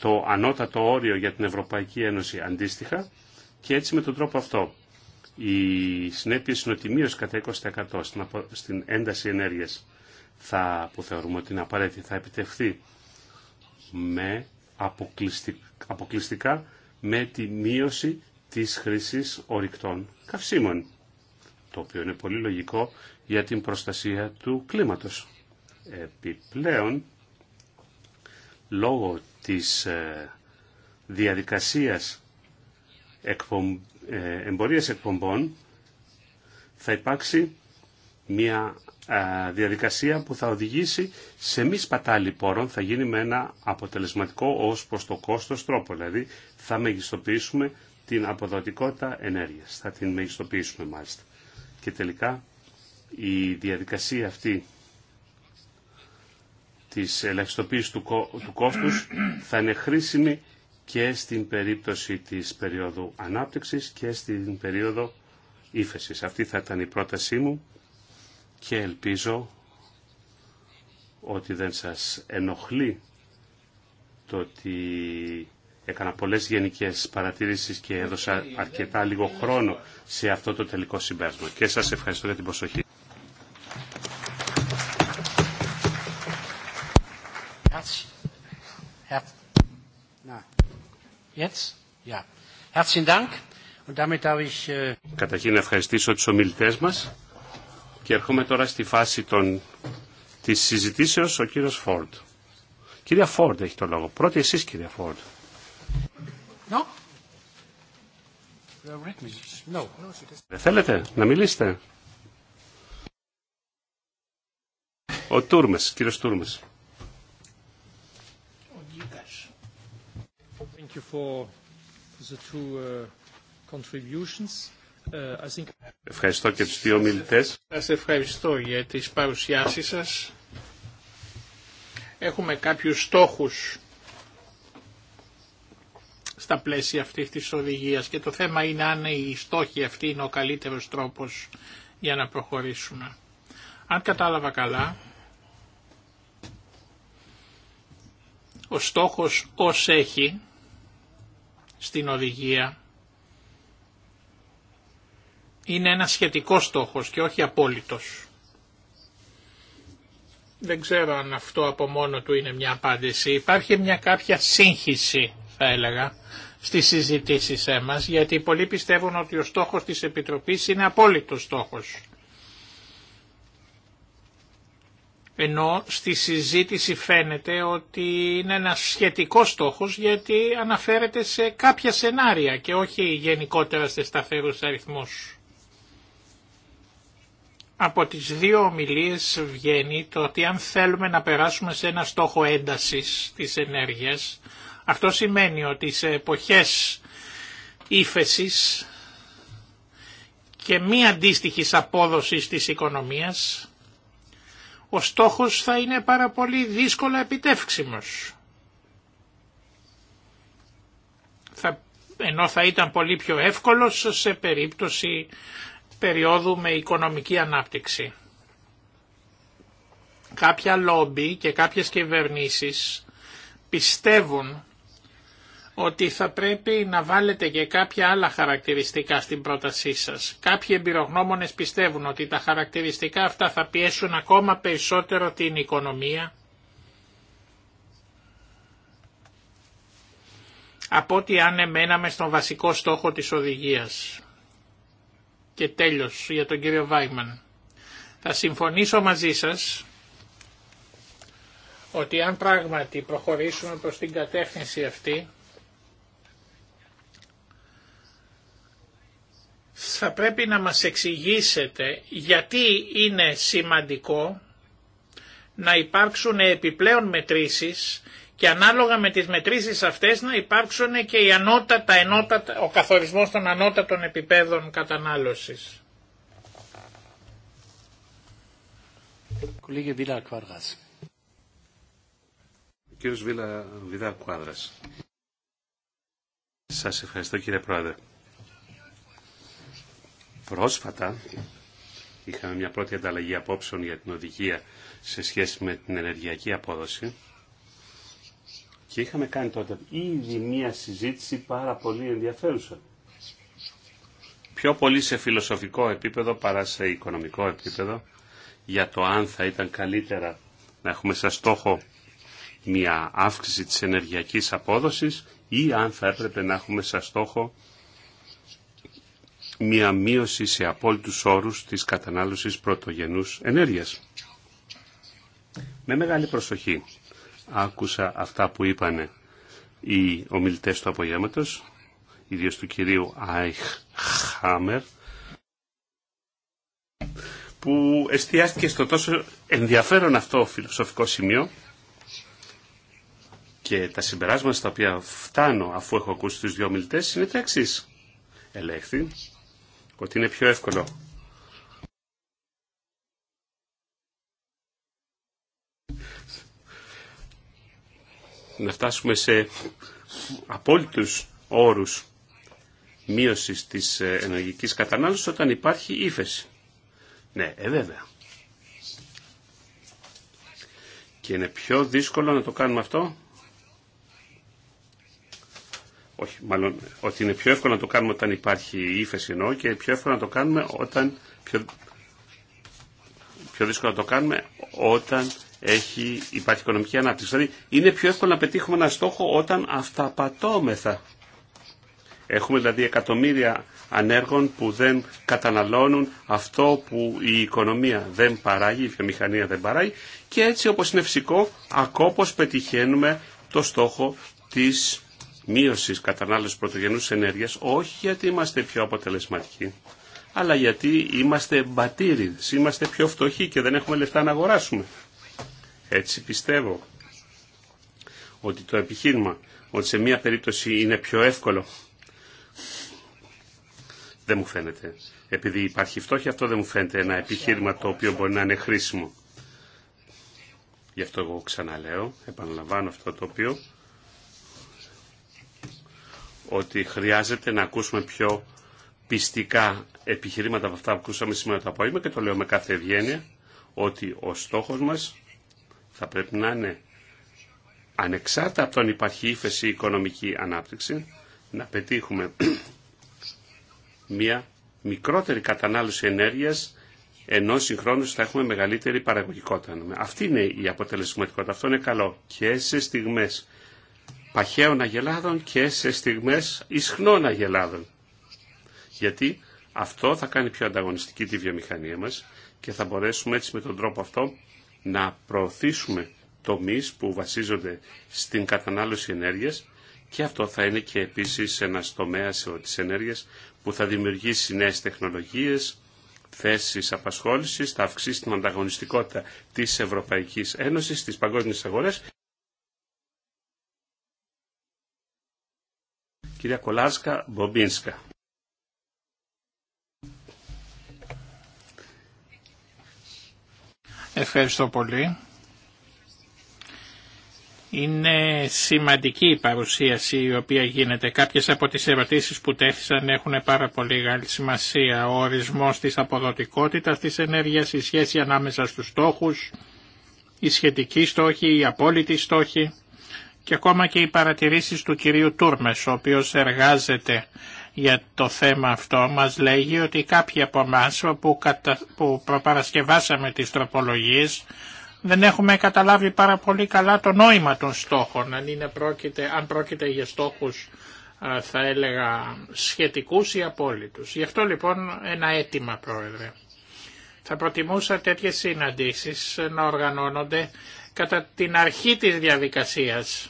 το ανώτατο όριο για την Ευρωπαϊκή Ένωση αντίστοιχα και έτσι με τον τρόπο αυτό οι συνέπειε είναι ότι μείωση κατά 20% στην ένταση ενέργειας που θεωρούμε ότι είναι απαραίτητη θα επιτευχθεί με αποκλειστικά, με τη μείωση της χρήσης ορυκτών καυσίμων, το οποίο είναι πολύ λογικό για την προστασία του κλίματος. Επιπλέον, λόγω της ε, διαδικασίας εκπομπής ε, εμπορίας εκπομπών θα υπάρξει μια διαδικασία που θα οδηγήσει σε μη σπατάλη πόρων, θα γίνει με ένα αποτελεσματικό ως προς το κόστος τρόπο, δηλαδή θα μεγιστοποιήσουμε την αποδοτικότητα ενέργειας, θα την μεγιστοποιήσουμε μάλιστα. Και τελικά η διαδικασία αυτή της ελαχιστοποίησης του, κόστους θα είναι χρήσιμη και στην περίπτωση της περίοδου ανάπτυξης και στην περίοδο ύφεσης. Αυτή θα ήταν η πρότασή μου και ελπίζω ότι δεν σας ενοχλεί το ότι έκανα πολλές γενικές παρατηρήσεις και έδωσα αρκετά λίγο χρόνο σε αυτό το τελικό συμπέρασμα. Και σας ευχαριστώ για την προσοχή. Äh, Καταρχήν να ευχαριστήσω τους ομιλητές μας και έρχομαι τώρα στη φάση των... της συζητήσεως ο κύριος Φόρντ. Κυρία Φόρντ έχει το λόγο. Πρώτη εσείς κυρία Φόρντ. No. No. Δεν θέλετε να μιλήσετε. Ο Τούρμες, κύριος Τούρμες. you two uh, contributions. Uh, I think... Ευχαριστώ και τους δύο μιλητές. Σας ευχαριστώ για τις παρουσιάσεις σας. Έχουμε κάποιους στόχους στα πλαίσια αυτή της οδηγίας και το θέμα είναι αν οι στόχοι αυτοί είναι ο καλύτερος τρόπος για να προχωρήσουμε. Αν κατάλαβα καλά, ο στόχος ως έχει στην οδηγία είναι ένα σχετικό στόχος και όχι απόλυτος. Δεν ξέρω αν αυτό από μόνο του είναι μια απάντηση. Υπάρχει μια κάποια σύγχυση θα έλεγα στις συζητήσεις μας γιατί πολλοί πιστεύουν ότι ο στόχος της Επιτροπής είναι απόλυτος στόχος. ενώ στη συζήτηση φαίνεται ότι είναι ένας σχετικός στόχος γιατί αναφέρεται σε κάποια σενάρια και όχι γενικότερα σε σταθερούς αριθμούς. Από τις δύο ομιλίες βγαίνει το ότι αν θέλουμε να περάσουμε σε ένα στόχο έντασης της ενέργειας, αυτό σημαίνει ότι σε εποχές ύφεσης και μη αντίστοιχης απόδοσης της οικονομίας, ο στόχος θα είναι πάρα πολύ δύσκολα επιτεύξιμος. Θα, ενώ θα ήταν πολύ πιο εύκολος σε περίπτωση περίοδου με οικονομική ανάπτυξη. Κάποια λόμπι και κάποιες κυβερνήσεις πιστεύουν ότι θα πρέπει να βάλετε και κάποια άλλα χαρακτηριστικά στην πρότασή σας. Κάποιοι εμπειρογνώμονες πιστεύουν ότι τα χαρακτηριστικά αυτά θα πιέσουν ακόμα περισσότερο την οικονομία από ότι αν εμέναμε στον βασικό στόχο της οδηγίας. Και τέλος για τον κύριο Βάιμαν. Θα συμφωνήσω μαζί σας ότι αν πράγματι προχωρήσουμε προς την κατεύθυνση αυτή, θα πρέπει να μας εξηγήσετε γιατί είναι σημαντικό να υπάρξουν επιπλέον μετρήσεις και ανάλογα με τις μετρήσεις αυτές να υπάρξουν και οι ανώτατα, ενώτατα, ο καθορισμός των ανώτατων επιπέδων κατανάλωσης. Κύριος Βίλα Κουάδρας. Σας ευχαριστώ κύριε Πρόεδρε. Πρόσφατα είχαμε μια πρώτη ανταλλαγή απόψεων για την οδηγία σε σχέση με την ενεργειακή απόδοση και είχαμε κάνει τότε ήδη μια συζήτηση πάρα πολύ ενδιαφέρουσα. Πιο πολύ σε φιλοσοφικό επίπεδο παρά σε οικονομικό επίπεδο για το αν θα ήταν καλύτερα να έχουμε σαν στόχο μια αύξηση της ενεργειακής απόδοσης ή αν θα έπρεπε να έχουμε σαν στόχο μια μείωση σε απόλυτους όρους της κατανάλωσης πρωτογενούς ενέργειας. Με μεγάλη προσοχή άκουσα αυτά που είπανε οι ομιλητές του απογέματος, ιδίως του κυρίου Άιχ Χάμερ, που εστιάστηκε στο τόσο ενδιαφέρον αυτό φιλοσοφικό σημείο και τα συμπεράσματα στα οποία φτάνω αφού έχω ακούσει τους δύο ομιλητές είναι τα εξής. Ελέγχθη ότι είναι πιο εύκολο να φτάσουμε σε απόλυτους όρους μείωσης της ε, ενεργικής κατανάλωσης όταν υπάρχει ύφεση. Ναι, ε, βέβαια. Και είναι πιο δύσκολο να το κάνουμε αυτό όχι, μάλλον, ότι είναι πιο εύκολο να το κάνουμε όταν υπάρχει ύφεση εννοώ και πιο εύκολο να το κάνουμε όταν πιο, πιο δύσκολο να το κάνουμε όταν έχει, υπάρχει οικονομική ανάπτυξη. Δηλαδή είναι πιο εύκολο να πετύχουμε ένα στόχο όταν αυταπατώμεθα. Έχουμε δηλαδή εκατομμύρια ανέργων που δεν καταναλώνουν αυτό που η οικονομία δεν παράγει, η βιομηχανία δεν παράγει και έτσι όπως είναι φυσικό ακόπως πετυχαίνουμε το στόχο της μείωση κατανάλωση πρωτογενού ενέργειας, όχι γιατί είμαστε πιο αποτελεσματικοί, αλλά γιατί είμαστε μπατήριδε, είμαστε πιο φτωχοί και δεν έχουμε λεφτά να αγοράσουμε. Έτσι πιστεύω ότι το επιχείρημα ότι σε μία περίπτωση είναι πιο εύκολο δεν μου φαίνεται. Επειδή υπάρχει φτώχεια αυτό δεν μου φαίνεται ένα επιχείρημα το οποίο μπορεί να είναι χρήσιμο. Γι' αυτό εγώ ξαναλέω, επαναλαμβάνω αυτό το οποίο ότι χρειάζεται να ακούσουμε πιο πιστικά επιχειρήματα από αυτά που ακούσαμε σήμερα το απόγευμα και το λέω με κάθε ευγένεια ότι ο στόχος μας θα πρέπει να είναι ανεξάρτητα από τον υπάρχει ύφεση οικονομική ανάπτυξη να πετύχουμε μια μικρότερη κατανάλωση ενέργειας ενώ συγχρόνως θα έχουμε μεγαλύτερη παραγωγικότητα. Αυτή είναι η αποτελεσματικότητα. Αυτό είναι καλό και σε στιγμές παχαίων αγελάδων και σε στιγμές ισχνών αγελάδων. Γιατί αυτό θα κάνει πιο ανταγωνιστική τη βιομηχανία μας και θα μπορέσουμε έτσι με τον τρόπο αυτό να προωθήσουμε τομείς που βασίζονται στην κατανάλωση ενέργειας και αυτό θα είναι και επίσης ένας τομέας της ενέργειας που θα δημιουργήσει νέες τεχνολογίες, θέσεις απασχόλησης, θα αυξήσει την ανταγωνιστικότητα της Ευρωπαϊκής Ένωσης, στις παγκόσμια αγορές Κυρία Κολάσκα Μπομπίνσκα. Ευχαριστώ πολύ. Είναι σημαντική η παρουσίαση η οποία γίνεται. Κάποιες από τις ερωτήσεις που τέθησαν έχουν πάρα πολύ μεγάλη σημασία. Ο ορισμός της αποδοτικότητας της ενέργειας, η σχέση ανάμεσα στους στόχους, η σχετική στόχοι, οι απόλυτη στόχοι και ακόμα και οι παρατηρήσεις του κυρίου Τούρμες, ο οποίος εργάζεται για το θέμα αυτό, μας λέγει ότι κάποιοι από εμά που, κατα... που παρασκευάσαμε τις τροπολογίες δεν έχουμε καταλάβει πάρα πολύ καλά το νόημα των στόχων, αν, είναι πρόκειται, αν πρόκειται για στόχους θα έλεγα σχετικούς ή απόλυτους. Γι' αυτό λοιπόν ένα αίτημα πρόεδρε. Θα προτιμούσα τέτοιες συναντήσεις να οργανώνονται κατά την αρχή της διαδικασίας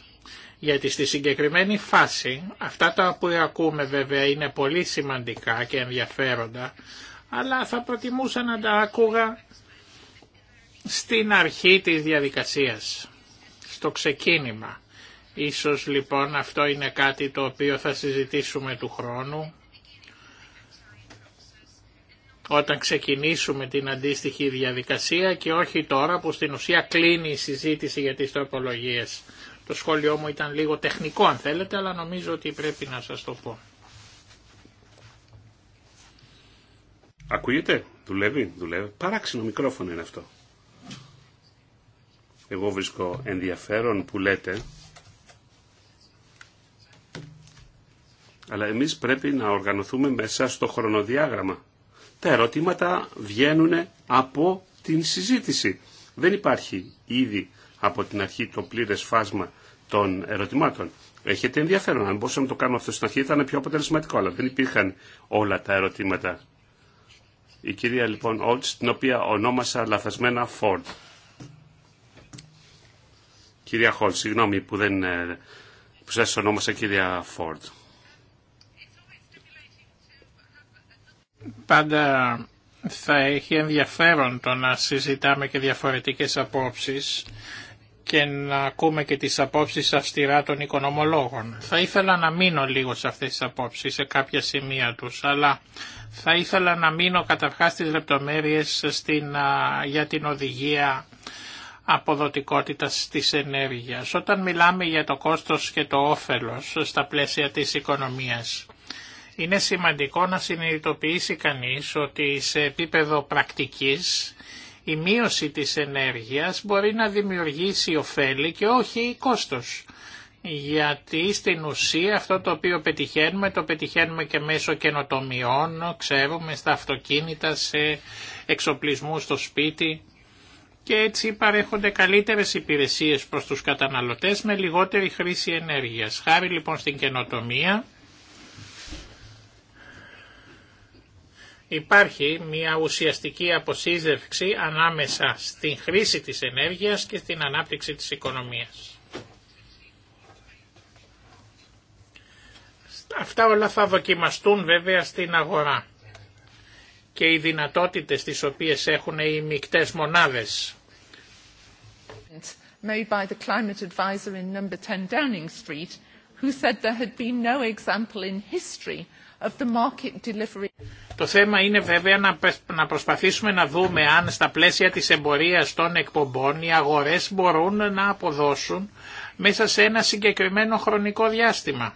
γιατί στη συγκεκριμένη φάση αυτά τα που ακούμε βέβαια είναι πολύ σημαντικά και ενδιαφέροντα, αλλά θα προτιμούσα να τα άκουγα στην αρχή της διαδικασίας, στο ξεκίνημα. Ίσως λοιπόν αυτό είναι κάτι το οποίο θα συζητήσουμε του χρόνου, όταν ξεκινήσουμε την αντίστοιχη διαδικασία και όχι τώρα που στην ουσία κλείνει η συζήτηση για τις τροπολογίες. Το σχόλιο μου ήταν λίγο τεχνικό αν θέλετε, αλλά νομίζω ότι πρέπει να σας το πω. Ακούγεται, δουλεύει, δουλεύει. Παράξενο μικρόφωνο είναι αυτό. Εγώ βρίσκω ενδιαφέρον που λέτε, αλλά εμείς πρέπει να οργανωθούμε μέσα στο χρονοδιάγραμμα. Τα ερωτήματα βγαίνουν από την συζήτηση. Δεν υπάρχει ήδη από την αρχή το πλήρες φάσμα των ερωτημάτων. Έχετε ενδιαφέρον. Αν μπορούσαμε να το κάνουμε αυτό στην αρχή ήταν πιο αποτελεσματικό, αλλά δεν υπήρχαν όλα τα ερωτήματα. Η κυρία λοιπόν Όλτς, την οποία ονόμασα λαθασμένα Φόρντ. Κυρία Χόλτ, συγγνώμη που, δεν, ε, που σας ονόμασα κυρία Φόρντ. Πάντα θα έχει ενδιαφέρον το να συζητάμε και διαφορετικές απόψεις και να ακούμε και τις απόψεις αυστηρά των οικονομολόγων. Θα ήθελα να μείνω λίγο σε αυτές τις απόψεις, σε κάποια σημεία τους, αλλά θα ήθελα να μείνω καταρχάς στις λεπτομέρειες στην, για την οδηγία αποδοτικότητας της ενέργειας. Όταν μιλάμε για το κόστος και το όφελος στα πλαίσια της οικονομίας, είναι σημαντικό να συνειδητοποιήσει κανείς ότι σε επίπεδο πρακτικής η μείωση της ενέργειας μπορεί να δημιουργήσει ωφέλη και όχι κόστος. Γιατί στην ουσία αυτό το οποίο πετυχαίνουμε, το πετυχαίνουμε και μέσω καινοτομιών, ξέρουμε, στα αυτοκίνητα, σε εξοπλισμού στο σπίτι και έτσι παρέχονται καλύτερες υπηρεσίες προς τους καταναλωτές με λιγότερη χρήση ενέργειας. Χάρη λοιπόν στην καινοτομία Υπάρχει μια ουσιαστική αποσύζευξη ανάμεσα στην χρήση της ενέργειας και στην ανάπτυξη της οικονομίας. Αυτά όλα θα δοκιμαστούν βέβαια στην αγορά και οι δυνατότητες τις οποίες έχουν οι μικτές μονάδες. Downing το θέμα είναι βέβαια να προσπαθήσουμε να δούμε αν στα πλαίσια της εμπορίας των εκπομπών οι αγορές μπορούν να αποδώσουν μέσα σε ένα συγκεκριμένο χρονικό διάστημα.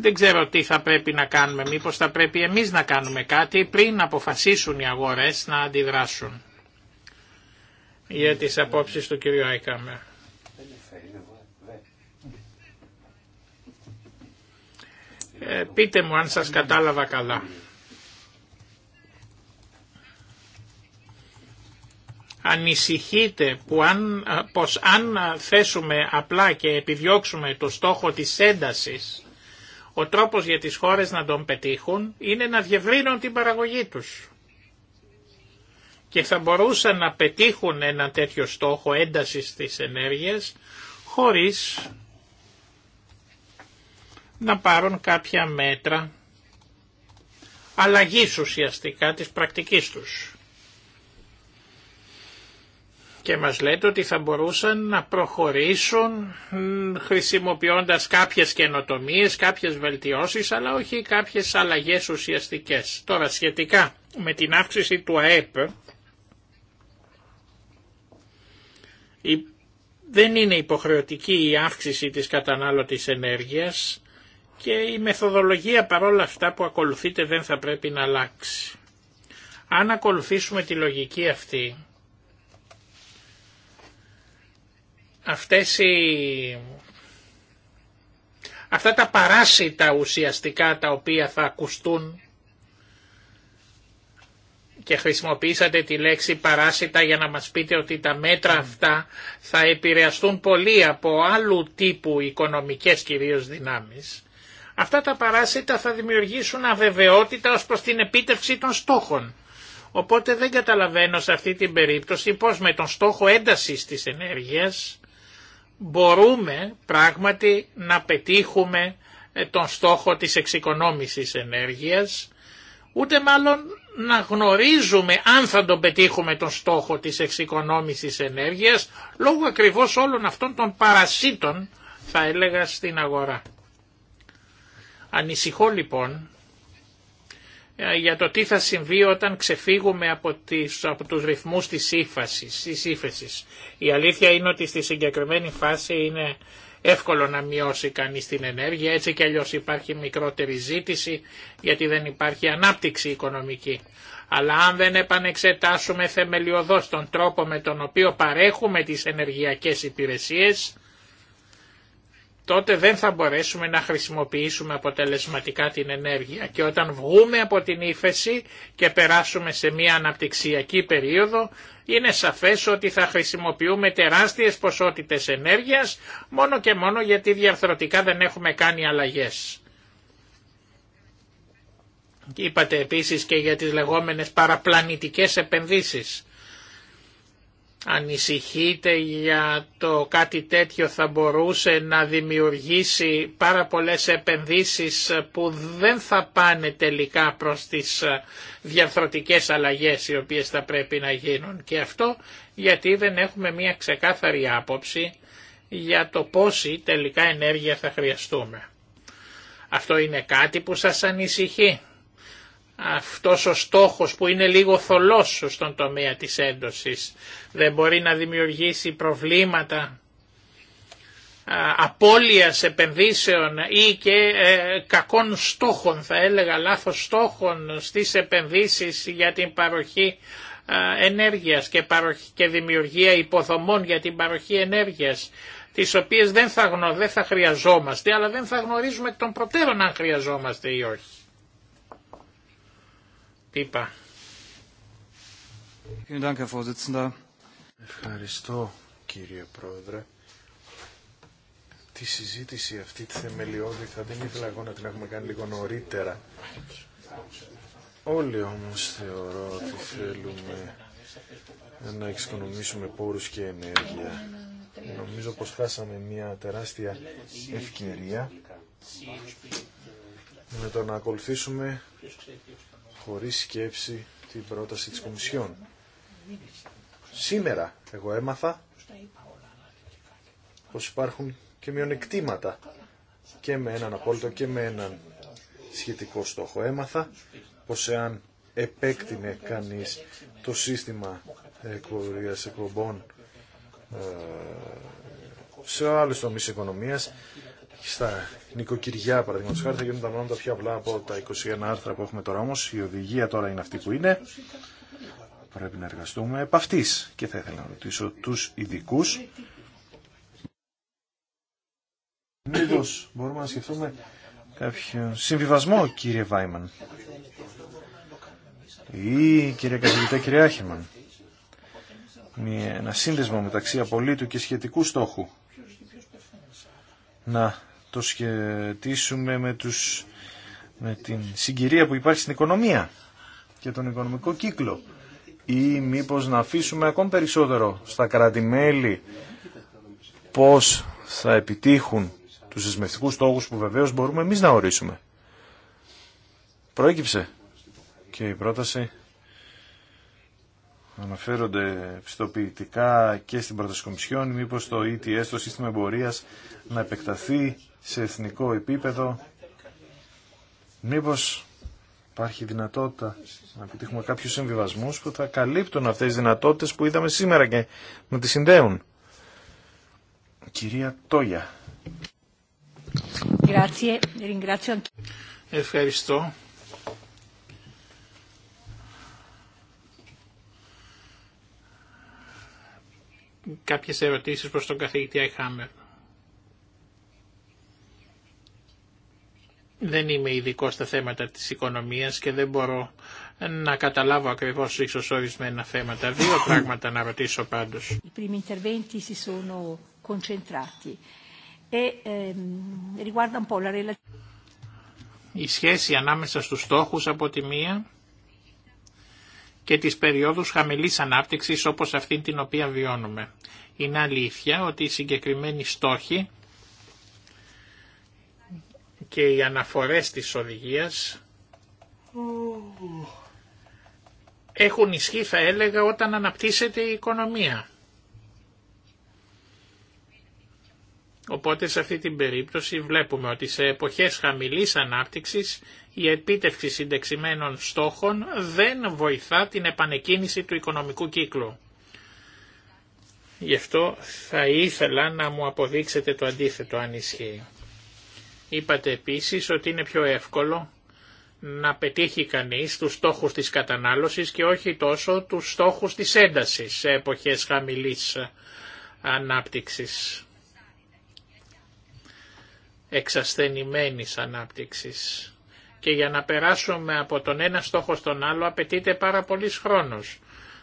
Δεν ξέρω τι θα πρέπει να κάνουμε, μήπως θα πρέπει εμείς να κάνουμε κάτι πριν αποφασίσουν οι αγορές να αντιδράσουν. Για τις απόψεις του κύριου Άικαμερ. Ε, πείτε μου αν σας κατάλαβα καλά. Ανησυχείτε που αν, πως αν θέσουμε απλά και επιδιώξουμε το στόχο της έντασης, ο τρόπος για τις χώρες να τον πετύχουν είναι να διευρύνουν την παραγωγή τους. Και θα μπορούσαν να πετύχουν ένα τέτοιο στόχο έντασης της ενέργειας χωρίς να πάρουν κάποια μέτρα αλλαγής ουσιαστικά της πρακτικής τους. Και μας λέτε ότι θα μπορούσαν να προχωρήσουν χρησιμοποιώντας κάποιες καινοτομίες, κάποιες βελτιώσεις, αλλά όχι κάποιες αλλαγές ουσιαστικές. Τώρα σχετικά με την αύξηση του ΑΕΠ, δεν είναι υποχρεωτική η αύξηση της κατανάλωτης ενέργειας, και η μεθοδολογία παρόλα αυτά που ακολουθείτε δεν θα πρέπει να αλλάξει. Αν ακολουθήσουμε τη λογική αυτή, αυτές οι... αυτά τα παράσιτα ουσιαστικά τα οποία θα ακουστούν και χρησιμοποιήσατε τη λέξη παράσιτα για να μας πείτε ότι τα μέτρα αυτά θα επηρεαστούν πολύ από άλλου τύπου οικονομικές κυρίως δυνάμεις. Αυτά τα παράσιτα θα δημιουργήσουν αβεβαιότητα ως προς την επίτευξη των στόχων. Οπότε δεν καταλαβαίνω σε αυτή την περίπτωση πώς με τον στόχο έντασης της ενέργειας μπορούμε πράγματι να πετύχουμε ε, τον στόχο της εξοικονόμησης ενέργειας, ούτε μάλλον να γνωρίζουμε αν θα τον πετύχουμε τον στόχο της εξοικονόμησης ενέργειας, λόγω ακριβώς όλων αυτών των παρασίτων, θα έλεγα, στην αγορά. Ανησυχώ λοιπόν ε, για το τι θα συμβεί όταν ξεφύγουμε από, τις, από τους ρυθμούς της ύφασης, της ύφεσης. Η αλήθεια είναι ότι στη συγκεκριμένη φάση είναι εύκολο να μειώσει κανείς την ενέργεια, έτσι κι αλλιώς υπάρχει μικρότερη ζήτηση γιατί δεν υπάρχει ανάπτυξη οικονομική. Αλλά αν δεν επανεξετάσουμε θεμελιωδώς τον τρόπο με τον οποίο παρέχουμε τις ενεργειακές υπηρεσίες, τότε δεν θα μπορέσουμε να χρησιμοποιήσουμε αποτελεσματικά την ενέργεια και όταν βγούμε από την ύφεση και περάσουμε σε μια αναπτυξιακή περίοδο είναι σαφές ότι θα χρησιμοποιούμε τεράστιες ποσότητες ενέργειας μόνο και μόνο γιατί διαρθρωτικά δεν έχουμε κάνει αλλαγές. Είπατε επίσης και για τις λεγόμενες παραπλανητικές επενδύσεις. Ανησυχείτε για το κάτι τέτοιο θα μπορούσε να δημιουργήσει πάρα πολλές επενδύσεις που δεν θα πάνε τελικά προς τις ε, διαρθρωτικές αλλαγές οι οποίες θα πρέπει να γίνουν. Και αυτό γιατί δεν έχουμε μια ξεκάθαρη άποψη για το πόση τελικά ενέργεια θα χρειαστούμε. Αυτό είναι κάτι που σας ανησυχεί αυτός ο στόχος που είναι λίγο θολός στον τομέα της έντοσης δεν μπορεί να δημιουργήσει προβλήματα απώλειας επενδύσεων ή και ε, κακών στόχων, θα έλεγα λάθος στόχων στις επενδύσεις για την παροχή ενέργειας και, παροχή, και δημιουργία υποδομών για την παροχή ενέργειας τις οποίες δεν θα, δεν θα χρειαζόμαστε αλλά δεν θα γνωρίζουμε τον προτέρων αν χρειαζόμαστε ή όχι. Ευχαριστώ κύριε Πρόεδρε. Τη συζήτηση αυτή τη θεμελιώδη θα δεν ήθελα εγώ να την έχουμε κάνει λίγο νωρίτερα. Όλοι όμως θεωρώ ότι θέλουμε να εξοικονομήσουμε πόρους και ενέργεια. Νομίζω πως χάσαμε μια τεράστια ευκαιρία με το να ακολουθήσουμε χωρίς σκέψη την πρόταση της Κομισιόν. Σήμερα εγώ έμαθα πως υπάρχουν και μειονεκτήματα και με έναν απόλυτο και με έναν σχετικό στόχο. Έμαθα πως εάν επέκτηνε κανείς το σύστημα ε, εκπομπών ε, σε άλλους τομείς οικονομίας στα νοικοκυριά, παραδείγματο χάρη, θα γίνουν τα πιο απλά από τα 21 άρθρα που έχουμε τώρα. Όμω η οδηγία τώρα είναι αυτή που είναι. Πρέπει να εργαστούμε επ' αυτής. Και θα ήθελα να ρωτήσω του ειδικού. Μήπω μπορούμε να σκεφτούμε κάποιο συμβιβασμό, κύριε Βάιμαν. Ή κύριε καθηγητά, κύριε Άχημαν. Ένα σύνδεσμο μεταξύ απολύτου και σχετικού στόχου να το σχετίσουμε με, τους, με την συγκυρία που υπάρχει στην οικονομία και τον οικονομικό κύκλο ή μήπως να αφήσουμε ακόμη περισσότερο στα κρατη πώς θα επιτύχουν τους δεσμευτικούς στόχους που βεβαίως μπορούμε εμείς να ορίσουμε. Προέκυψε και η πρόταση αναφέρονται πιστοποιητικά και στην πρόταση μήπω μήπως το ETS, το σύστημα εμπορίας, να επεκταθεί σε εθνικό επίπεδο. Μήπως υπάρχει δυνατότητα να επιτύχουμε κάποιους συμβιβασμούς που θα καλύπτουν αυτές τις δυνατότητες που είδαμε σήμερα και να τις συνδέουν. Κυρία Τόγια. Ευχαριστώ. Κάποιες ερωτήσεις προς τον καθηγητή Αϊχάμερ. Δεν είμαι ειδικό στα θέματα της οικονομίας και δεν μπορώ να καταλάβω ακριβώς ίσως ορισμένα θέματα. Δύο πράγματα να ρωτήσω πάντως. Η σχέση ανάμεσα στους στόχους από τη μία και τις περιόδους χαμηλής ανάπτυξης όπως αυτή την οποία βιώνουμε. Είναι αλήθεια ότι οι συγκεκριμένοι στόχοι και οι αναφορές της οδηγίας έχουν ισχύ θα έλεγα όταν αναπτύσσεται η οικονομία. Οπότε σε αυτή την περίπτωση βλέπουμε ότι σε εποχές χαμηλής ανάπτυξης η επίτευξη συντεξιμένων στόχων δεν βοηθά την επανεκκίνηση του οικονομικού κύκλου. Γι' αυτό θα ήθελα να μου αποδείξετε το αντίθετο αν ισχύει. Είπατε επίσης ότι είναι πιο εύκολο να πετύχει κανείς τους στόχους της κατανάλωσης και όχι τόσο τους στόχους της έντασης σε εποχές χαμηλής ανάπτυξης, εξασθενημένης ανάπτυξης. Και για να περάσουμε από τον ένα στόχο στον άλλο απαιτείται πάρα πολύ χρόνος.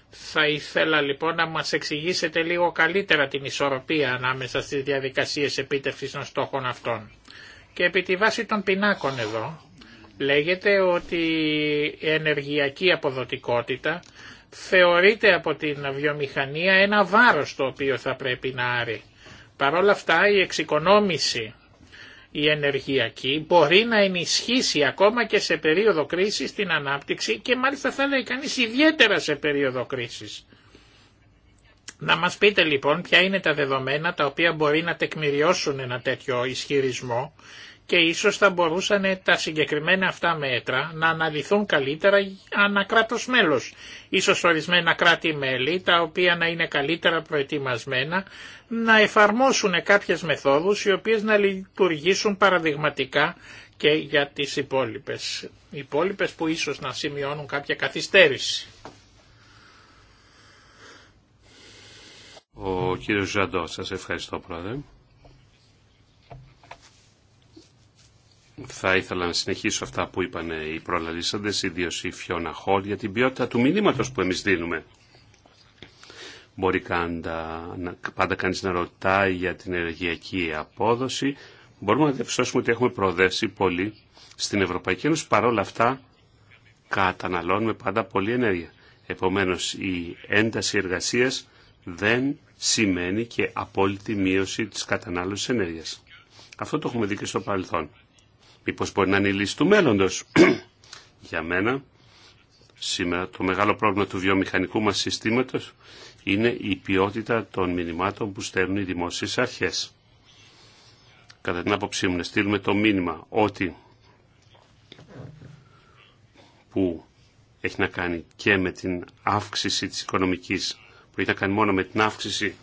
Θα ήθελα λοιπόν να μας εξηγήσετε λίγο καλύτερα την ισορροπία ανάμεσα στις διαδικασίες επίτευξης των στόχων αυτών. Και επί τη βάση των πινάκων εδώ λέγεται ότι η ενεργειακή αποδοτικότητα θεωρείται από την βιομηχανία ένα βάρος το οποίο θα πρέπει να άρει. Παρ' όλα αυτά η εξοικονόμηση η ενεργειακή μπορεί να ενισχύσει ακόμα και σε περίοδο κρίσης την ανάπτυξη και μάλιστα θα λέει κανείς ιδιαίτερα σε περίοδο κρίσης. Να μας πείτε λοιπόν ποια είναι τα δεδομένα τα οποία μπορεί να τεκμηριώσουν ένα τέτοιο ισχυρισμό και ίσως θα μπορούσαν τα συγκεκριμένα αυτά μέτρα να αναλυθούν καλύτερα ανά κράτος μέλος. Ίσως ορισμένα κράτη-μέλη τα οποία να είναι καλύτερα προετοιμασμένα να εφαρμόσουν κάποιες μεθόδους οι οποίες να λειτουργήσουν παραδειγματικά και για τις υπόλοιπες. Υπόλοιπες που ίσως να σημειώνουν κάποια καθυστέρηση. Ο κύριος Ζαντό, σας ευχαριστώ πρόεδρε. Θα ήθελα να συνεχίσω αυτά που είπαν οι προλαλήσαντες, ιδίω η Φιώνα Χόλ, για την ποιότητα του μηνύματος που εμείς δίνουμε. Μπορεί κάντα, πάντα κανείς να ρωτάει για την ενεργειακή απόδοση. Μπορούμε να διαπιστώσουμε ότι έχουμε προοδεύσει πολύ στην Ευρωπαϊκή Ένωση. Παρ' όλα αυτά καταναλώνουμε πάντα πολύ ενέργεια. Επομένως η ένταση εργασίας δεν σημαίνει και απόλυτη μείωση της κατανάλωσης ενέργειας. Αυτό το έχουμε δει και στο παρελθόν. Μήπως μπορεί να είναι η λύση του μέλλοντος. [CLEARS THROAT] Για μένα, σήμερα το μεγάλο πρόβλημα του βιομηχανικού μας συστήματος είναι η ποιότητα των μηνυμάτων που στέλνουν οι δημόσιες αρχές. Κατά την άποψή μου, στείλουμε το μήνυμα ότι που έχει να κάνει και με την αύξηση της οικονομικής, που έχει να κάνει μόνο με την αύξηση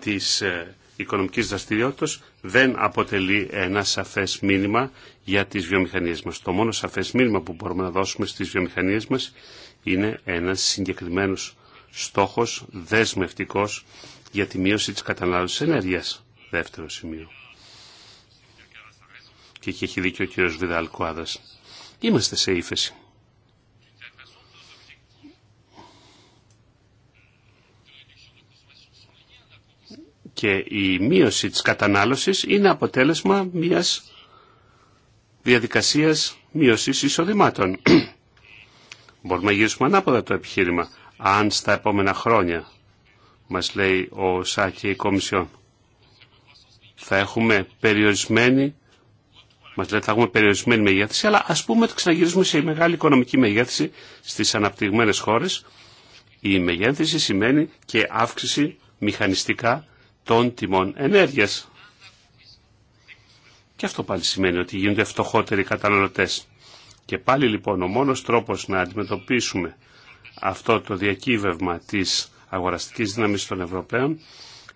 της ε, οικονομικής δραστηριότητας, δεν αποτελεί ένα σαφές μήνυμα για τις βιομηχανίες μας. Το μόνο σαφές μήνυμα που μπορούμε να δώσουμε στις βιομηχανίες μας είναι ένας συγκεκριμένος στόχος δεσμευτικός για τη μείωση της κατανάλωσης ενέργειας. Δεύτερο σημείο. Και εκεί έχει δίκιο ο Βιδαλ Βιδαλκουάδας. Είμαστε σε ύφεση. και η μείωση της κατανάλωσης είναι αποτέλεσμα μιας διαδικασίας μείωσης εισοδημάτων. [CLEARS THROAT] Μπορούμε να γυρίσουμε ανάποδα το επιχείρημα, αν στα επόμενα χρόνια, μας λέει ο Σάκη η Κομισιόν, θα έχουμε περιορισμένη μας λέει θα έχουμε περιορισμένη μεγέθυνση, αλλά α πούμε ότι ξαναγυρίζουμε σε μεγάλη οικονομική μεγέθυνση στι αναπτυγμένες χώρε. Η μεγέθυνση σημαίνει και αύξηση μηχανιστικά των τιμών ενέργειας. Και αυτό πάλι σημαίνει ότι γίνονται φτωχότεροι καταναλωτές. Και πάλι λοιπόν ο μόνος τρόπος να αντιμετωπίσουμε αυτό το διακύβευμα της αγοραστικής δύναμης των Ευρωπαίων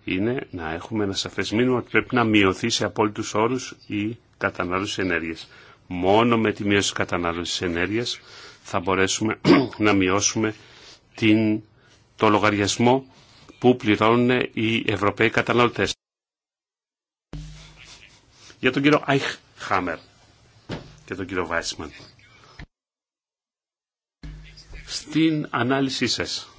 είναι να έχουμε ένα σαφές μήνυμα ότι πρέπει να μειωθεί σε απόλυτους όρους η κατανάλωση ενέργειας. Μόνο με τη μείωση κατανάλωσης ενέργειας θα μπορέσουμε [CLEARS THROAT] να μειώσουμε την, το λογαριασμό που πληρώνουν οι Ευρωπαίοι καταναλωτές. Για τον κύριο Χάμερ και τον κύριο Βάισμαν. Στην ανάλυση σας.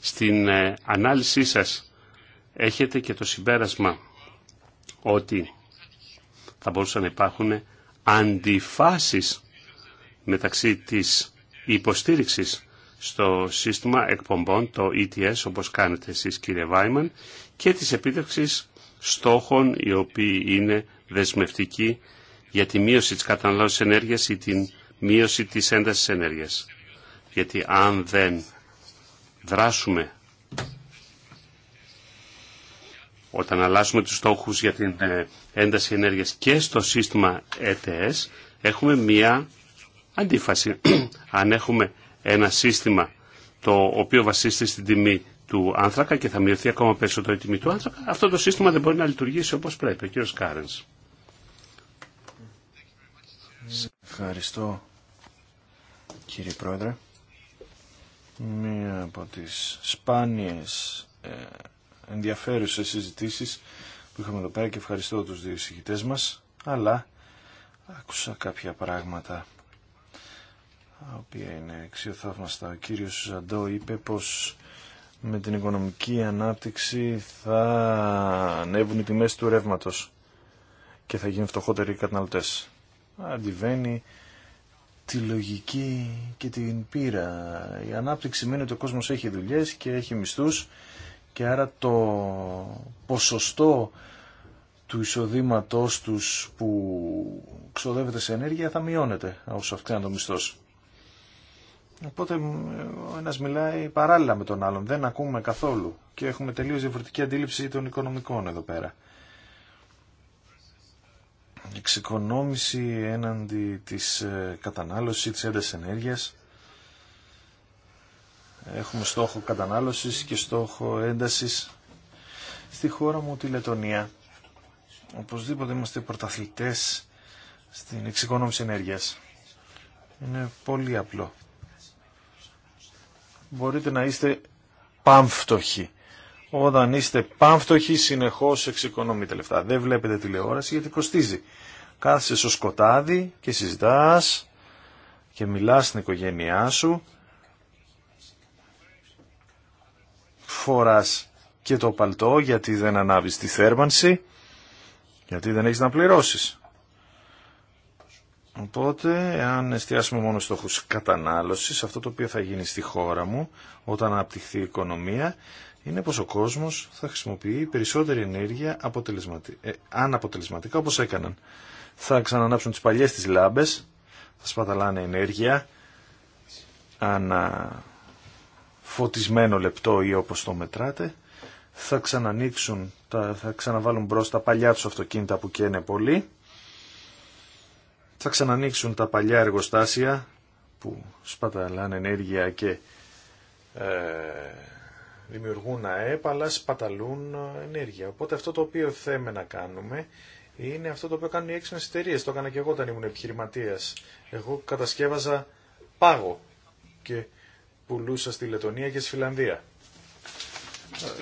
Στην ε, ανάλυση σας έχετε και το συμπέρασμα ότι θα μπορούσαν να υπάρχουν αντιφάσεις μεταξύ της υποστήριξης στο σύστημα εκπομπών, το ETS, όπως κάνετε εσείς κύριε Βάιμαν, και της επίδευξης στόχων οι οποίοι είναι δεσμευτικοί για τη μείωση της κατανάλωσης ενέργειας ή την μείωση της έντασης ενέργειας. Γιατί αν δεν δράσουμε όταν αλλάζουμε τους στόχους για την ε, ένταση ενέργειας και στο σύστημα ETS, ε έχουμε μία αντίφαση. [CLEARS THROAT] Αν έχουμε ένα σύστημα το οποίο βασίζεται στην τιμή του άνθρακα και θα μειωθεί ακόμα περισσότερο η τιμή του άνθρακα, αυτό το σύστημα δεν μπορεί να λειτουργήσει όπως πρέπει. Ο κ. Κάρενς. Ευχαριστώ κύριε Πρόεδρε. Μία από τις σπάνιες ε, ενδιαφέρουσες συζητήσεις που είχαμε εδώ πέρα και ευχαριστώ τους δύο συγκητές μας, αλλά άκουσα κάποια πράγματα τα οποία είναι αξιοθαύμαστα. Ο κύριος Ζαντό είπε πως με την οικονομική ανάπτυξη θα ανέβουν οι τιμές του ρεύματος και θα γίνουν φτωχότεροι οι καταναλωτές. Αντιβαίνει τη λογική και την πείρα. Η ανάπτυξη σημαίνει ότι ο κόσμος έχει δουλειές και έχει μισθούς και άρα το ποσοστό του εισοδήματός τους που ξοδεύεται σε ενέργεια θα μειώνεται όσο αυξάνεται ο μισθός. Οπότε ο ένας μιλάει παράλληλα με τον άλλον, δεν ακούμε καθόλου και έχουμε τελείως διαφορετική αντίληψη των οικονομικών εδώ πέρα. Εξοικονόμηση έναντι της ε, κατανάλωσης, της έντασης ενέργειας. Έχουμε στόχο κατανάλωσης και στόχο έντασης. Στη χώρα μου τη Λετωνία οπωσδήποτε είμαστε πρωταθλητές στην εξοικονόμηση ενέργειας. Είναι πολύ απλό μπορείτε να είστε πανφτωχοί. Όταν είστε πανφτωχοί συνεχώς εξοικονομείτε λεφτά. Δεν βλέπετε τηλεόραση γιατί κοστίζει. Κάθεσαι στο σκοτάδι και συζητάς και μιλά στην οικογένειά σου. φορά και το παλτό γιατί δεν ανάβεις τη θέρμανση, γιατί δεν έχει να πληρώσει. Οπότε, αν εστιάσουμε μόνο στόχους κατανάλωσης, αυτό το οποίο θα γίνει στη χώρα μου όταν αναπτυχθεί η οικονομία, είναι πως ο κόσμος θα χρησιμοποιεί περισσότερη ενέργεια αποτελεσματι... ε, αναποτελεσματικά όπως έκαναν. Θα ξανανάψουν τις παλιές τις λάμπες, θα σπαταλάνε ενέργεια, αναφωτισμένο λεπτό ή όπως το μετράτε, θα ξανανοίξουν, θα ξαναβάλουν μπρος τα παλιά τους αυτοκίνητα που καίνε πολύ, θα ξανανοίξουν τα παλιά εργοστάσια που σπαταλάνε ενέργεια και ε, δημιουργούν ΑΕΠ αλλά σπαταλούν ε, ενέργεια. Οπότε αυτό το οποίο θέμε να κάνουμε είναι αυτό το οποίο κάνουν οι έξυπνες εταιρείε. Το έκανα και εγώ όταν ήμουν επιχειρηματίας. Εγώ κατασκεύαζα πάγο και πουλούσα στη Λετωνία και στη Φιλανδία.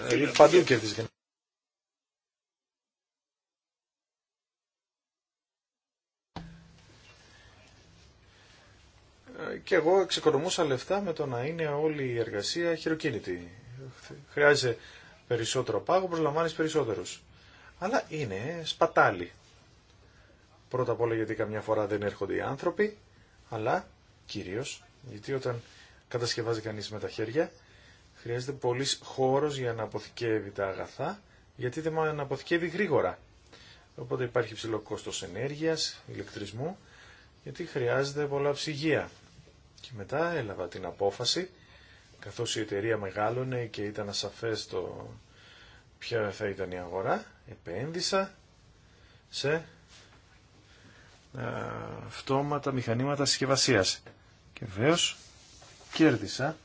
Ε, και εγώ εξοικονομούσα λεφτά με το να είναι όλη η εργασία χειροκίνητη. χρειάζεται περισσότερο πάγο, προσλαμβάνεις περισσότερους. Αλλά είναι σπατάλι. Πρώτα απ' όλα γιατί καμιά φορά δεν έρχονται οι άνθρωποι, αλλά κυρίω γιατί όταν κατασκευάζει κανεί με τα χέρια χρειάζεται πολύ χώρος για να αποθηκεύει τα αγαθά, γιατί δεν αποθηκεύει γρήγορα. Οπότε υπάρχει ψηλό κόστο ενέργεια, ηλεκτρισμού, γιατί χρειάζεται πολλά ψυγεία και μετά έλαβα την απόφαση, καθώς η εταιρεία μεγάλωνε και ήταν ασαφές το ποια θα ήταν η αγορά, επένδυσα σε αυτόματα μηχανήματα συσκευασία. Και βεβαίω κέρδισα.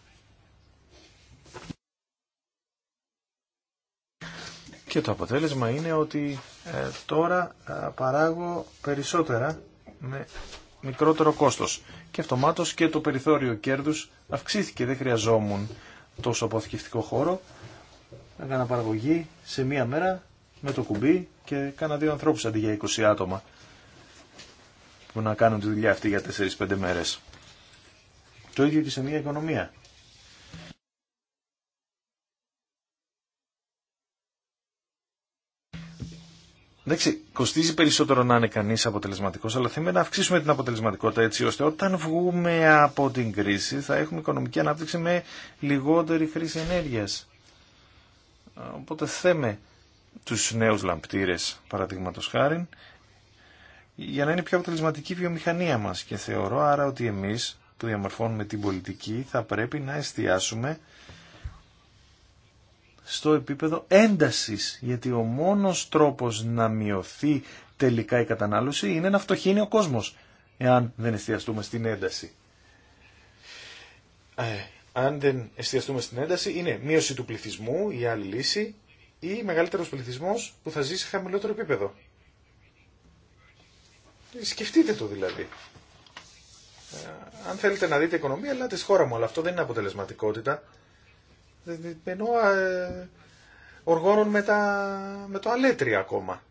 Και το αποτέλεσμα είναι ότι ε, τώρα ε, παράγω περισσότερα με μικρότερο κόστος. Και αυτομάτως και το περιθώριο κέρδους αυξήθηκε. Δεν χρειαζόμουν τόσο αποθηκευτικό χώρο. Έκανα παραγωγή σε μία μέρα με το κουμπί και κάνα δύο ανθρώπους αντί για 20 άτομα που να κάνουν τη δουλειά αυτή για 4-5 μέρες. Το ίδιο και σε μια οικονομία. Εντάξει, κοστίζει περισσότερο να είναι κανεί αποτελεσματικό, αλλά θέλουμε να αυξήσουμε την αποτελεσματικότητα έτσι ώστε όταν βγούμε από την κρίση θα έχουμε οικονομική ανάπτυξη με λιγότερη χρήση ενέργειας. Οπότε θέμε τους νέου λαμπτήρες, παραδείγματο χάρη, για να είναι πιο αποτελεσματική η βιομηχανία μα. Και θεωρώ άρα ότι εμεί που διαμορφώνουμε την πολιτική θα πρέπει να εστιάσουμε στο επίπεδο έντασης, γιατί ο μόνος τρόπος να μειωθεί τελικά η κατανάλωση είναι να φτωχύνει ο κόσμος, εάν δεν εστιαστούμε στην ένταση. Ε, αν δεν εστιαστούμε στην ένταση, είναι μείωση του πληθυσμού, η άλλη λύση, ή μεγαλύτερος πληθυσμός που θα ζει σε χαμηλότερο επίπεδο. Σκεφτείτε το δηλαδή. Ε, αν θέλετε να δείτε οικονομία, ελάτε στη χώρα μου, αλλά αυτό δεν είναι αποτελεσματικότητα ενώ ε, οργώνουν με, με το αλέτρι ακόμα.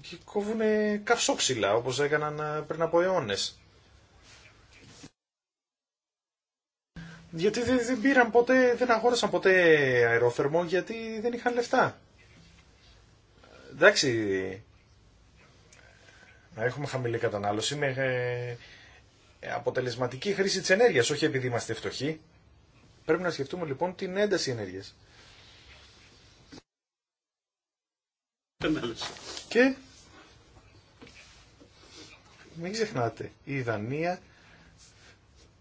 Και κόβουνε καυσόξυλα όπως έκαναν ε, πριν από αιώνε. Γιατί δεν, πήραν ποτέ, δεν αγόρασαν ποτέ αερόθερμο γιατί δεν είχαν λεφτά. Εντάξει, να έχουμε χαμηλή κατανάλωση ε, ε, αποτελεσματική χρήση της ενέργειας, όχι επειδή είμαστε φτωχοί. Πρέπει να σκεφτούμε λοιπόν την ένταση ενέργειας. Και μην ξεχνάτε, η Δανία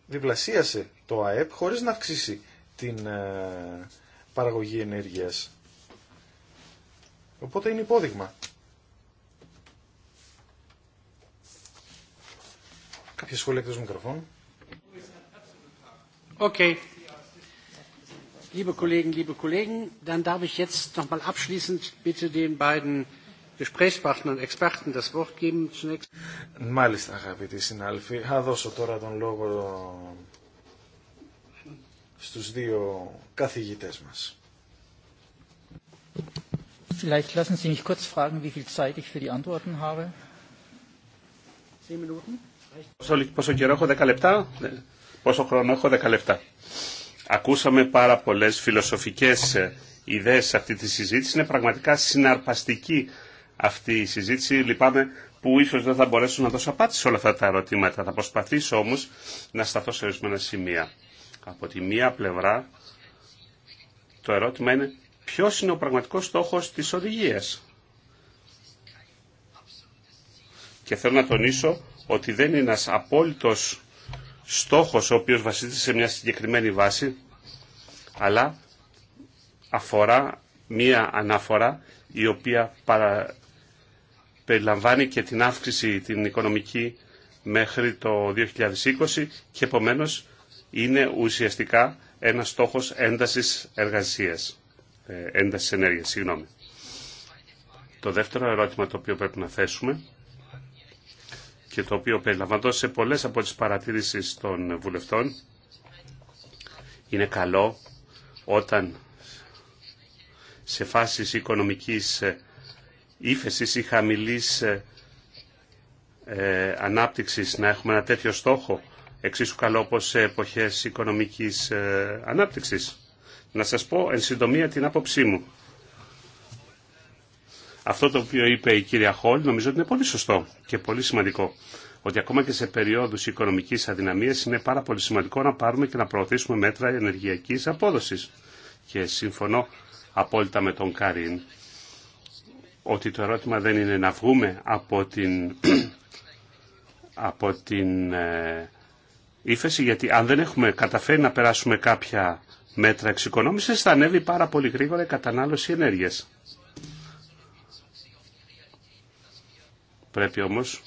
διπλασίασε το ΑΕΠ χωρίς να αυξήσει την ε, παραγωγή ενέργειας. Οπότε είναι υπόδειγμα Κάποια σχόλια εκτός μικροφώνου. Okay. Liebe Kollegen, liebe Kollegen, dann darf ich jetzt noch mal abschließend bitte den beiden Gesprächspartnern, und Experten das Wort geben. Zunächst. Μάλιστα, αγαπητοί συνάδελφοι, θα δώσω τώρα τον λόγο στους δύο καθηγητές μας. Vielleicht lassen Sie mich kurz fragen, wie viel Zeit ich für die Antworten habe. Zehn Minuten. Πόσο, πόσο καιρό έχω 10 λεπτά, ναι. πόσο χρόνο έχω 10 λεπτά. Ακούσαμε πάρα πολλέ φιλοσοφικέ ε, ιδέε σε αυτή τη συζήτηση. Είναι πραγματικά συναρπαστική αυτή η συζήτηση. Λυπάμαι που ίσω δεν θα μπορέσω να δώσω απάντηση σε όλα αυτά τα ερωτήματα. Θα προσπαθήσω όμω να σταθώ σε ορισμένα σημεία. Από τη μία πλευρά το ερώτημα είναι ποιο είναι ο πραγματικό στόχο τη οδηγία. Και θέλω να τονίσω ότι δεν είναι ένας απόλυτος στόχος ο οποίος βασίζεται σε μια συγκεκριμένη βάση, αλλά αφορά μία αναφορά η οποία παρα... περιλαμβάνει και την αύξηση την οικονομική μέχρι το 2020 και επομένως είναι ουσιαστικά ένας στόχος έντασης εργασίας, ε, έντασης ενέργειας, συγγνώμη. Το δεύτερο ερώτημα το οποίο πρέπει να θέσουμε και το οποίο περιλαμβάνω σε πολλές από τις παρατήρησεις των βουλευτών. Είναι καλό όταν σε φάσεις οικονομικής ε, ύφεσης ή χαμηλής ε, ε, ανάπτυξης να έχουμε ένα τέτοιο στόχο εξίσου καλό όπως σε εποχές οικονομικής ε, ανάπτυξης. Να σας πω εν συντομία την άποψή μου. Αυτό το οποίο είπε η κυρία Χόλ νομίζω ότι είναι πολύ σωστό και πολύ σημαντικό. Ότι ακόμα και σε περιόδους οικονομικής αδυναμίας είναι πάρα πολύ σημαντικό να πάρουμε και να προωθήσουμε μέτρα ενεργειακής απόδοσης. Και συμφωνώ απόλυτα με τον Καρίν ότι το ερώτημα δεν είναι να βγούμε από την, [CLEARS THROAT] από την ε, ύφεση, γιατί αν δεν έχουμε καταφέρει να περάσουμε κάποια μέτρα εξοικονόμησης, θα ανέβει πάρα πολύ γρήγορα η κατανάλωση ενέργειας. Πρέπει όμως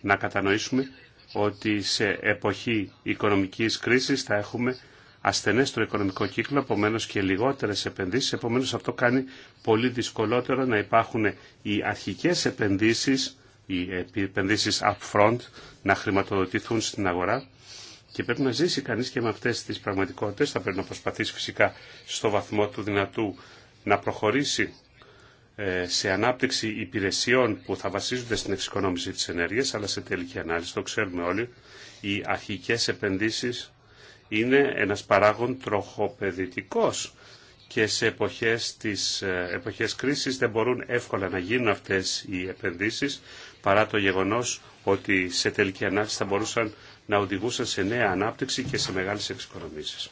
να κατανοήσουμε ότι σε εποχή οικονομικής κρίσης θα έχουμε στο οικονομικό κύκλο, επομένω και λιγότερες επενδύσεις. Επομένω, αυτό κάνει πολύ δυσκολότερο να υπάρχουν οι αρχικές επενδύσεις, οι επενδύσει upfront, να χρηματοδοτηθούν στην αγορά. Και πρέπει να ζήσει κανείς και με αυτές τις πραγματικότητες. Θα πρέπει να προσπαθήσει φυσικά στο βαθμό του δυνατού να προχωρήσει ε, σε ανάπτυξη υπηρεσιών που θα βασίζονται στην εξοικονόμηση της ενέργειας, αλλά σε τελική ανάλυση, το ξέρουμε όλοι, οι αρχικές επενδύσεις είναι ένας παράγον τροχοπεδητικός και σε εποχές, της, ε, εποχές κρίσης δεν μπορούν εύκολα να γίνουν αυτές οι επενδύσεις παρά το γεγονός ότι σε τελική ανάλυση θα μπορούσαν να οδηγούσαν σε νέα ανάπτυξη και σε μεγάλες εξοικονομήσεις.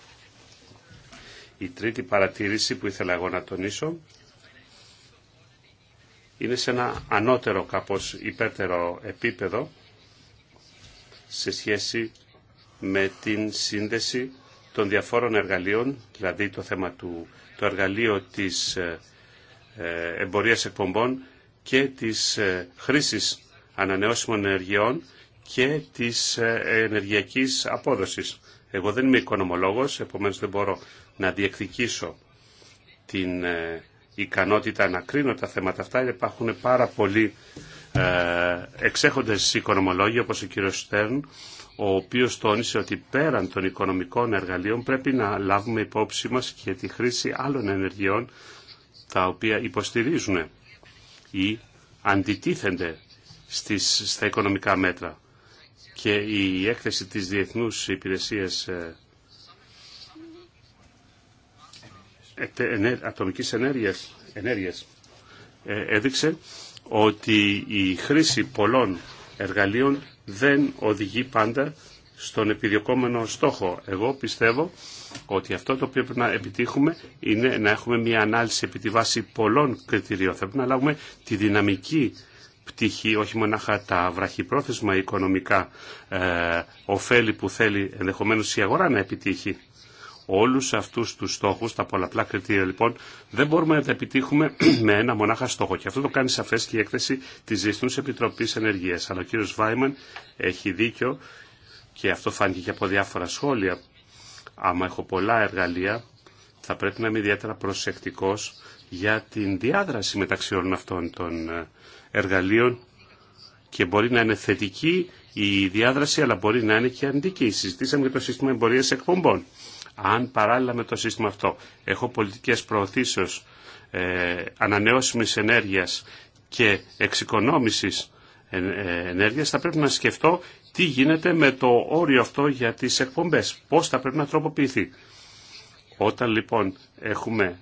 Η τρίτη παρατήρηση που ήθελα εγώ να τονίσω είναι σε ένα ανώτερο κάπως υπέρτερο επίπεδο σε σχέση με την σύνδεση των διαφόρων εργαλείων, δηλαδή το θέμα του το εργαλείο της ε, ε, εμπορίας εκπομπών και της ε, χρήσης ανανεώσιμων ενεργειών και της ενεργειακής απόδοσης. Εγώ δεν είμαι οικονομολόγος, επομένως δεν μπορώ να διεκδικήσω την η ικανότητα να κρίνω τα θέματα αυτά. Υπάρχουν πάρα πολλοί ε, εξέχοντες οικονομολόγοι όπως ο κύριο Στέρν ο οποίος τόνισε ότι πέραν των οικονομικών εργαλείων πρέπει να λάβουμε υπόψη μας και τη χρήση άλλων ενεργειών τα οποία υποστηρίζουν ή αντιτίθενται στις, στα οικονομικά μέτρα. Και η έκθεση της Διεθνούς Υπηρεσίας ε, Ε, ε, ατομικής ενέργειας, ενέργειας ε, έδειξε ότι η χρήση πολλών εργαλείων δεν οδηγεί πάντα στον επιδιωκόμενο στόχο. Εγώ πιστεύω ότι αυτό το οποίο πρέπει να επιτύχουμε είναι να έχουμε μια ανάλυση επί τη βάση πολλών κριτηρίων. Θα πρέπει να λάβουμε τη δυναμική πτυχή, όχι μονάχα τα βραχυπρόθεσμα οικονομικά ε, ωφέλη που θέλει ενδεχομένως η αγορά να επιτύχει. Όλους αυτούς τους στόχους, τα πολλαπλά κριτήρια λοιπόν, δεν μπορούμε να τα επιτύχουμε [CLEARS THROAT] με ένα μονάχα στόχο. Και αυτό το κάνει σαφές και η έκθεση της Διεθνούς Επιτροπής Ενεργείας. Αλλά ο κύριος Βάιμαν έχει δίκιο και αυτό φάνηκε και από διάφορα σχόλια. Άμα έχω πολλά εργαλεία, θα πρέπει να είμαι ιδιαίτερα προσεκτικός για την διάδραση μεταξύ όλων αυτών των ε, εργαλείων και μπορεί να είναι θετική η διάδραση αλλά μπορεί να είναι και αντίκη. Συζητήσαμε για το σύστημα εμπορίας εκπομπών αν παράλληλα με το σύστημα αυτό έχω πολιτικές προωθήσεις ε, ανανεώσιμης ενέργειας και εξοικονόμησης ε, ε, ενέργειας, θα πρέπει να σκεφτώ τι γίνεται με το όριο αυτό για τις εκπομπές, πώς θα πρέπει να τροποποιηθεί. Όταν λοιπόν έχουμε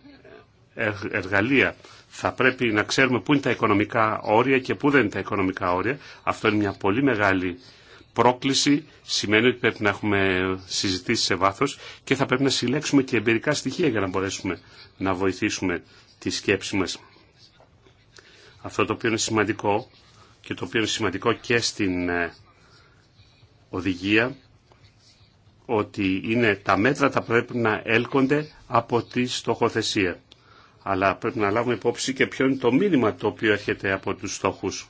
εργαλεία θα πρέπει να ξέρουμε πού είναι τα οικονομικά όρια και πού δεν είναι τα οικονομικά όρια. Αυτό είναι μια πολύ μεγάλη πρόκληση σημαίνει ότι πρέπει να έχουμε συζητήσει σε βάθος και θα πρέπει να συλλέξουμε και εμπειρικά στοιχεία για να μπορέσουμε να βοηθήσουμε τη σκέψη μας. Αυτό το οποίο είναι σημαντικό και το οποίο είναι σημαντικό και στην ε, οδηγία ότι είναι τα μέτρα τα πρέπει να έλκονται από τη στοχοθεσία. Αλλά πρέπει να λάβουμε υπόψη και ποιο είναι το μήνυμα το οποίο έρχεται από τους στόχους.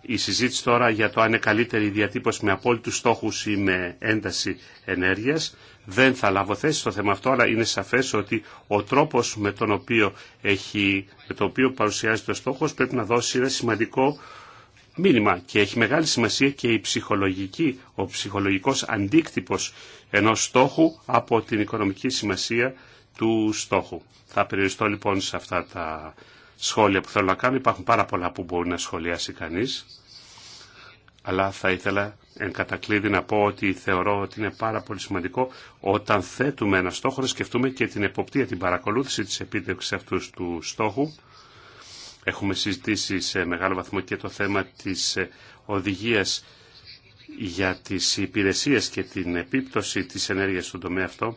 Η συζήτηση τώρα για το αν είναι καλύτερη η διατύπωση με απόλυτους στόχους ή με ένταση ενέργειας δεν θα λάβω θέση στο θέμα αυτό, αλλά είναι σαφές ότι ο τρόπος με τον οποίο, έχει, με τον οποίο παρουσιάζεται ο στόχος πρέπει να δώσει ένα σημαντικό μήνυμα και έχει μεγάλη σημασία και η ψυχολογική, ο ψυχολογικός αντίκτυπος ενός στόχου από την οικονομική σημασία του στόχου. Θα περιοριστώ λοιπόν σε αυτά τα σχόλια που θέλω να κάνω. Υπάρχουν πάρα πολλά που μπορεί να σχολιάσει κανείς. Αλλά θα ήθελα εν κατακλείδη να πω ότι θεωρώ ότι είναι πάρα πολύ σημαντικό όταν θέτουμε ένα στόχο να σκεφτούμε και την εποπτεία, την παρακολούθηση της επίτευξης αυτού του στόχου. Έχουμε συζητήσει σε μεγάλο βαθμό και το θέμα της ε, οδηγίας για τις υπηρεσίες και την επίπτωση της ενέργειας στον τομέα αυτό.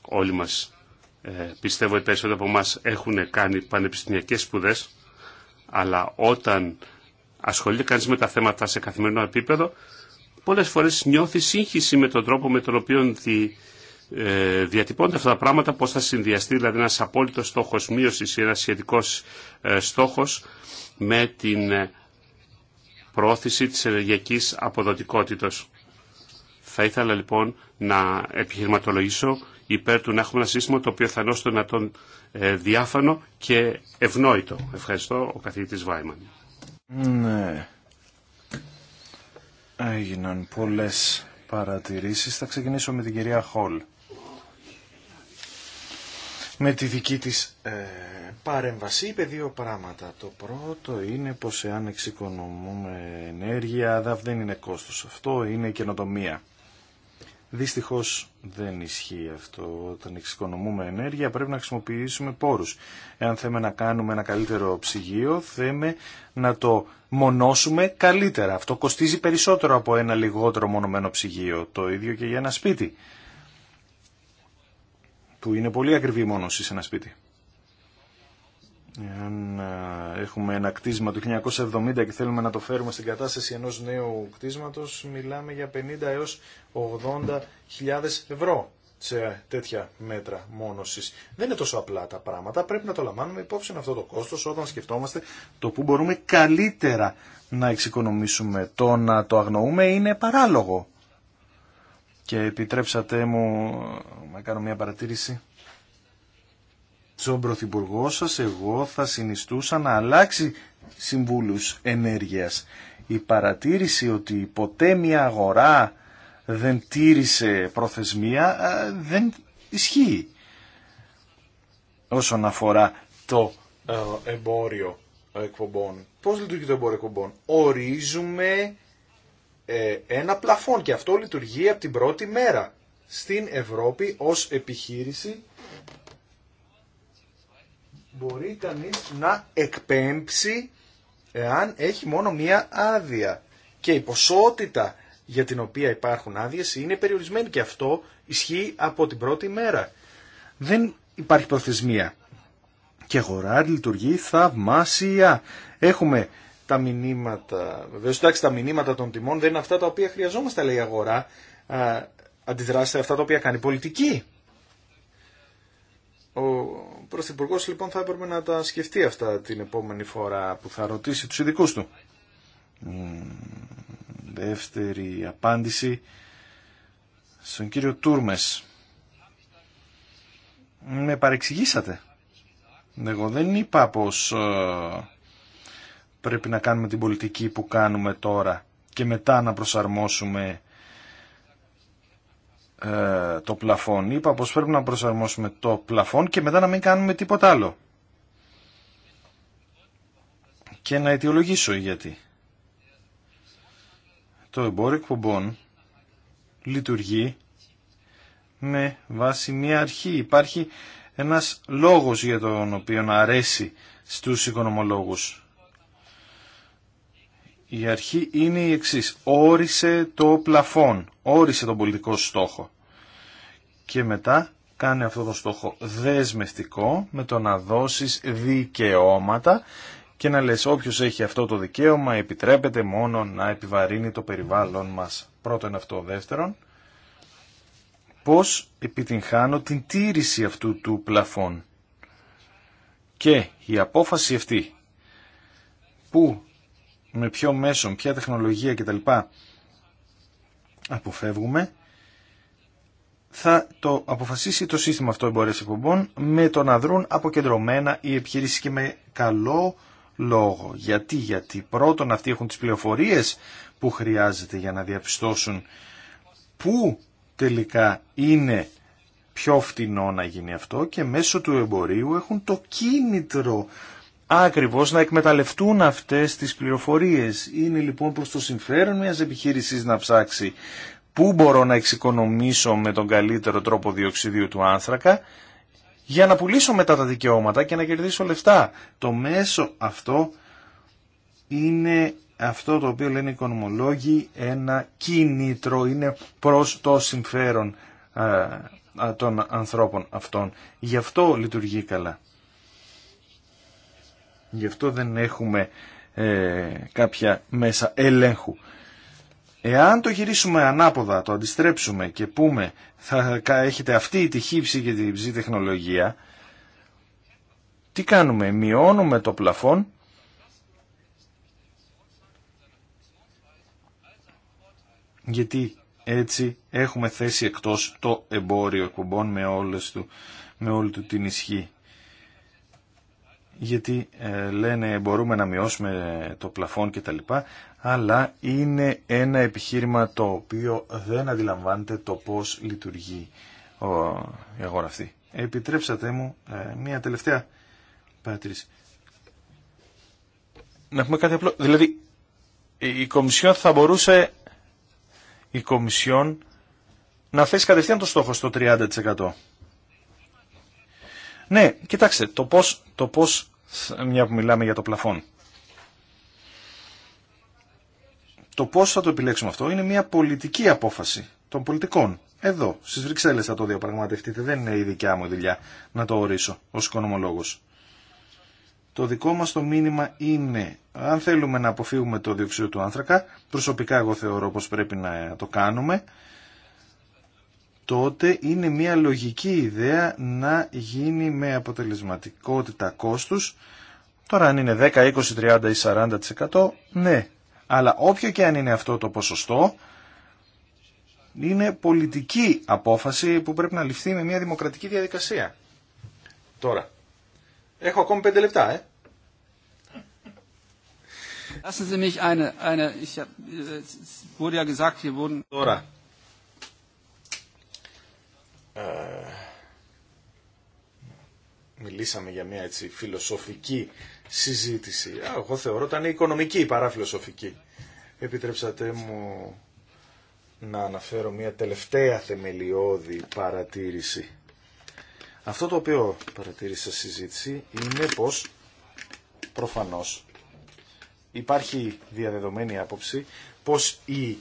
Όλοι μας ε, πιστεύω οι περισσότεροι από εμά έχουν κάνει πανεπιστημιακές σπουδές, αλλά όταν ασχολείται κανείς με τα θέματα σε καθημερινό επίπεδο, πολλές φορές νιώθει σύγχυση με τον τρόπο με τον οποίο ε, διατυπώνται αυτά τα πράγματα, πώς θα συνδυαστεί δηλαδή ένας απόλυτος στόχος μείωσης ή ένας σχετικός ε, στόχος με την προώθηση της ενεργειακής αποδοτικότητας. Θα ήθελα λοιπόν να επιχειρηματολογήσω υπέρ του να έχουμε ένα σύστημα το οποίο θα είναι να τον ε, διάφανο και ευνόητο. Ευχαριστώ ο καθηγητής Βάιμαν. Ναι. Έγιναν πολλές παρατηρήσεις. Θα ξεκινήσω με την κυρία Χολ. Με τη δική της ε, παρέμβαση είπε δύο πράγματα. Το πρώτο είναι πως εάν εξοικονομούμε ενέργεια δεν είναι κόστος. Αυτό είναι καινοτομία. Δυστυχώ δεν ισχύει αυτό. Όταν εξοικονομούμε ενέργεια πρέπει να χρησιμοποιήσουμε πόρους. Εάν θέλουμε να κάνουμε ένα καλύτερο ψυγείο, θέλουμε να το μονώσουμε καλύτερα. Αυτό κοστίζει περισσότερο από ένα λιγότερο μονομένο ψυγείο. Το ίδιο και για ένα σπίτι. Που είναι πολύ ακριβή μόνωση σε ένα σπίτι. Εάν έχουμε ένα κτίσμα του 1970 και θέλουμε να το φέρουμε στην κατάσταση ενός νέου κτίσματος, μιλάμε για 50 έως 80 ευρώ σε τέτοια μέτρα μόνωσης. Δεν είναι τόσο απλά τα πράγματα, πρέπει να το λαμβάνουμε υπόψη αυτό το κόστος όταν σκεφτόμαστε το που μπορούμε καλύτερα να εξοικονομήσουμε. Το να το αγνοούμε είναι παράλογο. Και επιτρέψατε μου να κάνω μια παρατήρηση στον Πρωθυπουργό σας εγώ θα συνιστούσα να αλλάξει συμβούλους ενέργειας. Η παρατήρηση ότι ποτέ μια αγορά δεν τήρησε προθεσμία ε, δεν ισχύει όσον αφορά το ε, εμπόριο εκπομπών. Πώς λειτουργεί το εμπόριο εκπομπών. Ορίζουμε ε, ένα πλαφόν και αυτό λειτουργεί από την πρώτη μέρα στην Ευρώπη ως επιχείρηση μπορεί κανείς να εκπέμψει εάν έχει μόνο μία άδεια. Και η ποσότητα για την οποία υπάρχουν άδειες είναι περιορισμένη και αυτό ισχύει από την πρώτη μέρα. Δεν υπάρχει προθεσμία. Και αγορά λειτουργεί θαυμάσια. Έχουμε τα μηνύματα, βεβαίως εντάξει τα μηνύματα των τιμών δεν είναι αυτά τα οποία χρειαζόμαστε λέει η αγορά. Α, αυτά τα οποία κάνει η πολιτική. Ο Πρωθυπουργό λοιπόν θα έπρεπε να τα σκεφτεί αυτά την επόμενη φορά που θα ρωτήσει τους ειδικού του. Δεύτερη απάντηση στον κύριο Τούρμες. Με παρεξηγήσατε. Εγώ δεν είπα πως ε, πρέπει να κάνουμε την πολιτική που κάνουμε τώρα και μετά να προσαρμόσουμε ε, το πλαφόν. Είπα πως πρέπει να προσαρμόσουμε το πλαφόν και μετά να μην κάνουμε τίποτα άλλο. Και να αιτιολογήσω γιατί. Το εμπόριο εκπομπών λειτουργεί με βάση μια αρχή. Υπάρχει ένας λόγος για τον οποίο να αρέσει στους οικονομολόγους η αρχή είναι η εξή. Όρισε το πλαφόν, όρισε τον πολιτικό στόχο και μετά κάνει αυτό το στόχο δεσμευτικό με το να δώσει δικαιώματα και να λες όποιος έχει αυτό το δικαίωμα επιτρέπεται μόνο να επιβαρύνει το περιβάλλον μας. Πρώτον αυτό. Δεύτερον, πώς επιτυγχάνω την τήρηση αυτού του πλαφών. Και η απόφαση αυτή που με ποιο μέσο, ποια τεχνολογία κτλ. αποφεύγουμε, θα το αποφασίσει το σύστημα αυτό εμπορές εκπομπών με το να δρουν αποκεντρωμένα οι επιχειρήσει και με καλό λόγο. Γιατί, γιατί πρώτον αυτοί έχουν τις πληροφορίες που χρειάζεται για να διαπιστώσουν πού τελικά είναι πιο φτηνό να γίνει αυτό και μέσω του εμπορίου έχουν το κίνητρο ακριβώς να εκμεταλλευτούν αυτές τις πληροφορίες. Είναι λοιπόν προς το συμφέρον μιας επιχείρησης να ψάξει πού μπορώ να εξοικονομήσω με τον καλύτερο τρόπο διοξιδίου του άνθρακα για να πουλήσω μετά τα δικαιώματα και να κερδίσω λεφτά. Το μέσο αυτό είναι αυτό το οποίο λένε οι οικονομολόγοι ένα κίνητρο, είναι προς το συμφέρον ε, των ανθρώπων αυτών. Γι' αυτό λειτουργεί καλά. Γι' αυτό δεν έχουμε ε, κάποια μέσα ελέγχου. Εάν το γυρίσουμε ανάποδα, το αντιστρέψουμε και πούμε θα έχετε αυτή η χύψη και τη ψή τεχνολογία, τι κάνουμε, μειώνουμε το πλαφόν γιατί έτσι έχουμε θέση εκτός το εμπόριο εκπομπών με, όλες του, με όλη του την ισχύ γιατί ε, λένε μπορούμε να μειώσουμε το πλαφόν και τα λοιπά, αλλά είναι ένα επιχείρημα το οποίο δεν αντιλαμβάνεται το πώς λειτουργεί ο, η αγορά αυτή. Επιτρέψατε μου ε, μία τελευταία παρατήρηση. Να πούμε κάτι απλό. Δηλαδή, η Κομισιόν θα μπορούσε η Κομισιόν να θέσει κατευθείαν το στόχο στο 30%. Ναι, κοιτάξτε, το πώς, το πώς, μια που μιλάμε για το πλαφόν, το πώς θα το επιλέξουμε αυτό είναι μια πολιτική απόφαση των πολιτικών. Εδώ, στις Βρυξέλλες θα το διαπραγματευτείτε, δεν είναι η δικιά μου δουλειά να το ορίσω ως οικονομολόγος. Το δικό μας το μήνυμα είναι, αν θέλουμε να αποφύγουμε το διοξείδιο του άνθρακα, προσωπικά εγώ θεωρώ πως πρέπει να το κάνουμε, τότε είναι μια λογική ιδέα να γίνει με αποτελεσματικότητα κόστους. Τώρα αν είναι 10, 20, 30 ή 40% ναι. Αλλά όποιο και αν είναι αυτό το ποσοστό είναι πολιτική απόφαση που πρέπει να ληφθεί με μια δημοκρατική διαδικασία. Τώρα. Έχω ακόμη πέντε λεπτά, ε. Τώρα, ε, μιλήσαμε για μια έτσι φιλοσοφική συζήτηση. Α, εγώ θεωρώ ότι ήταν οικονομική παρά φιλοσοφική. Επιτρέψατε μου να αναφέρω μια τελευταία θεμελιώδη παρατήρηση. Αυτό το οποίο παρατήρησα συζήτηση είναι πως προφανώς υπάρχει διαδεδομένη άποψη πως η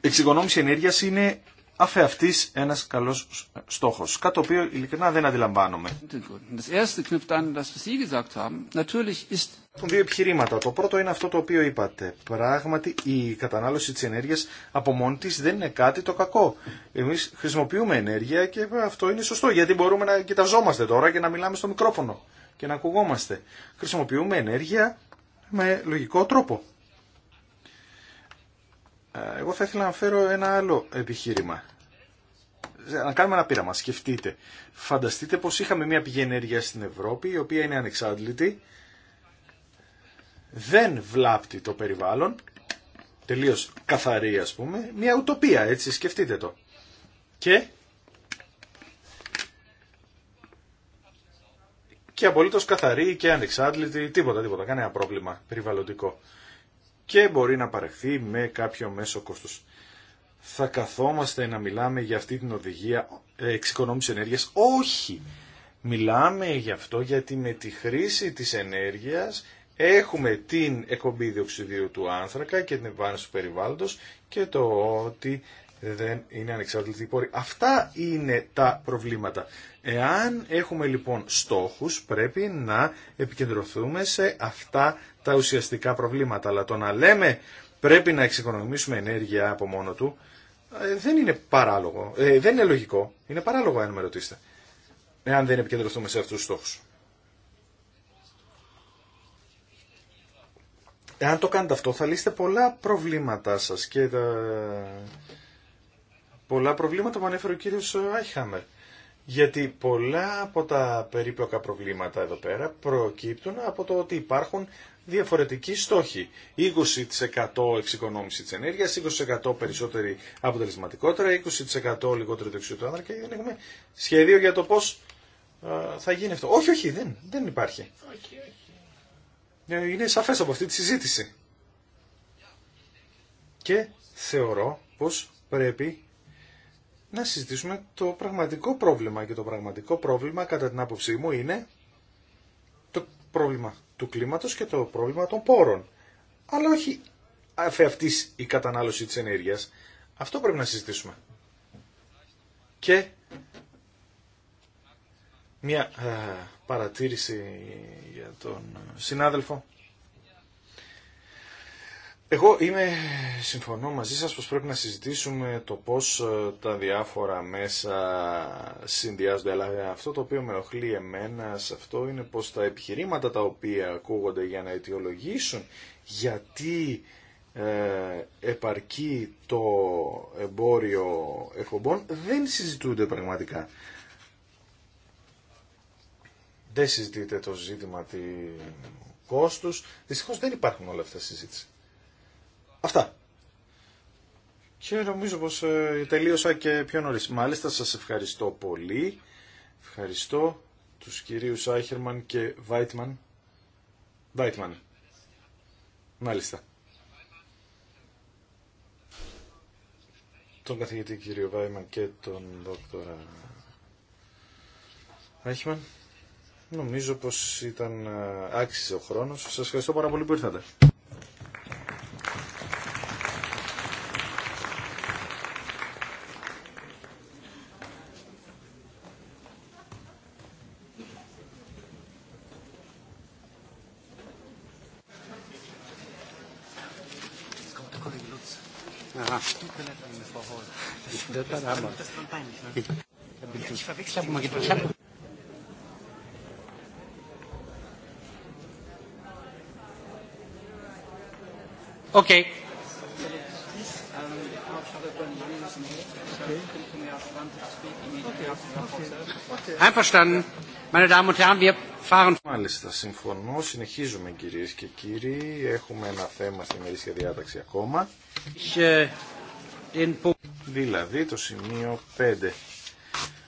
εξοικονόμηση ενέργειας είναι αυτής ένας καλός στόχος, κάτι το οποίο ειλικρινά δεν αντιλαμβάνομαι. Έχουν δύο επιχειρήματα. Το πρώτο είναι αυτό το οποίο είπατε. Πράγματι η κατανάλωση της ενέργειας από μόνη της δεν είναι κάτι το κακό. Εμείς χρησιμοποιούμε ενέργεια και αυτό είναι σωστό γιατί μπορούμε να κοιταζόμαστε τώρα και να μιλάμε στο μικρόφωνο και να ακουγόμαστε. Χρησιμοποιούμε ενέργεια με λογικό τρόπο. Ε, εγώ θα ήθελα να φέρω ένα άλλο επιχείρημα. Ε, να κάνουμε ένα πείραμα, σκεφτείτε. Φανταστείτε πως είχαμε μια πηγή ενέργεια στην Ευρώπη, η οποία είναι ανεξάντλητη, δεν βλάπτει το περιβάλλον, τελείως καθαρή ας πούμε, μια ουτοπία έτσι, σκεφτείτε το. Και και απολύτως καθαρή και ανεξάντλητη, τίποτα, τίποτα, κανένα πρόβλημα περιβαλλοντικό και μπορεί να παρεχθεί με κάποιο μέσο κόστος. Θα καθόμαστε να μιλάμε για αυτή την οδηγία εξοικονόμησης ενέργειας. Όχι! Μιλάμε γι' αυτό γιατί με τη χρήση της ενέργειας έχουμε την εκπομπή διοξιδίου του άνθρακα και την επιβάρυνση του περιβάλλοντος και το ότι δεν είναι ανεξάρτητοι πόρη. Αυτά είναι τα προβλήματα. Εάν έχουμε λοιπόν στόχους πρέπει να επικεντρωθούμε σε αυτά τα ουσιαστικά προβλήματα. Αλλά το να λέμε πρέπει να εξοικονομήσουμε ενέργεια από μόνο του ε, δεν είναι παράλογο, ε, δεν είναι λογικό. Είναι παράλογο αν με ρωτήσετε. Εάν δεν επικεντρωθούμε σε αυτούς τους στόχους. Εάν το κάνετε αυτό θα λύσετε πολλά προβλήματά σας και τα πολλά προβλήματα που ανέφερε ο κύριο Άιχαμερ. Γιατί πολλά από τα περίπλοκα προβλήματα εδώ πέρα προκύπτουν από το ότι υπάρχουν διαφορετικοί στόχοι. 20% εξοικονόμηση της ενέργειας, 20% περισσότερη αποτελεσματικότητα, 20% λιγότερο διοξείδιο του άνθρακα και δεν έχουμε σχέδιο για το πώς θα γίνει αυτό. Όχι, όχι, δεν, δεν υπάρχει. Ε, είναι σαφές από αυτή τη συζήτηση. Και θεωρώ πως πρέπει να συζητήσουμε το πραγματικό πρόβλημα. Και το πραγματικό πρόβλημα, κατά την άποψή μου, είναι το πρόβλημα του κλίματος και το πρόβλημα των πόρων. Αλλά όχι αφ' η κατανάλωση της ενέργειας. Αυτό πρέπει να συζητήσουμε. Και μια ε, παρατήρηση για τον συνάδελφο εγώ είμαι, συμφωνώ μαζί σας πως πρέπει να συζητήσουμε το πώς ε, τα διάφορα μέσα συνδυάζονται, αλλά ε, αυτό το οποίο με ενοχλεί εμένα σε αυτό είναι πως τα επιχειρήματα τα οποία ακούγονται για να αιτιολογήσουν γιατί ε, επαρκεί το εμπόριο εκπομπών δεν συζητούνται πραγματικά. Δεν συζητείται το ζήτημα του κόστους. Δυστυχώς δεν υπάρχουν όλα αυτά συζήτηση. Αυτά. Και νομίζω πως ε, τελείωσα και πιο νωρί. Μάλιστα σας ευχαριστώ πολύ. Ευχαριστώ τους κυρίους Άχερμαν και Βάιτμαν. Βάιτμαν. Μάλιστα. Τον καθηγητή κύριο Βάιμαν και τον δόκτωρα Άχερμαν. Νομίζω πως ήταν ε, άξιζε ο χρόνος. Σας ευχαριστώ πάρα πολύ που ήρθατε. Okay. Einverstanden. Meine Damen und Herren, wir fahren. Μάλιστα, συμφωνώ. Συνεχίζουμε κυρίε και κύριοι. Έχουμε ένα θέμα στην ημερήσια διάταξη ακόμα. Ich, äh, δηλαδή το σημείο 5.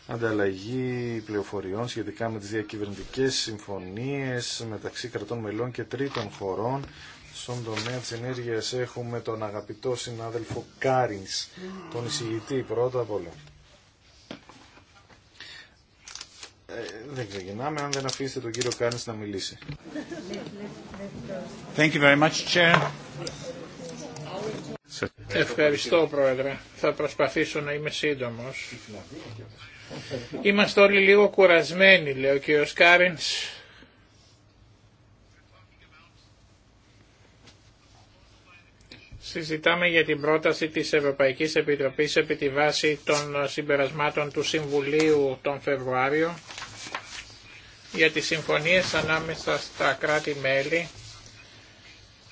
Ανταλλαγή πληροφοριών σχετικά με τις διακυβερνητικές συμφωνίες μεταξύ κρατών μελών και τρίτων χωρών. Στον τομέα της ενέργειας έχουμε τον αγαπητό συνάδελφο Κάρινς, τον εισηγητή πρώτα απ' όλα. Ε, δεν ξεκινάμε αν δεν αφήσετε τον κύριο Κάρινς να μιλήσει. Thank you very much, Chair. Ευχαριστώ Πρόεδρε. Θα προσπαθήσω να είμαι σύντομος. Είμαστε όλοι λίγο κουρασμένοι, λέει ο κ. Κάριν. Συζητάμε για την πρόταση της Ευρωπαϊκής Επιτροπής επί τη βάση των συμπερασμάτων του Συμβουλίου τον Φεβρουάριο για τις συμφωνίες ανάμεσα στα κράτη-μέλη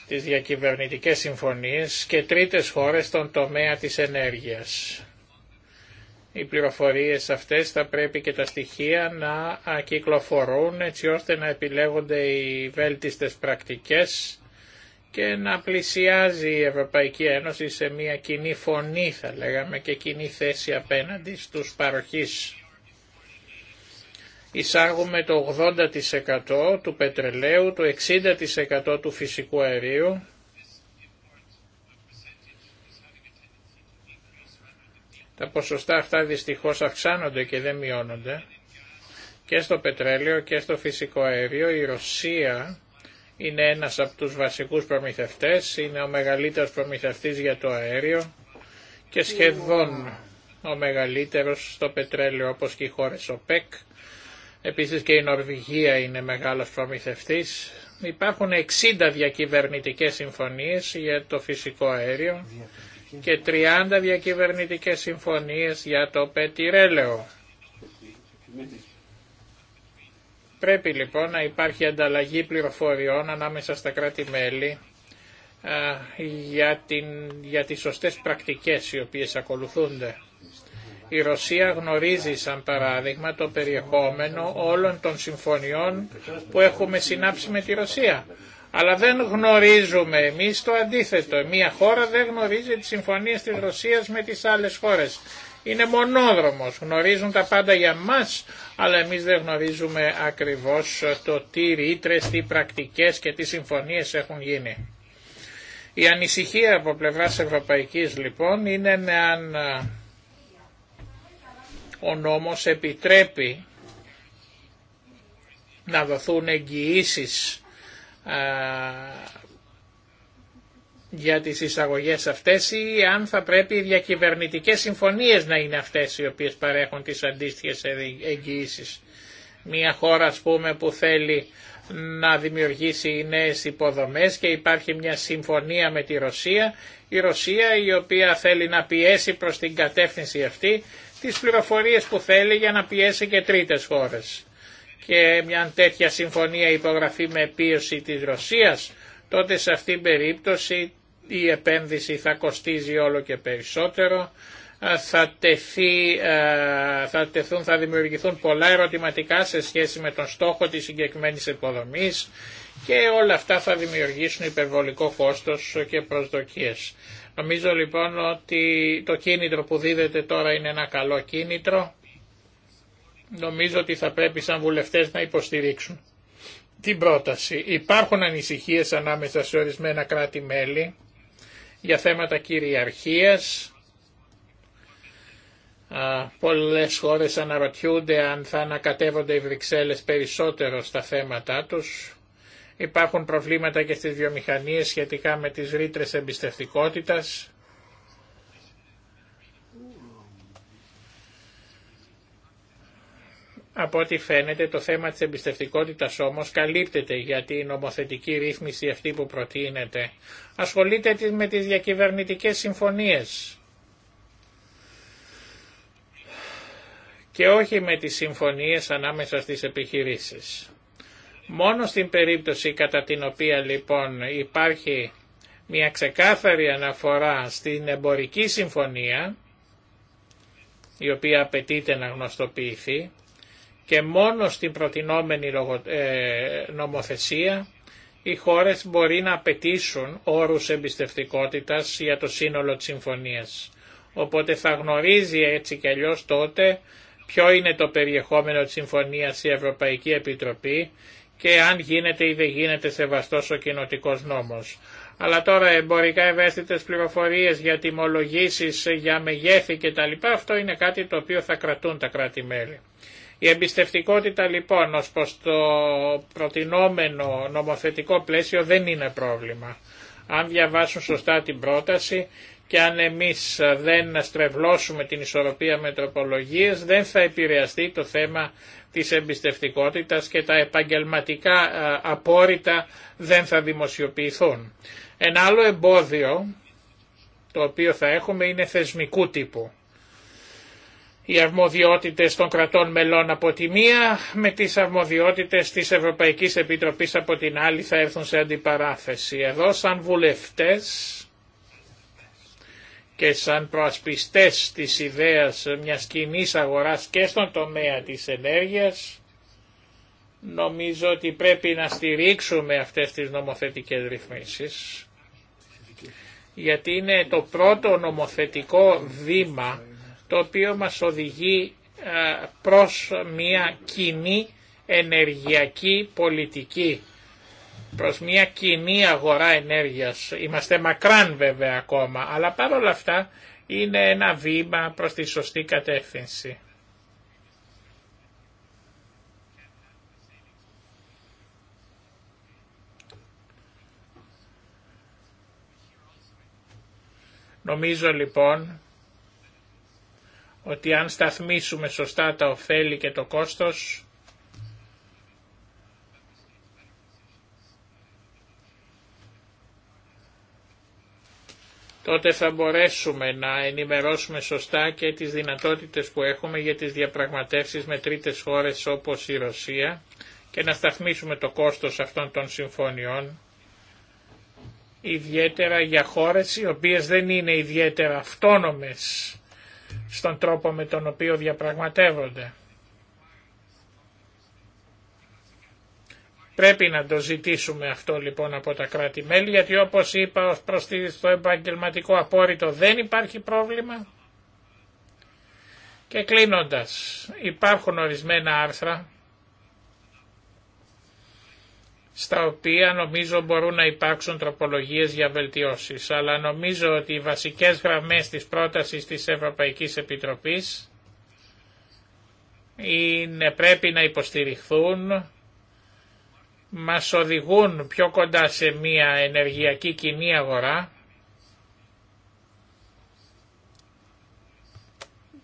τις διακυβερνητικές συμφωνίες και τρίτες χώρες στον τομέα της ενέργειας. Οι πληροφορίες αυτές θα πρέπει και τα στοιχεία να κυκλοφορούν έτσι ώστε να επιλέγονται οι βέλτιστες πρακτικές και να πλησιάζει η Ευρωπαϊκή Ένωση σε μια κοινή φωνή θα λέγαμε και κοινή θέση απέναντι στους παροχείς εισάγουμε το 80% του πετρελαίου, το 60% του φυσικού αερίου, Τα ποσοστά αυτά δυστυχώς αυξάνονται και δεν μειώνονται. Και στο πετρέλαιο και στο φυσικό αέριο η Ρωσία είναι ένας από τους βασικούς προμηθευτές, είναι ο μεγαλύτερος προμηθευτής για το αέριο και σχεδόν ο μεγαλύτερος στο πετρέλαιο όπως και οι χώρες ΟΠΕΚ Επίσης και η Νορβηγία είναι μεγάλος προμηθευτής. Υπάρχουν 60 διακυβερνητικές συμφωνίες για το φυσικό αέριο και 30 διακυβερνητικές συμφωνίες για το πετυρέλαιο. Πρέπει λοιπόν να υπάρχει ανταλλαγή πληροφοριών ανάμεσα στα κράτη-μέλη για, την, για τις σωστές πρακτικές οι οποίες ακολουθούνται. Η Ρωσία γνωρίζει σαν παράδειγμα το περιεχόμενο όλων των συμφωνιών που έχουμε συνάψει με τη Ρωσία. Αλλά δεν γνωρίζουμε εμείς το αντίθετο. Μία χώρα δεν γνωρίζει τις συμφωνίες της Ρωσίας με τις άλλες χώρες. Είναι μονόδρομος. Γνωρίζουν τα πάντα για μας, αλλά εμείς δεν γνωρίζουμε ακριβώς το τι ρήτρε, τι πρακτικές και τι συμφωνίες έχουν γίνει. Η ανησυχία από πλευράς Ευρωπαϊκής λοιπόν είναι αν ο νόμος επιτρέπει να δοθούν εγγυήσει για τις εισαγωγές αυτές ή αν θα πρέπει οι διακυβερνητικές συμφωνίες να είναι αυτές οι οποίες παρέχουν τις αντίστοιχες εγγυήσει. Μια χώρα ας πούμε που θέλει να δημιουργήσει νέες υποδομές και υπάρχει μια συμφωνία με τη Ρωσία, η Ρωσία η οποία θέλει να πιέσει προς την κατεύθυνση αυτή τις πληροφορίες που θέλει για να πιέσει και τρίτες χώρες. Και μια τέτοια συμφωνία υπογραφή με πίεση της Ρωσίας, τότε σε αυτήν την περίπτωση η επένδυση θα κοστίζει όλο και περισσότερο, θα, τεθεί, θα, τεθούν, θα δημιουργηθούν πολλά ερωτηματικά σε σχέση με τον στόχο της συγκεκριμένης υποδομής και όλα αυτά θα δημιουργήσουν υπερβολικό κόστος και προσδοκίες. Νομίζω λοιπόν ότι το κίνητρο που δίδεται τώρα είναι ένα καλό κίνητρο. Νομίζω ότι θα πρέπει σαν βουλευτές να υποστηρίξουν την πρόταση. Υπάρχουν ανησυχίες ανάμεσα σε ορισμένα κράτη-μέλη για θέματα κυριαρχίας. Πολλές χώρες αναρωτιούνται αν θα ανακατεύονται οι Βρυξέλλες περισσότερο στα θέματα τους. Υπάρχουν προβλήματα και στις βιομηχανίες σχετικά με τις ρήτρε εμπιστευτικότητας. Από ό,τι φαίνεται το θέμα της εμπιστευτικότητας όμως καλύπτεται γιατί η νομοθετική ρύθμιση αυτή που προτείνεται ασχολείται με τις διακυβερνητικές συμφωνίες και όχι με τις συμφωνίες ανάμεσα στις επιχειρήσεις. Μόνο στην περίπτωση κατά την οποία λοιπόν υπάρχει μια ξεκάθαρη αναφορά στην εμπορική συμφωνία, η οποία απαιτείται να γνωστοποιηθεί, και μόνο στην προτινόμενη ε, νομοθεσία οι χώρες μπορεί να απαιτήσουν όρους εμπιστευτικότητας για το σύνολο της συμφωνίας. Οπότε θα γνωρίζει έτσι κι αλλιώς τότε ποιο είναι το περιεχόμενο της συμφωνίας η Ευρωπαϊκή Επιτροπή και αν γίνεται ή δεν γίνεται σεβαστός ο κοινοτικό νόμος. Αλλά τώρα εμπορικά ευαίσθητες πληροφορίες για τιμολογήσεις, για μεγέθη κτλ. Αυτό είναι κάτι το οποίο θα κρατούν τα κράτη-μέλη. Η εμπιστευτικότητα λοιπόν ως προς το προτινόμενο νομοθετικό πλαίσιο δεν είναι πρόβλημα. Αν διαβάσουν σωστά την πρόταση και αν εμείς δεν στρεβλώσουμε την ισορροπία με δεν θα επηρεαστεί το θέμα της εμπιστευτικότητας και τα επαγγελματικά ε, απόρριτα δεν θα δημοσιοποιηθούν. Ένα άλλο εμπόδιο το οποίο θα έχουμε είναι θεσμικού τύπου. Οι αρμοδιότητες των κρατών μελών από τη μία με τις αρμοδιότητες της Ευρωπαϊκής Επιτροπής από την άλλη θα έρθουν σε αντιπαράθεση. Εδώ σαν βουλευτές και σαν προασπιστές της ιδέας μιας κοινή αγοράς και στον τομέα της ενέργειας, νομίζω ότι πρέπει να στηρίξουμε αυτές τις νομοθετικές ρυθμίσεις, γιατί είναι το πρώτο νομοθετικό βήμα το οποίο μας οδηγεί ε, προς μια κοινή ενεργειακή πολιτική προς μια κοινή αγορά ενέργειας. Είμαστε μακράν βέβαια ακόμα, αλλά παρόλα αυτά είναι ένα βήμα προς τη σωστή κατεύθυνση. Νομίζω λοιπόν ότι αν σταθμίσουμε σωστά τα ωφέλη και το κόστος, τότε θα μπορέσουμε να ενημερώσουμε σωστά και τις δυνατότητες που έχουμε για τις διαπραγματεύσεις με τρίτες χώρες όπως η Ρωσία και να σταθμίσουμε το κόστος αυτών των συμφωνιών ιδιαίτερα για χώρες οι οποίες δεν είναι ιδιαίτερα αυτόνομες στον τρόπο με τον οποίο διαπραγματεύονται. Πρέπει να το ζητήσουμε αυτό λοιπόν από τα κράτη-μέλη, γιατί όπως είπα ως προς το επαγγελματικό απόρριτο δεν υπάρχει πρόβλημα. Και κλείνοντας, υπάρχουν ορισμένα άρθρα στα οποία νομίζω μπορούν να υπάρξουν τροπολογίες για βελτιώσεις, αλλά νομίζω ότι οι βασικές γραμμές της πρότασης της Ευρωπαϊκής Επιτροπής είναι, πρέπει να υποστηριχθούν μας οδηγούν πιο κοντά σε μια ενεργειακή κοινή αγορά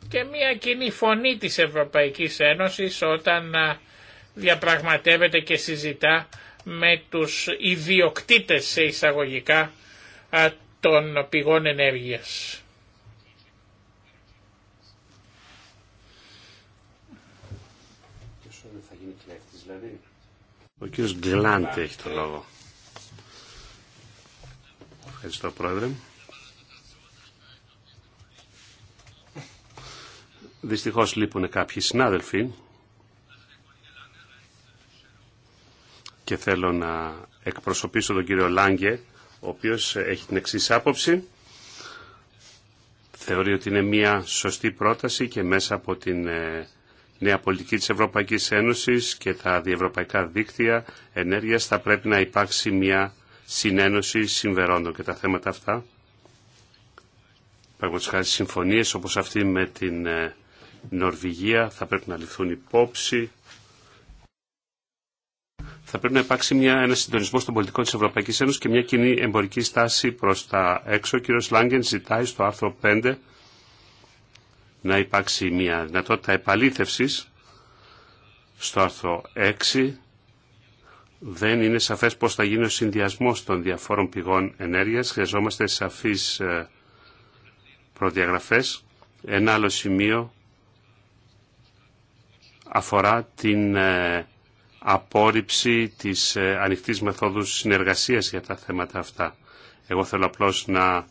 και μια κοινή φωνή της Ευρωπαϊκής Ένωσης όταν διαπραγματεύεται και συζητά με τους ιδιοκτήτες σε εισαγωγικά των πηγών ενέργειας. Ο κύριος Γκλάντε έχει το λόγο. Ευχαριστώ πρόεδρε. Δυστυχώς λείπουν κάποιοι συνάδελφοι και θέλω να εκπροσωπήσω τον κύριο Λάγκε, ο οποίος έχει την εξής άποψη. Θεωρεί ότι είναι μια σωστή πρόταση και μέσα από την ε, νέα πολιτική της Ευρωπαϊκής Ένωσης και τα διευρωπαϊκά δίκτυα ενέργειας θα πρέπει να υπάρξει μια συνένωση συμβερόντων και τα θέματα αυτά. Παραγωγικά χάρη συμφωνίες όπως αυτή με την ε, Νορβηγία θα πρέπει να ληφθούν υπόψη. Θα πρέπει να υπάρξει μια, ένα συντονισμό των πολιτικών της Ευρωπαϊκής Ένωσης και μια κοινή εμπορική στάση προς τα έξω. Ο κ. Λάγκεν ζητάει στο άρθρο 5 να υπάρξει μια δυνατότητα επαλήθευσης στο άρθρο 6 δεν είναι σαφές πώς θα γίνει ο συνδυασμός των διαφόρων πηγών ενέργειας. Χρειαζόμαστε σαφείς ε, προδιαγραφές. Ένα άλλο σημείο αφορά την ε, απόρριψη της ε, ανοιχτής μεθόδου συνεργασίας για τα θέματα αυτά. Εγώ θέλω απλώς να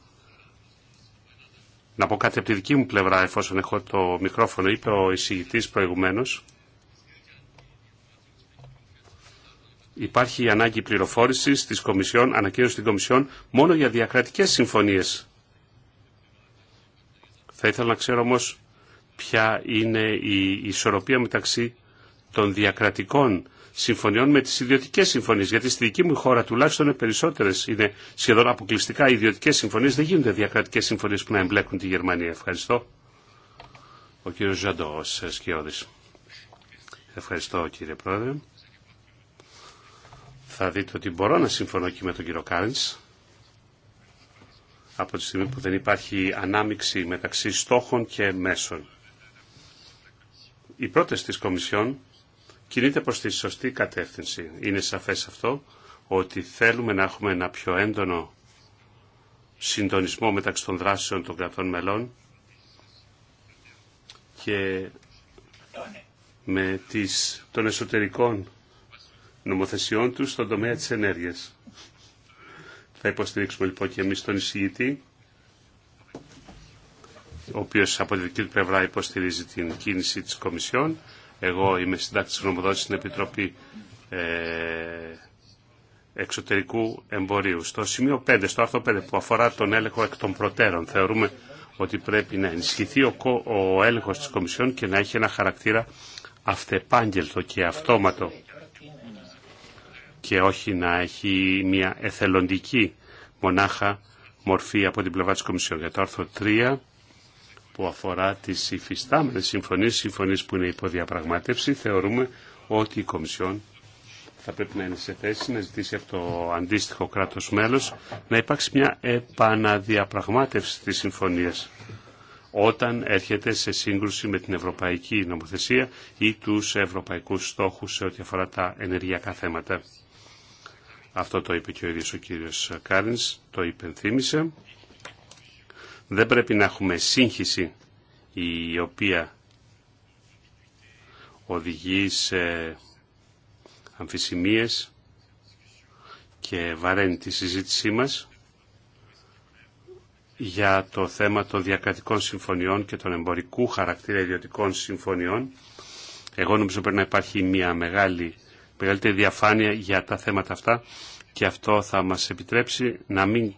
να πω κάτι από τη δική μου πλευρά, εφόσον έχω το μικρόφωνο, είπε ο εισηγητή προηγουμένω. Υπάρχει η ανάγκη πληροφόρηση της Κομισιόν, ανακοίνωση στην Κομισιόν, μόνο για διακρατικές συμφωνίες. Θα ήθελα να ξέρω όμω ποια είναι η ισορροπία μεταξύ των διακρατικών συμφωνιών με τις ιδιωτικές συμφωνίες. Γιατί στη δική μου χώρα τουλάχιστον είναι περισσότερες, είναι σχεδόν αποκλειστικά ιδιωτικές συμφωνίες, δεν γίνονται διακρατικές συμφωνίες που να εμπλέκουν τη Γερμανία. Ευχαριστώ. Ο κύριος Ζαντός Σκιώδης. Ευχαριστώ κύριε Πρόεδρε. Θα δείτε ότι μπορώ να συμφωνώ και με τον κύριο Κάριντς από τη στιγμή που δεν υπάρχει ανάμιξη μεταξύ στόχων και μέσων. Οι πρώτες της Κομισιόν κινείται προς τη σωστή κατεύθυνση. Είναι σαφές αυτό ότι θέλουμε να έχουμε ένα πιο έντονο συντονισμό μεταξύ των δράσεων των κρατών μελών και με τις, των εσωτερικών νομοθεσιών τους στον τομέα της ενέργειας. Θα υποστηρίξουμε λοιπόν και εμείς τον εισηγητή, ο οποίος από τη δική του πλευρά υποστηρίζει την κίνηση της Κομισιόν εγώ είμαι συντάκτης γνωμοδότησης στην Επιτροπή ε, Εξωτερικού Εμπορίου. Στο σημείο 5, στο άρθρο 5 που αφορά τον έλεγχο εκ των προτέρων, θεωρούμε ότι πρέπει να ενισχυθεί ο, ο έλεγχος της Κομισιόν και να έχει ένα χαρακτήρα αυτεπάγγελτο και αυτόματο και όχι να έχει μια εθελοντική μονάχα μορφή από την πλευρά της Κομισιόν. Για το άρθρο 3 που αφορά τις υφιστάμενες συμφωνίες, συμφωνίες που είναι υποδιαπραγμάτευση, θεωρούμε ότι η Κομισιόν θα πρέπει να είναι σε θέση να ζητήσει από το αντίστοιχο κράτος μέλος να υπάρξει μια επαναδιαπραγμάτευση της συμφωνίας όταν έρχεται σε σύγκρουση με την ευρωπαϊκή νομοθεσία ή τους ευρωπαϊκούς στόχους σε ό,τι αφορά τα ενεργειακά θέματα. Αυτό το είπε και ο ίδιος ο κύριος Κάρινς, το υπενθύμησε. Δεν πρέπει να έχουμε σύγχυση η οποία οδηγεί σε αμφισημίες και βαραίνει τη συζήτησή μας για το θέμα των διακρατικών συμφωνιών και των εμπορικού χαρακτήρα ιδιωτικών συμφωνιών. Εγώ νομίζω πρέπει να υπάρχει μια μεγάλη, μεγαλύτερη διαφάνεια για τα θέματα αυτά και αυτό θα μας επιτρέψει να μην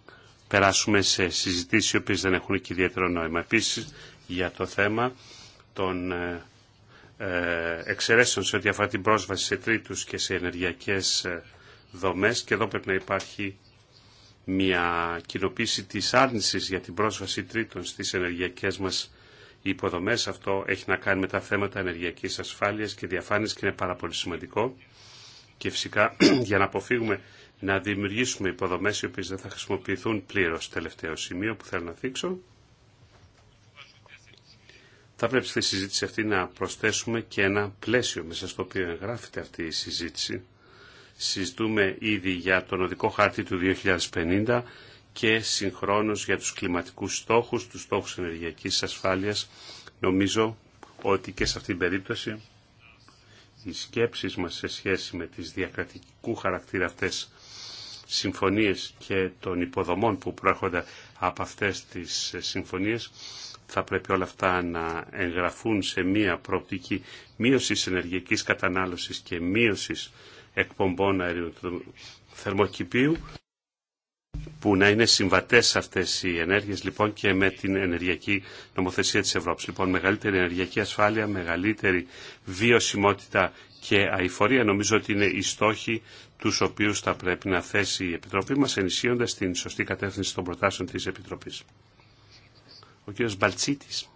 περάσουμε σε συζητήσεις οι οποίες δεν έχουν και ιδιαίτερο νόημα. Επίσης, για το θέμα των ε, ε, εξαιρέσεων σε ό,τι αφορά την πρόσβαση σε τρίτους και σε ενεργειακές ε, δομές και εδώ πρέπει να υπάρχει μια κοινοποίηση της άρνησης για την πρόσβαση τρίτων στις ενεργειακές μας υποδομές. Αυτό έχει να κάνει με τα θέματα ενεργειακής ασφάλειας και διαφάνειας και είναι πάρα πολύ σημαντικό. Και φυσικά [CLEARS THROAT] για να αποφύγουμε να δημιουργήσουμε υποδομές οι οποίες δεν θα χρησιμοποιηθούν πλήρως. Τελευταίο σημείο που θέλω να θίξω. Θα πρέπει στη συζήτηση αυτή να προσθέσουμε και ένα πλαίσιο μέσα στο οποίο εγγράφεται αυτή η συζήτηση. Συζητούμε ήδη για τον οδικό χάρτη του 2050 και συγχρόνως για τους κλιματικούς στόχους, τους στόχους ενεργειακής ασφάλειας. Νομίζω ότι και σε αυτήν την περίπτωση οι σκέψεις μας σε σχέση με τις διακρατικού χαρακτήρα αυτές συμφωνίες και των υποδομών που προέρχονται από αυτές τις συμφωνίες θα πρέπει όλα αυτά να εγγραφούν σε μία προοπτική μείωσης ενεργειακής κατανάλωσης και μείωσης εκπομπών αερίου του θερμοκηπίου που να είναι συμβατές αυτές οι ενέργειες λοιπόν και με την ενεργειακή νομοθεσία της Ευρώπης. Λοιπόν, μεγαλύτερη ενεργειακή ασφάλεια, μεγαλύτερη βιωσιμότητα και αηφορία. Νομίζω ότι είναι οι στόχοι τους οποίους θα πρέπει να θέσει η Επιτροπή μας ενισχύοντας την σωστή κατεύθυνση των προτάσεων της Επιτροπής. Ο κ. Μπαλτσίτης.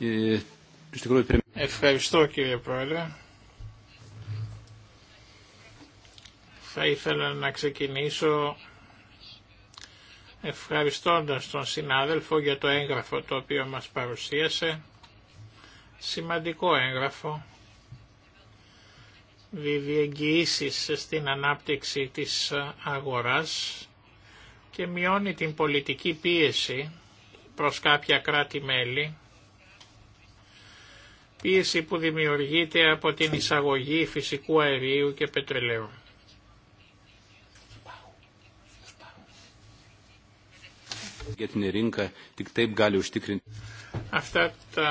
E, Ευχαριστώ κύριε Πρόεδρε. Θα ήθελα να ξεκινήσω ευχαριστώντας τον συνάδελφο για το έγγραφο το οποίο μας παρουσίασε, σημαντικό έγγραφο, διδιεγγυήσεις στην ανάπτυξη της αγοράς και μειώνει την πολιτική πίεση προς κάποια κράτη-μέλη, πίεση που δημιουργείται από την εισαγωγή φυσικού αερίου και πετρελαίου. Αυτά τα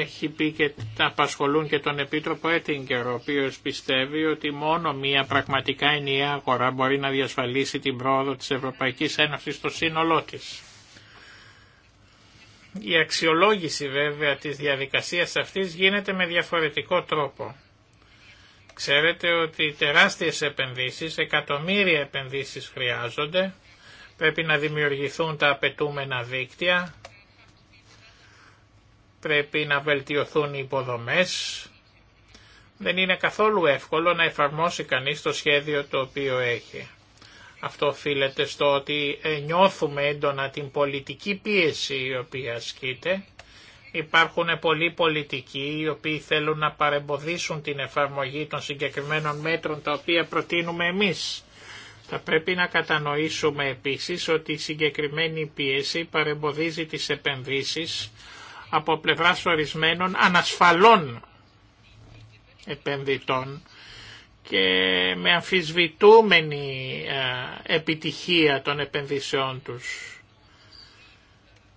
έχει πει και τα απασχολούν και τον Επίτροπο Έτιγκερ, ο οποίο πιστεύει ότι μόνο μία πραγματικά ενιαία αγορά μπορεί να διασφαλίσει την πρόοδο της Ευρωπαϊκής Ένωσης στο σύνολό της. Η αξιολόγηση βέβαια της διαδικασίας αυτής γίνεται με διαφορετικό τρόπο. Ξέρετε ότι τεράστιες επενδύσεις, εκατομμύρια επενδύσεις χρειάζονται Πρέπει να δημιουργηθούν τα απαιτούμενα δίκτυα, πρέπει να βελτιωθούν οι υποδομές. Δεν είναι καθόλου εύκολο να εφαρμόσει κανείς το σχέδιο το οποίο έχει. Αυτό οφείλεται στο ότι ε, νιώθουμε έντονα την πολιτική πίεση η οποία ασκείται. Υπάρχουν πολλοί πολιτικοί οι οποίοι θέλουν να παρεμποδίσουν την εφαρμογή των συγκεκριμένων μέτρων τα οποία προτείνουμε εμείς. Θα πρέπει να κατανοήσουμε επίσης ότι η συγκεκριμένη πίεση παρεμποδίζει τις επενδύσεις από πλευράς ορισμένων ανασφαλών επενδυτών και με αμφισβητούμενη ε, επιτυχία των επενδύσεών τους.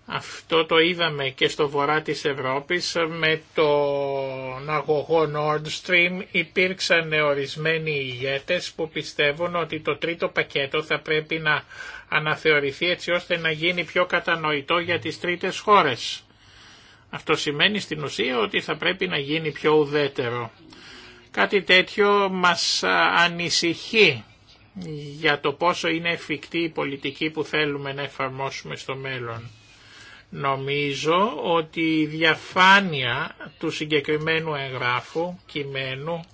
Αυτό το είδαμε και στο βορρά της Ευρώπης με τον αγωγό Nord Stream υπήρξαν ορισμένοι ηγέτες που πιστεύουν ότι το τρίτο πακέτο θα πρέπει να αναθεωρηθεί έτσι ώστε να γίνει πιο κατανοητό για τις τρίτες χώρες. Αυτό σημαίνει στην ουσία ότι θα πρέπει να γίνει πιο ουδέτερο. Κάτι τέτοιο μας ανησυχεί για το πόσο είναι εφικτή η πολιτική που θέλουμε να εφαρμόσουμε στο μέλλον. Νομίζω ότι η διαφάνεια του συγκεκριμένου εγγράφου, κειμένου,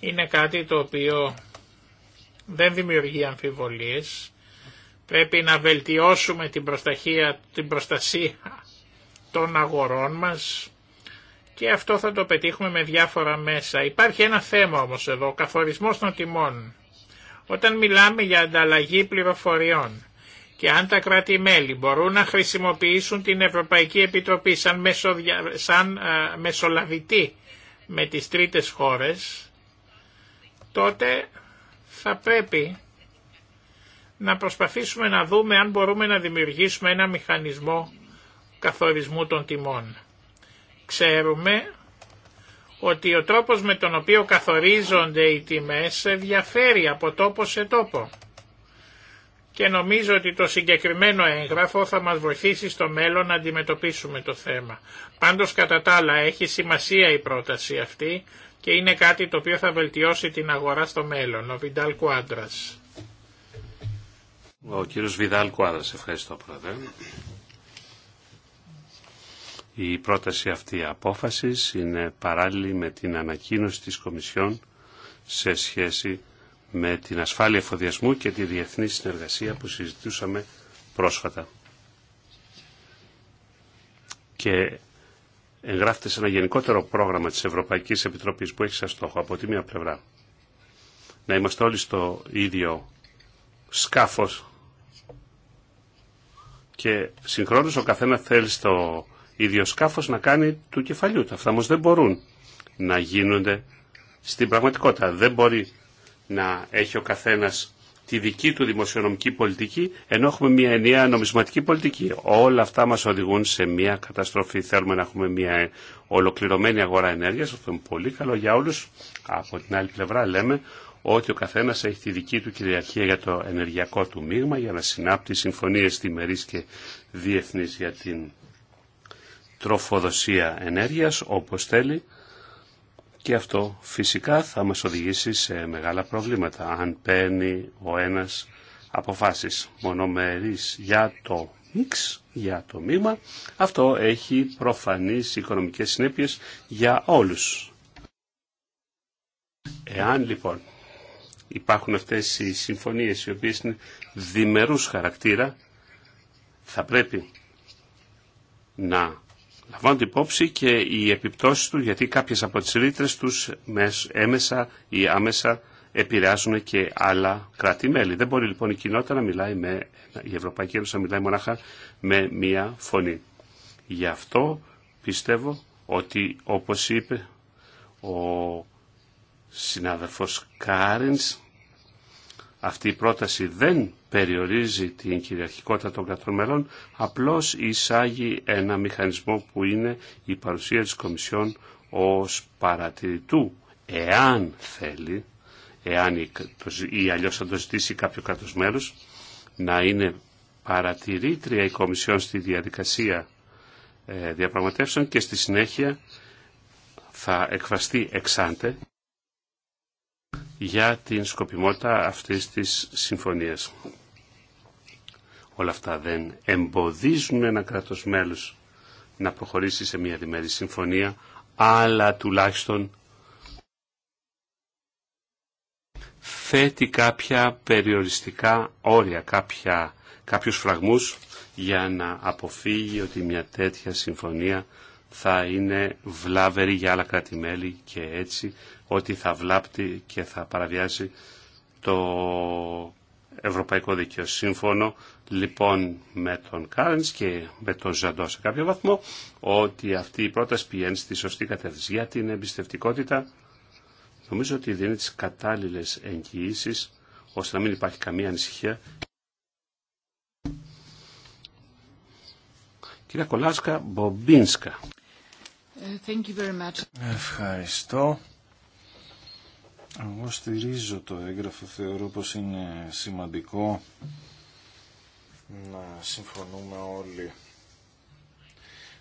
είναι κάτι το οποίο δεν δημιουργεί αμφιβολίες. Πρέπει να βελτιώσουμε την προστασία, την προστασία των αγορών μας και αυτό θα το πετύχουμε με διάφορα μέσα. Υπάρχει ένα θέμα όμως εδώ, ο καθορισμός των τιμών. Όταν μιλάμε για ανταλλαγή πληροφοριών, και αν τα κράτη-μέλη μπορούν να χρησιμοποιήσουν την Ευρωπαϊκή Επιτροπή σαν, ε, μεσολαβητή με τις τρίτες χώρες, τότε θα πρέπει να προσπαθήσουμε να δούμε αν μπορούμε να δημιουργήσουμε ένα μηχανισμό καθορισμού των τιμών. Ξέρουμε ότι ο τρόπος με τον οποίο καθορίζονται οι τιμές διαφέρει από τόπο σε τόπο και νομίζω ότι το συγκεκριμένο έγγραφο θα μας βοηθήσει στο μέλλον να αντιμετωπίσουμε το θέμα. Πάντως κατά τα άλλα έχει σημασία η πρόταση αυτή και είναι κάτι το οποίο θα βελτιώσει την αγορά στο μέλλον. Ο Βιντάλ Κουάντρας. Ο κύριος Βιντάλ Κουάντρας, ευχαριστώ πρόεδρε. Η πρόταση αυτή απόφασης είναι παράλληλη με την ανακοίνωση της Κομισιόν σε σχέση με την ασφάλεια εφοδιασμού και τη διεθνή συνεργασία που συζητούσαμε πρόσφατα. Και εγγράφεται σε ένα γενικότερο πρόγραμμα της Ευρωπαϊκής Επιτροπής που έχει σαν στόχο από τη μία πλευρά να είμαστε όλοι στο ίδιο σκάφος και συγχρόνως ο καθένα θέλει στο ίδιο σκάφος να κάνει του κεφαλιού του. Αυτά όμως δεν μπορούν να γίνονται στην πραγματικότητα. Δεν μπορεί να έχει ο καθένας τη δική του δημοσιονομική πολιτική, ενώ έχουμε μια ενιαία νομισματική πολιτική. Όλα αυτά μας οδηγούν σε μια καταστροφή. Θέλουμε να έχουμε μια ολοκληρωμένη αγορά ενέργειας, αυτό είναι πολύ καλό για όλους. Από την άλλη πλευρά λέμε ότι ο καθένας έχει τη δική του κυριαρχία για το ενεργειακό του μείγμα, για να συνάπτει συμφωνίες διμερείς και διεθνείς για την τροφοδοσία ενέργειας, όπως θέλει. Και αυτό φυσικά θα μας οδηγήσει σε μεγάλα προβλήματα αν παίρνει ο ένας αποφάσεις μονομερείς για το μίξ, για το μήμα. Αυτό έχει προφανείς οικονομικές συνέπειες για όλους. Εάν λοιπόν υπάρχουν αυτές οι συμφωνίες οι οποίες είναι διμερούς χαρακτήρα, θα πρέπει να λαμβάνονται υπόψη και οι επιπτώσεις του γιατί κάποιες από τις ρήτρες τους έμεσα ή άμεσα επηρεάζουν και άλλα κράτη-μέλη. Δεν μπορεί λοιπόν η κοινότητα να μιλάει με, η Ευρωπαϊκή Ένωση να μιλάει μονάχα με μία φωνή. Γι' αυτό πιστεύω ότι όπως είπε ο συνάδελφος Κάρινς αυτή η πρόταση δεν περιορίζει την κυριαρχικότητα των κρατών μελών, απλώς εισάγει ένα μηχανισμό που είναι η παρουσία της Κομισιόν ως παρατηρητού, εάν θέλει, εάν ή αλλιώς θα το ζητήσει κάποιο κράτος μέλος, να είναι παρατηρήτρια η Κομισιόν στη διαδικασία ε, διαπραγματεύσεων και στη συνέχεια θα εκφραστεί εξάντε για την σκοπιμότητα αυτής της συμφωνίας. Όλα αυτά δεν εμποδίζουν ένα κράτος να προχωρήσει σε μια διμερή συμφωνία, αλλά τουλάχιστον θέτει κάποια περιοριστικά όρια, κάποια, κάποιους φραγμούς για να αποφύγει ότι μια τέτοια συμφωνία θα είναι βλάβερη για άλλα κράτη-μέλη και έτσι ότι θα βλάπτει και θα παραβιάσει το Ευρωπαϊκό Δίκαιο. Σύμφωνο λοιπόν με τον Κάρενς και με τον Ζαντό σε κάποιο βαθμό ότι αυτή η πρόταση πηγαίνει στη σωστή κατεύθυνση. την εμπιστευτικότητα νομίζω ότι δίνει τις κατάλληλες εγγυήσει ώστε να μην υπάρχει καμία ανησυχία. Κυρία Κολάσκα Μπομπίνσκα. Ε, Ευχαριστώ. Εγώ στηρίζω το έγγραφο, θεωρώ πως είναι σημαντικό να συμφωνούμε όλοι.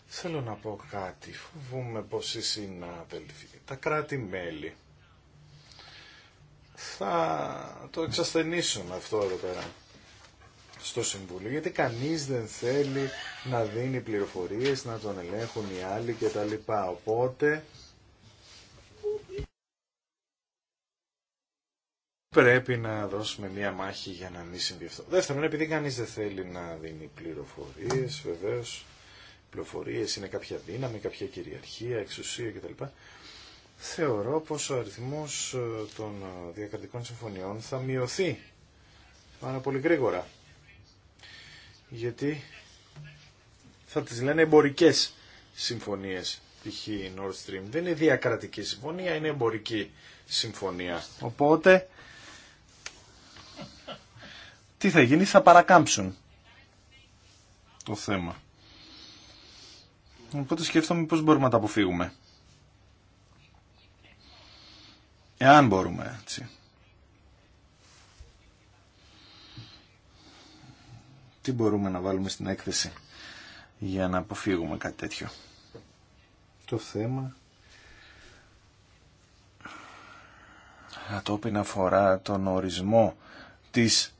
Θέλω να πω κάτι, φοβούμαι πως οι συνάδελφοι, τα κράτη-μέλη, θα το εξασθενήσουν αυτό εδώ πέρα στο Συμβούλιο, γιατί κανείς δεν θέλει να δίνει πληροφορίες, να τον ελέγχουν οι άλλοι κτλ. Οπότε πρέπει να δώσουμε μία μάχη για να μην συμβεί αυτό. Δεύτερον, επειδή κανείς δεν θέλει να δίνει πληροφορίες, βεβαίως πληροφορίες είναι κάποια δύναμη, κάποια κυριαρχία, εξουσία κτλ. Θεωρώ πως ο αριθμός ε, των ε, διακρατικών συμφωνιών θα μειωθεί πάρα πολύ γρήγορα. Γιατί θα τις λένε εμπορικές συμφωνίες π.χ. Nord Stream. Δεν είναι διακρατική συμφωνία, είναι εμπορική συμφωνία. Οπότε τι θα γίνει, θα παρακάμψουν το θέμα. Οπότε σκέφτομαι πώς μπορούμε να τα αποφύγουμε. Εάν μπορούμε, έτσι. Τι μπορούμε να βάλουμε στην έκθεση για να αποφύγουμε κάτι τέτοιο. Το θέμα ατόπιν αφορά τον ορισμό της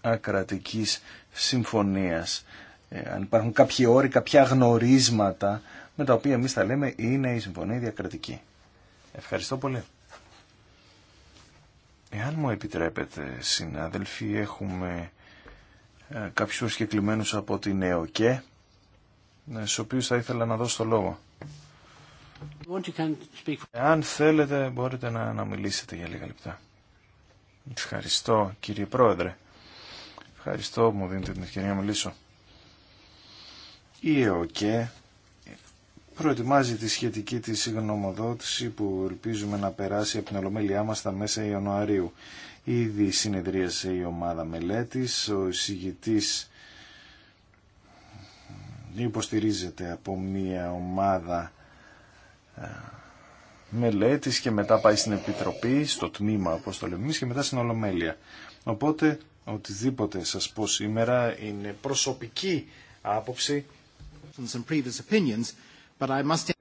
ακρατικής συμφωνίας. Ε, αν υπάρχουν κάποιοι όροι, κάποια γνωρίσματα με τα οποία εμείς τα λέμε είναι η συμφωνία διακρατική. Ευχαριστώ πολύ. Εάν μου επιτρέπετε συνάδελφοι έχουμε ε, κάποιους προσκεκλημένους από την ΕΟΚΕ στους οποίους θα ήθελα να δώσω το λόγο. Εάν θέλετε μπορείτε να, να μιλήσετε για λίγα λεπτά. Ευχαριστώ κύριε Πρόεδρε. Ευχαριστώ που μου δίνετε την ευκαιρία να μιλήσω. Η ΕΟΚΕ προετοιμάζει τη σχετική της γνωμοδότηση που ελπίζουμε να περάσει από την Ολομέλειά μας στα μέσα Ιανουαρίου. Ήδη συνεδρίασε η ομάδα μελέτης, ο εισηγητής υποστηρίζεται από μια ομάδα ε, μελέτης και μετά πάει στην Επιτροπή, στο τμήμα όπως το λέμε και μετά στην Ολομέλεια. Οπότε οτιδήποτε σας πω σήμερα είναι προσωπική άποψη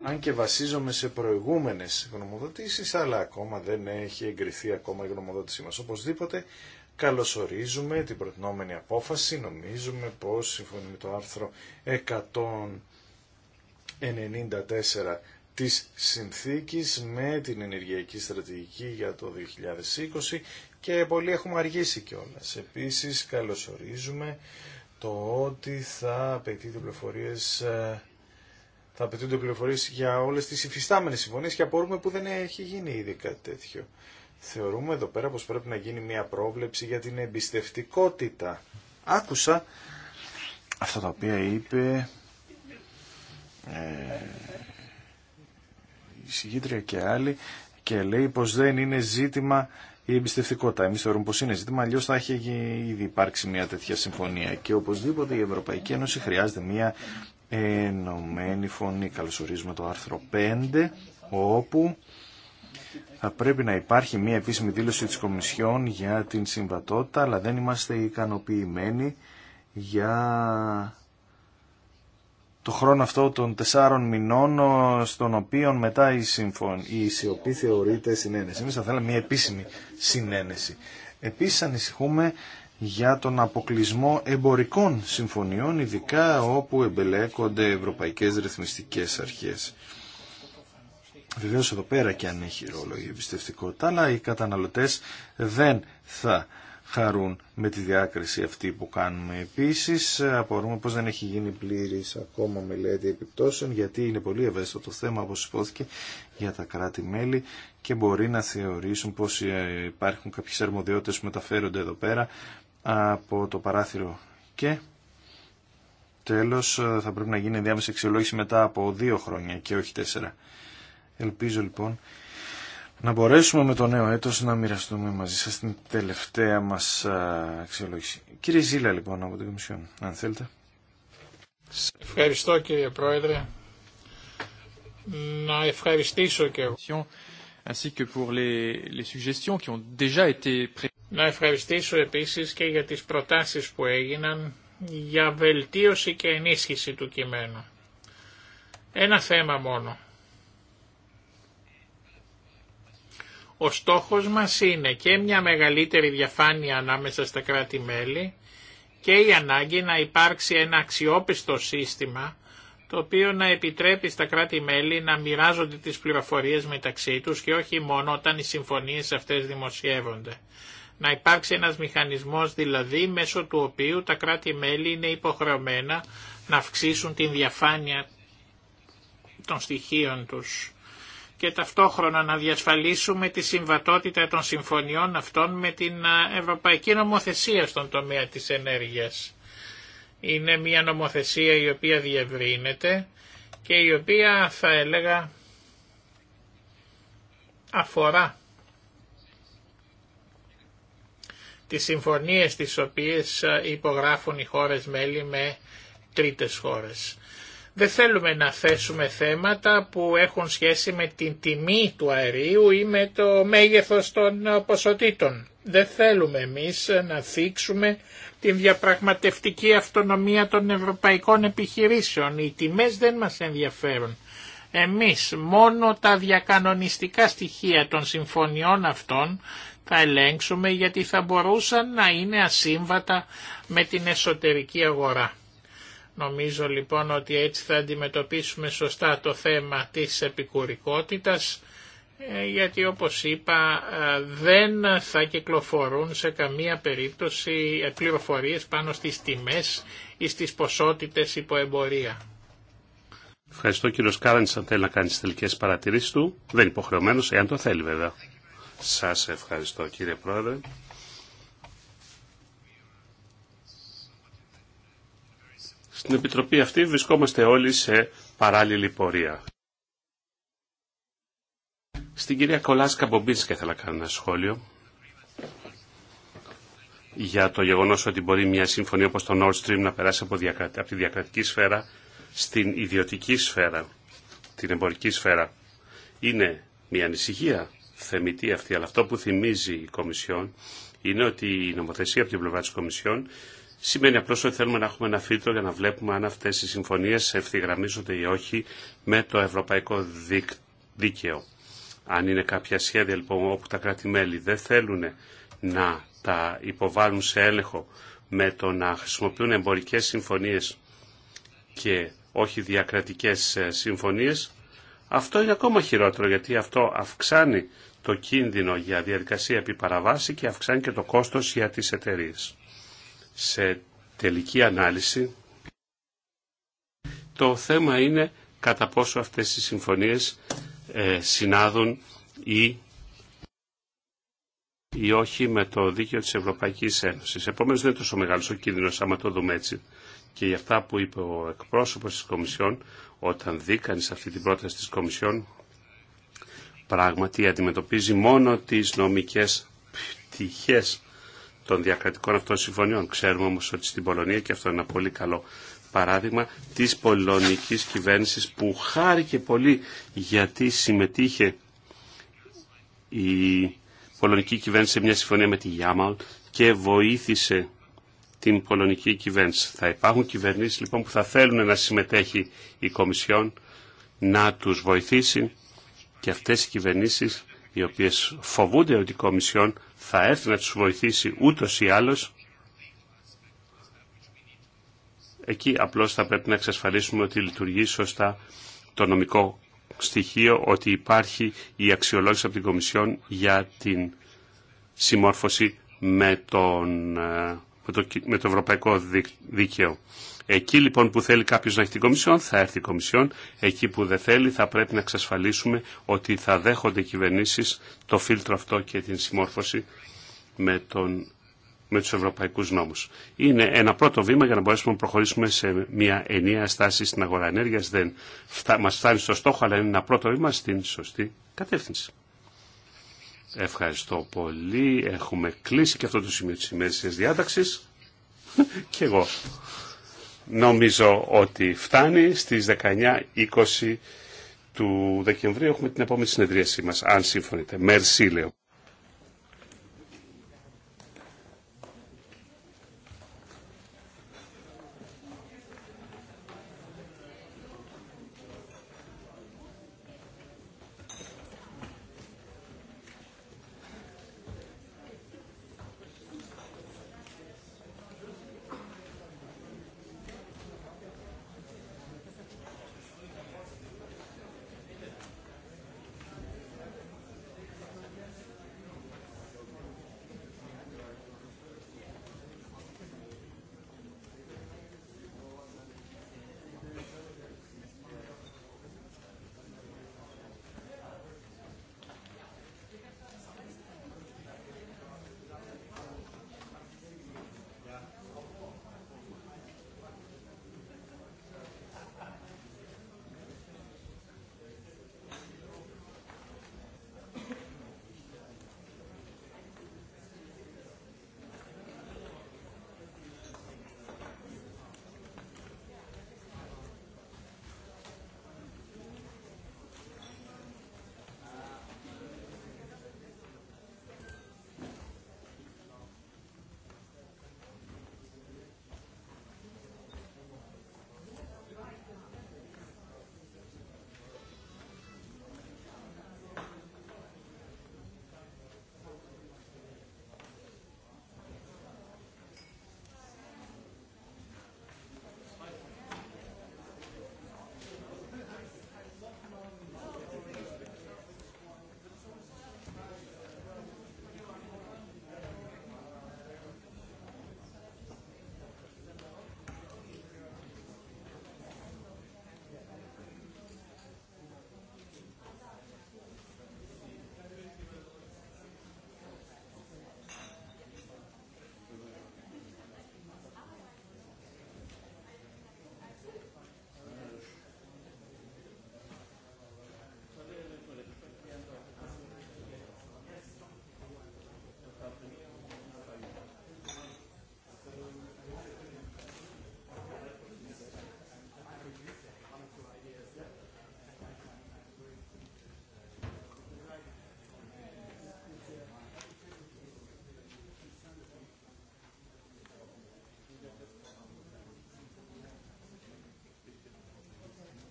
αν και βασίζομαι σε προηγούμενες γνωμοδοτήσεις, αλλά ακόμα δεν έχει εγκριθεί ακόμα η γνωμοδότησή μας. Οπωσδήποτε καλωσορίζουμε την προτινόμενη απόφαση, νομίζουμε πως, σύμφωνα με το άρθρο 194 της συνθήκης με την ενεργειακή στρατηγική για το 2020 και πολύ έχουμε αργήσει κιόλα. Επίσης καλωσορίζουμε το ότι θα απαιτείται πληροφορίες ε, θα απαιτούνται πληροφορίες για όλες τις υφιστάμενες συμφωνίες και απορούμε που δεν έχει γίνει ήδη κάτι τέτοιο. Θεωρούμε εδώ πέρα πως πρέπει να γίνει μια πρόβλεψη για την εμπιστευτικότητα. Άκουσα αυτά τα οποία είπε ε, εισηγήτρια και άλλοι και λέει πως δεν είναι ζήτημα η εμπιστευτικότητα. Εμεί θεωρούμε πω είναι ζήτημα, αλλιώ θα είχε ήδη υπάρξει μια τέτοια συμφωνία. Και οπωσδήποτε η Ευρωπαϊκή Ένωση χρειάζεται μια ενωμένη φωνή. Καλωσορίζουμε το άρθρο 5, όπου θα πρέπει να υπάρχει μια επίσημη δήλωση της Κομισιόν για την συμβατότητα, αλλά δεν είμαστε ικανοποιημένοι για το χρόνο αυτό των τεσσάρων μηνών, στον οποίο μετά η, συμφων... η σιωπή θεωρείται συνένεση. Εμείς θα θέλαμε μια επίσημη συνένεση. Επίσης ανησυχούμε για τον αποκλεισμό εμπορικών συμφωνιών, ειδικά όπου εμπελέκονται ευρωπαϊκές ρυθμιστικές αρχές. Βεβαίω εδώ πέρα και αν έχει ρόλο η εμπιστευτικότητα, αλλά οι καταναλωτές δεν θα χαρούν με τη διάκριση αυτή που κάνουμε. Επίσης, απορούμε πως δεν έχει γίνει πλήρης ακόμα μελέτη επιπτώσεων, γιατί είναι πολύ ευαίσθητο το θέμα, όπως υπόθηκε, για τα κράτη-μέλη και μπορεί να θεωρήσουν πως ε, υπάρχουν κάποιες αρμοδιότητες που μεταφέρονται εδώ πέρα από το παράθυρο. Και τέλος ε, θα πρέπει να γίνει διάμεση αξιολόγηση μετά από δύο χρόνια και όχι τέσσερα. Ελπίζω λοιπόν να μπορέσουμε με το νέο έτος να μοιραστούμε μαζί σας την τελευταία μας αξιολόγηση. Κύριε Ζήλα λοιπόν από την Κομισιόν, αν θέλετε. Ευχαριστώ κύριε Πρόεδρε. Να ευχαριστήσω και εγώ. Να ευχαριστήσω επίσης και για τις προτάσεις που έγιναν για βελτίωση και ενίσχυση του κειμένου. Ένα θέμα μόνο Ο στόχος μας είναι και μια μεγαλύτερη διαφάνεια ανάμεσα στα κράτη-μέλη και η ανάγκη να υπάρξει ένα αξιόπιστο σύστημα το οποίο να επιτρέπει στα κράτη-μέλη να μοιράζονται τις πληροφορίες μεταξύ τους και όχι μόνο όταν οι συμφωνίες αυτές δημοσιεύονται. Να υπάρξει ένας μηχανισμός δηλαδή μέσω του οποίου τα κράτη-μέλη είναι υποχρεωμένα να αυξήσουν την διαφάνεια των στοιχείων τους και ταυτόχρονα να διασφαλίσουμε τη συμβατότητα των συμφωνιών αυτών με την Ευρωπαϊκή Νομοθεσία στον τομέα της ενέργειας. Είναι μια νομοθεσία η οποία διευρύνεται και η οποία θα έλεγα αφορά τις συμφωνίες τις οποίες υπογράφουν οι χώρες μέλη με τρίτες χώρες. Δεν θέλουμε να θέσουμε θέματα που έχουν σχέση με την τιμή του αερίου ή με το μέγεθος των ποσοτήτων. Δεν θέλουμε εμείς να θίξουμε την διαπραγματευτική αυτονομία των ευρωπαϊκών επιχειρήσεων. Οι τιμές δεν μας ενδιαφέρουν. Εμείς μόνο τα διακανονιστικά στοιχεία των συμφωνιών αυτών θα ελέγξουμε γιατί θα μπορούσαν να είναι ασύμβατα με την εσωτερική αγορά. Νομίζω λοιπόν ότι έτσι θα αντιμετωπίσουμε σωστά το θέμα της επικουρικότητας ε, γιατί όπως είπα ε, δεν θα κυκλοφορούν σε καμία περίπτωση ε, πληροφορίες πάνω στις τιμές ή στις ποσότητες υποεμπορία. Ευχαριστώ κύριο Κάραντ αν θέλει να κάνει τι τελικέ παρατηρήσει του. Δεν υποχρεωμένος εάν το θέλει βέβαια. Σας ευχαριστώ κύριε Πρόεδρε. στην Επιτροπή αυτή βρισκόμαστε όλοι σε παράλληλη πορεία. Στην κυρία Κολάσκα Μπομπίνσκα ήθελα να κάνω ένα σχόλιο για το γεγονός ότι μπορεί μια σύμφωνη όπως το Nord Stream να περάσει από, από τη διακρατική σφαίρα στην ιδιωτική σφαίρα, την εμπορική σφαίρα. Είναι μια ανησυχία θεμητή αυτή, αλλά αυτό που θυμίζει η Κομισιόν είναι ότι η νομοθεσία από την πλευρά της Κομισιόν Σημαίνει απλώ ότι θέλουμε να έχουμε ένα φίλτρο για να βλέπουμε αν αυτέ οι συμφωνίε ευθυγραμμίζονται ή όχι με το ευρωπαϊκό δίκαιο. Αν είναι κάποια σχέδια λοιπόν όπου τα κράτη-μέλη δεν θέλουν να τα υποβάλουν σε έλεγχο με το να χρησιμοποιούν εμπορικέ συμφωνίε και όχι διακρατικέ ε, συμφωνίε, αυτό είναι ακόμα χειρότερο γιατί αυτό αυξάνει το κίνδυνο για διαδικασία επιπαραβάση και αυξάνει και το κόστος για τις εταιρείες σε τελική ανάλυση το θέμα είναι κατά πόσο αυτές οι συμφωνίες ε, συνάδουν ή, ή όχι με το δίκαιο της Ευρωπαϊκής Ένωσης. Επομένως δεν είναι τόσο μεγάλος ο κίνδυνος άμα το δούμε έτσι. Και για αυτά που είπε ο εκπρόσωπος της Κομισιόν όταν δίκανε σε αυτή την πρόταση της Κομισιόν πράγματι αντιμετωπίζει μόνο τις νομικές πτυχές των διακρατικών αυτών συμφωνιών. Ξέρουμε όμως ότι στην Πολωνία, και αυτό είναι ένα πολύ καλό παράδειγμα, της πολωνικής κυβέρνησης που χάρηκε πολύ γιατί συμμετείχε η πολωνική κυβέρνηση σε μια συμφωνία με τη Γιάμαλ και βοήθησε την πολωνική κυβέρνηση. Θα υπάρχουν κυβερνήσεις λοιπόν που θα θέλουν να συμμετέχει η Κομισιόν να τους βοηθήσει και αυτές οι κυβερνήσεις οι οποίες φοβούνται ότι η Κομισιόν θα έρθει να τους βοηθήσει ούτως ή άλλως, εκεί απλώς θα πρέπει να εξασφαλίσουμε ότι λειτουργεί σωστά το νομικό στοιχείο, ότι υπάρχει η αξιολόγηση από την Κομισιόν για την συμμόρφωση με, τον, ε, με, το, με το ευρωπαϊκό δίκαιο. Εκεί λοιπόν που θέλει κάποιο να έχει την Κομισιόν θα έρθει η Κομισιόν. Εκεί που δεν θέλει θα πρέπει να εξασφαλίσουμε ότι θα δέχονται οι κυβερνήσει το φίλτρο αυτό και την συμμόρφωση με, τον, με τους ευρωπαϊκούς νόμους. Είναι ένα πρώτο βήμα για να μπορέσουμε να προχωρήσουμε σε μια ενιαία στάση στην αγορά ενέργειας. Δεν φτά, μας φτάνει στο στόχο, αλλά είναι ένα πρώτο βήμα στην σωστή κατεύθυνση. Ευχαριστώ πολύ. Έχουμε κλείσει και αυτό το σημείο της τη διάταξη [LAUGHS] και εγώ. Νομίζω ότι φτάνει στις 19-20 του Δεκεμβρίου έχουμε την επόμενη συνεδρίασή μας, αν συμφωνείτε. Μερσή,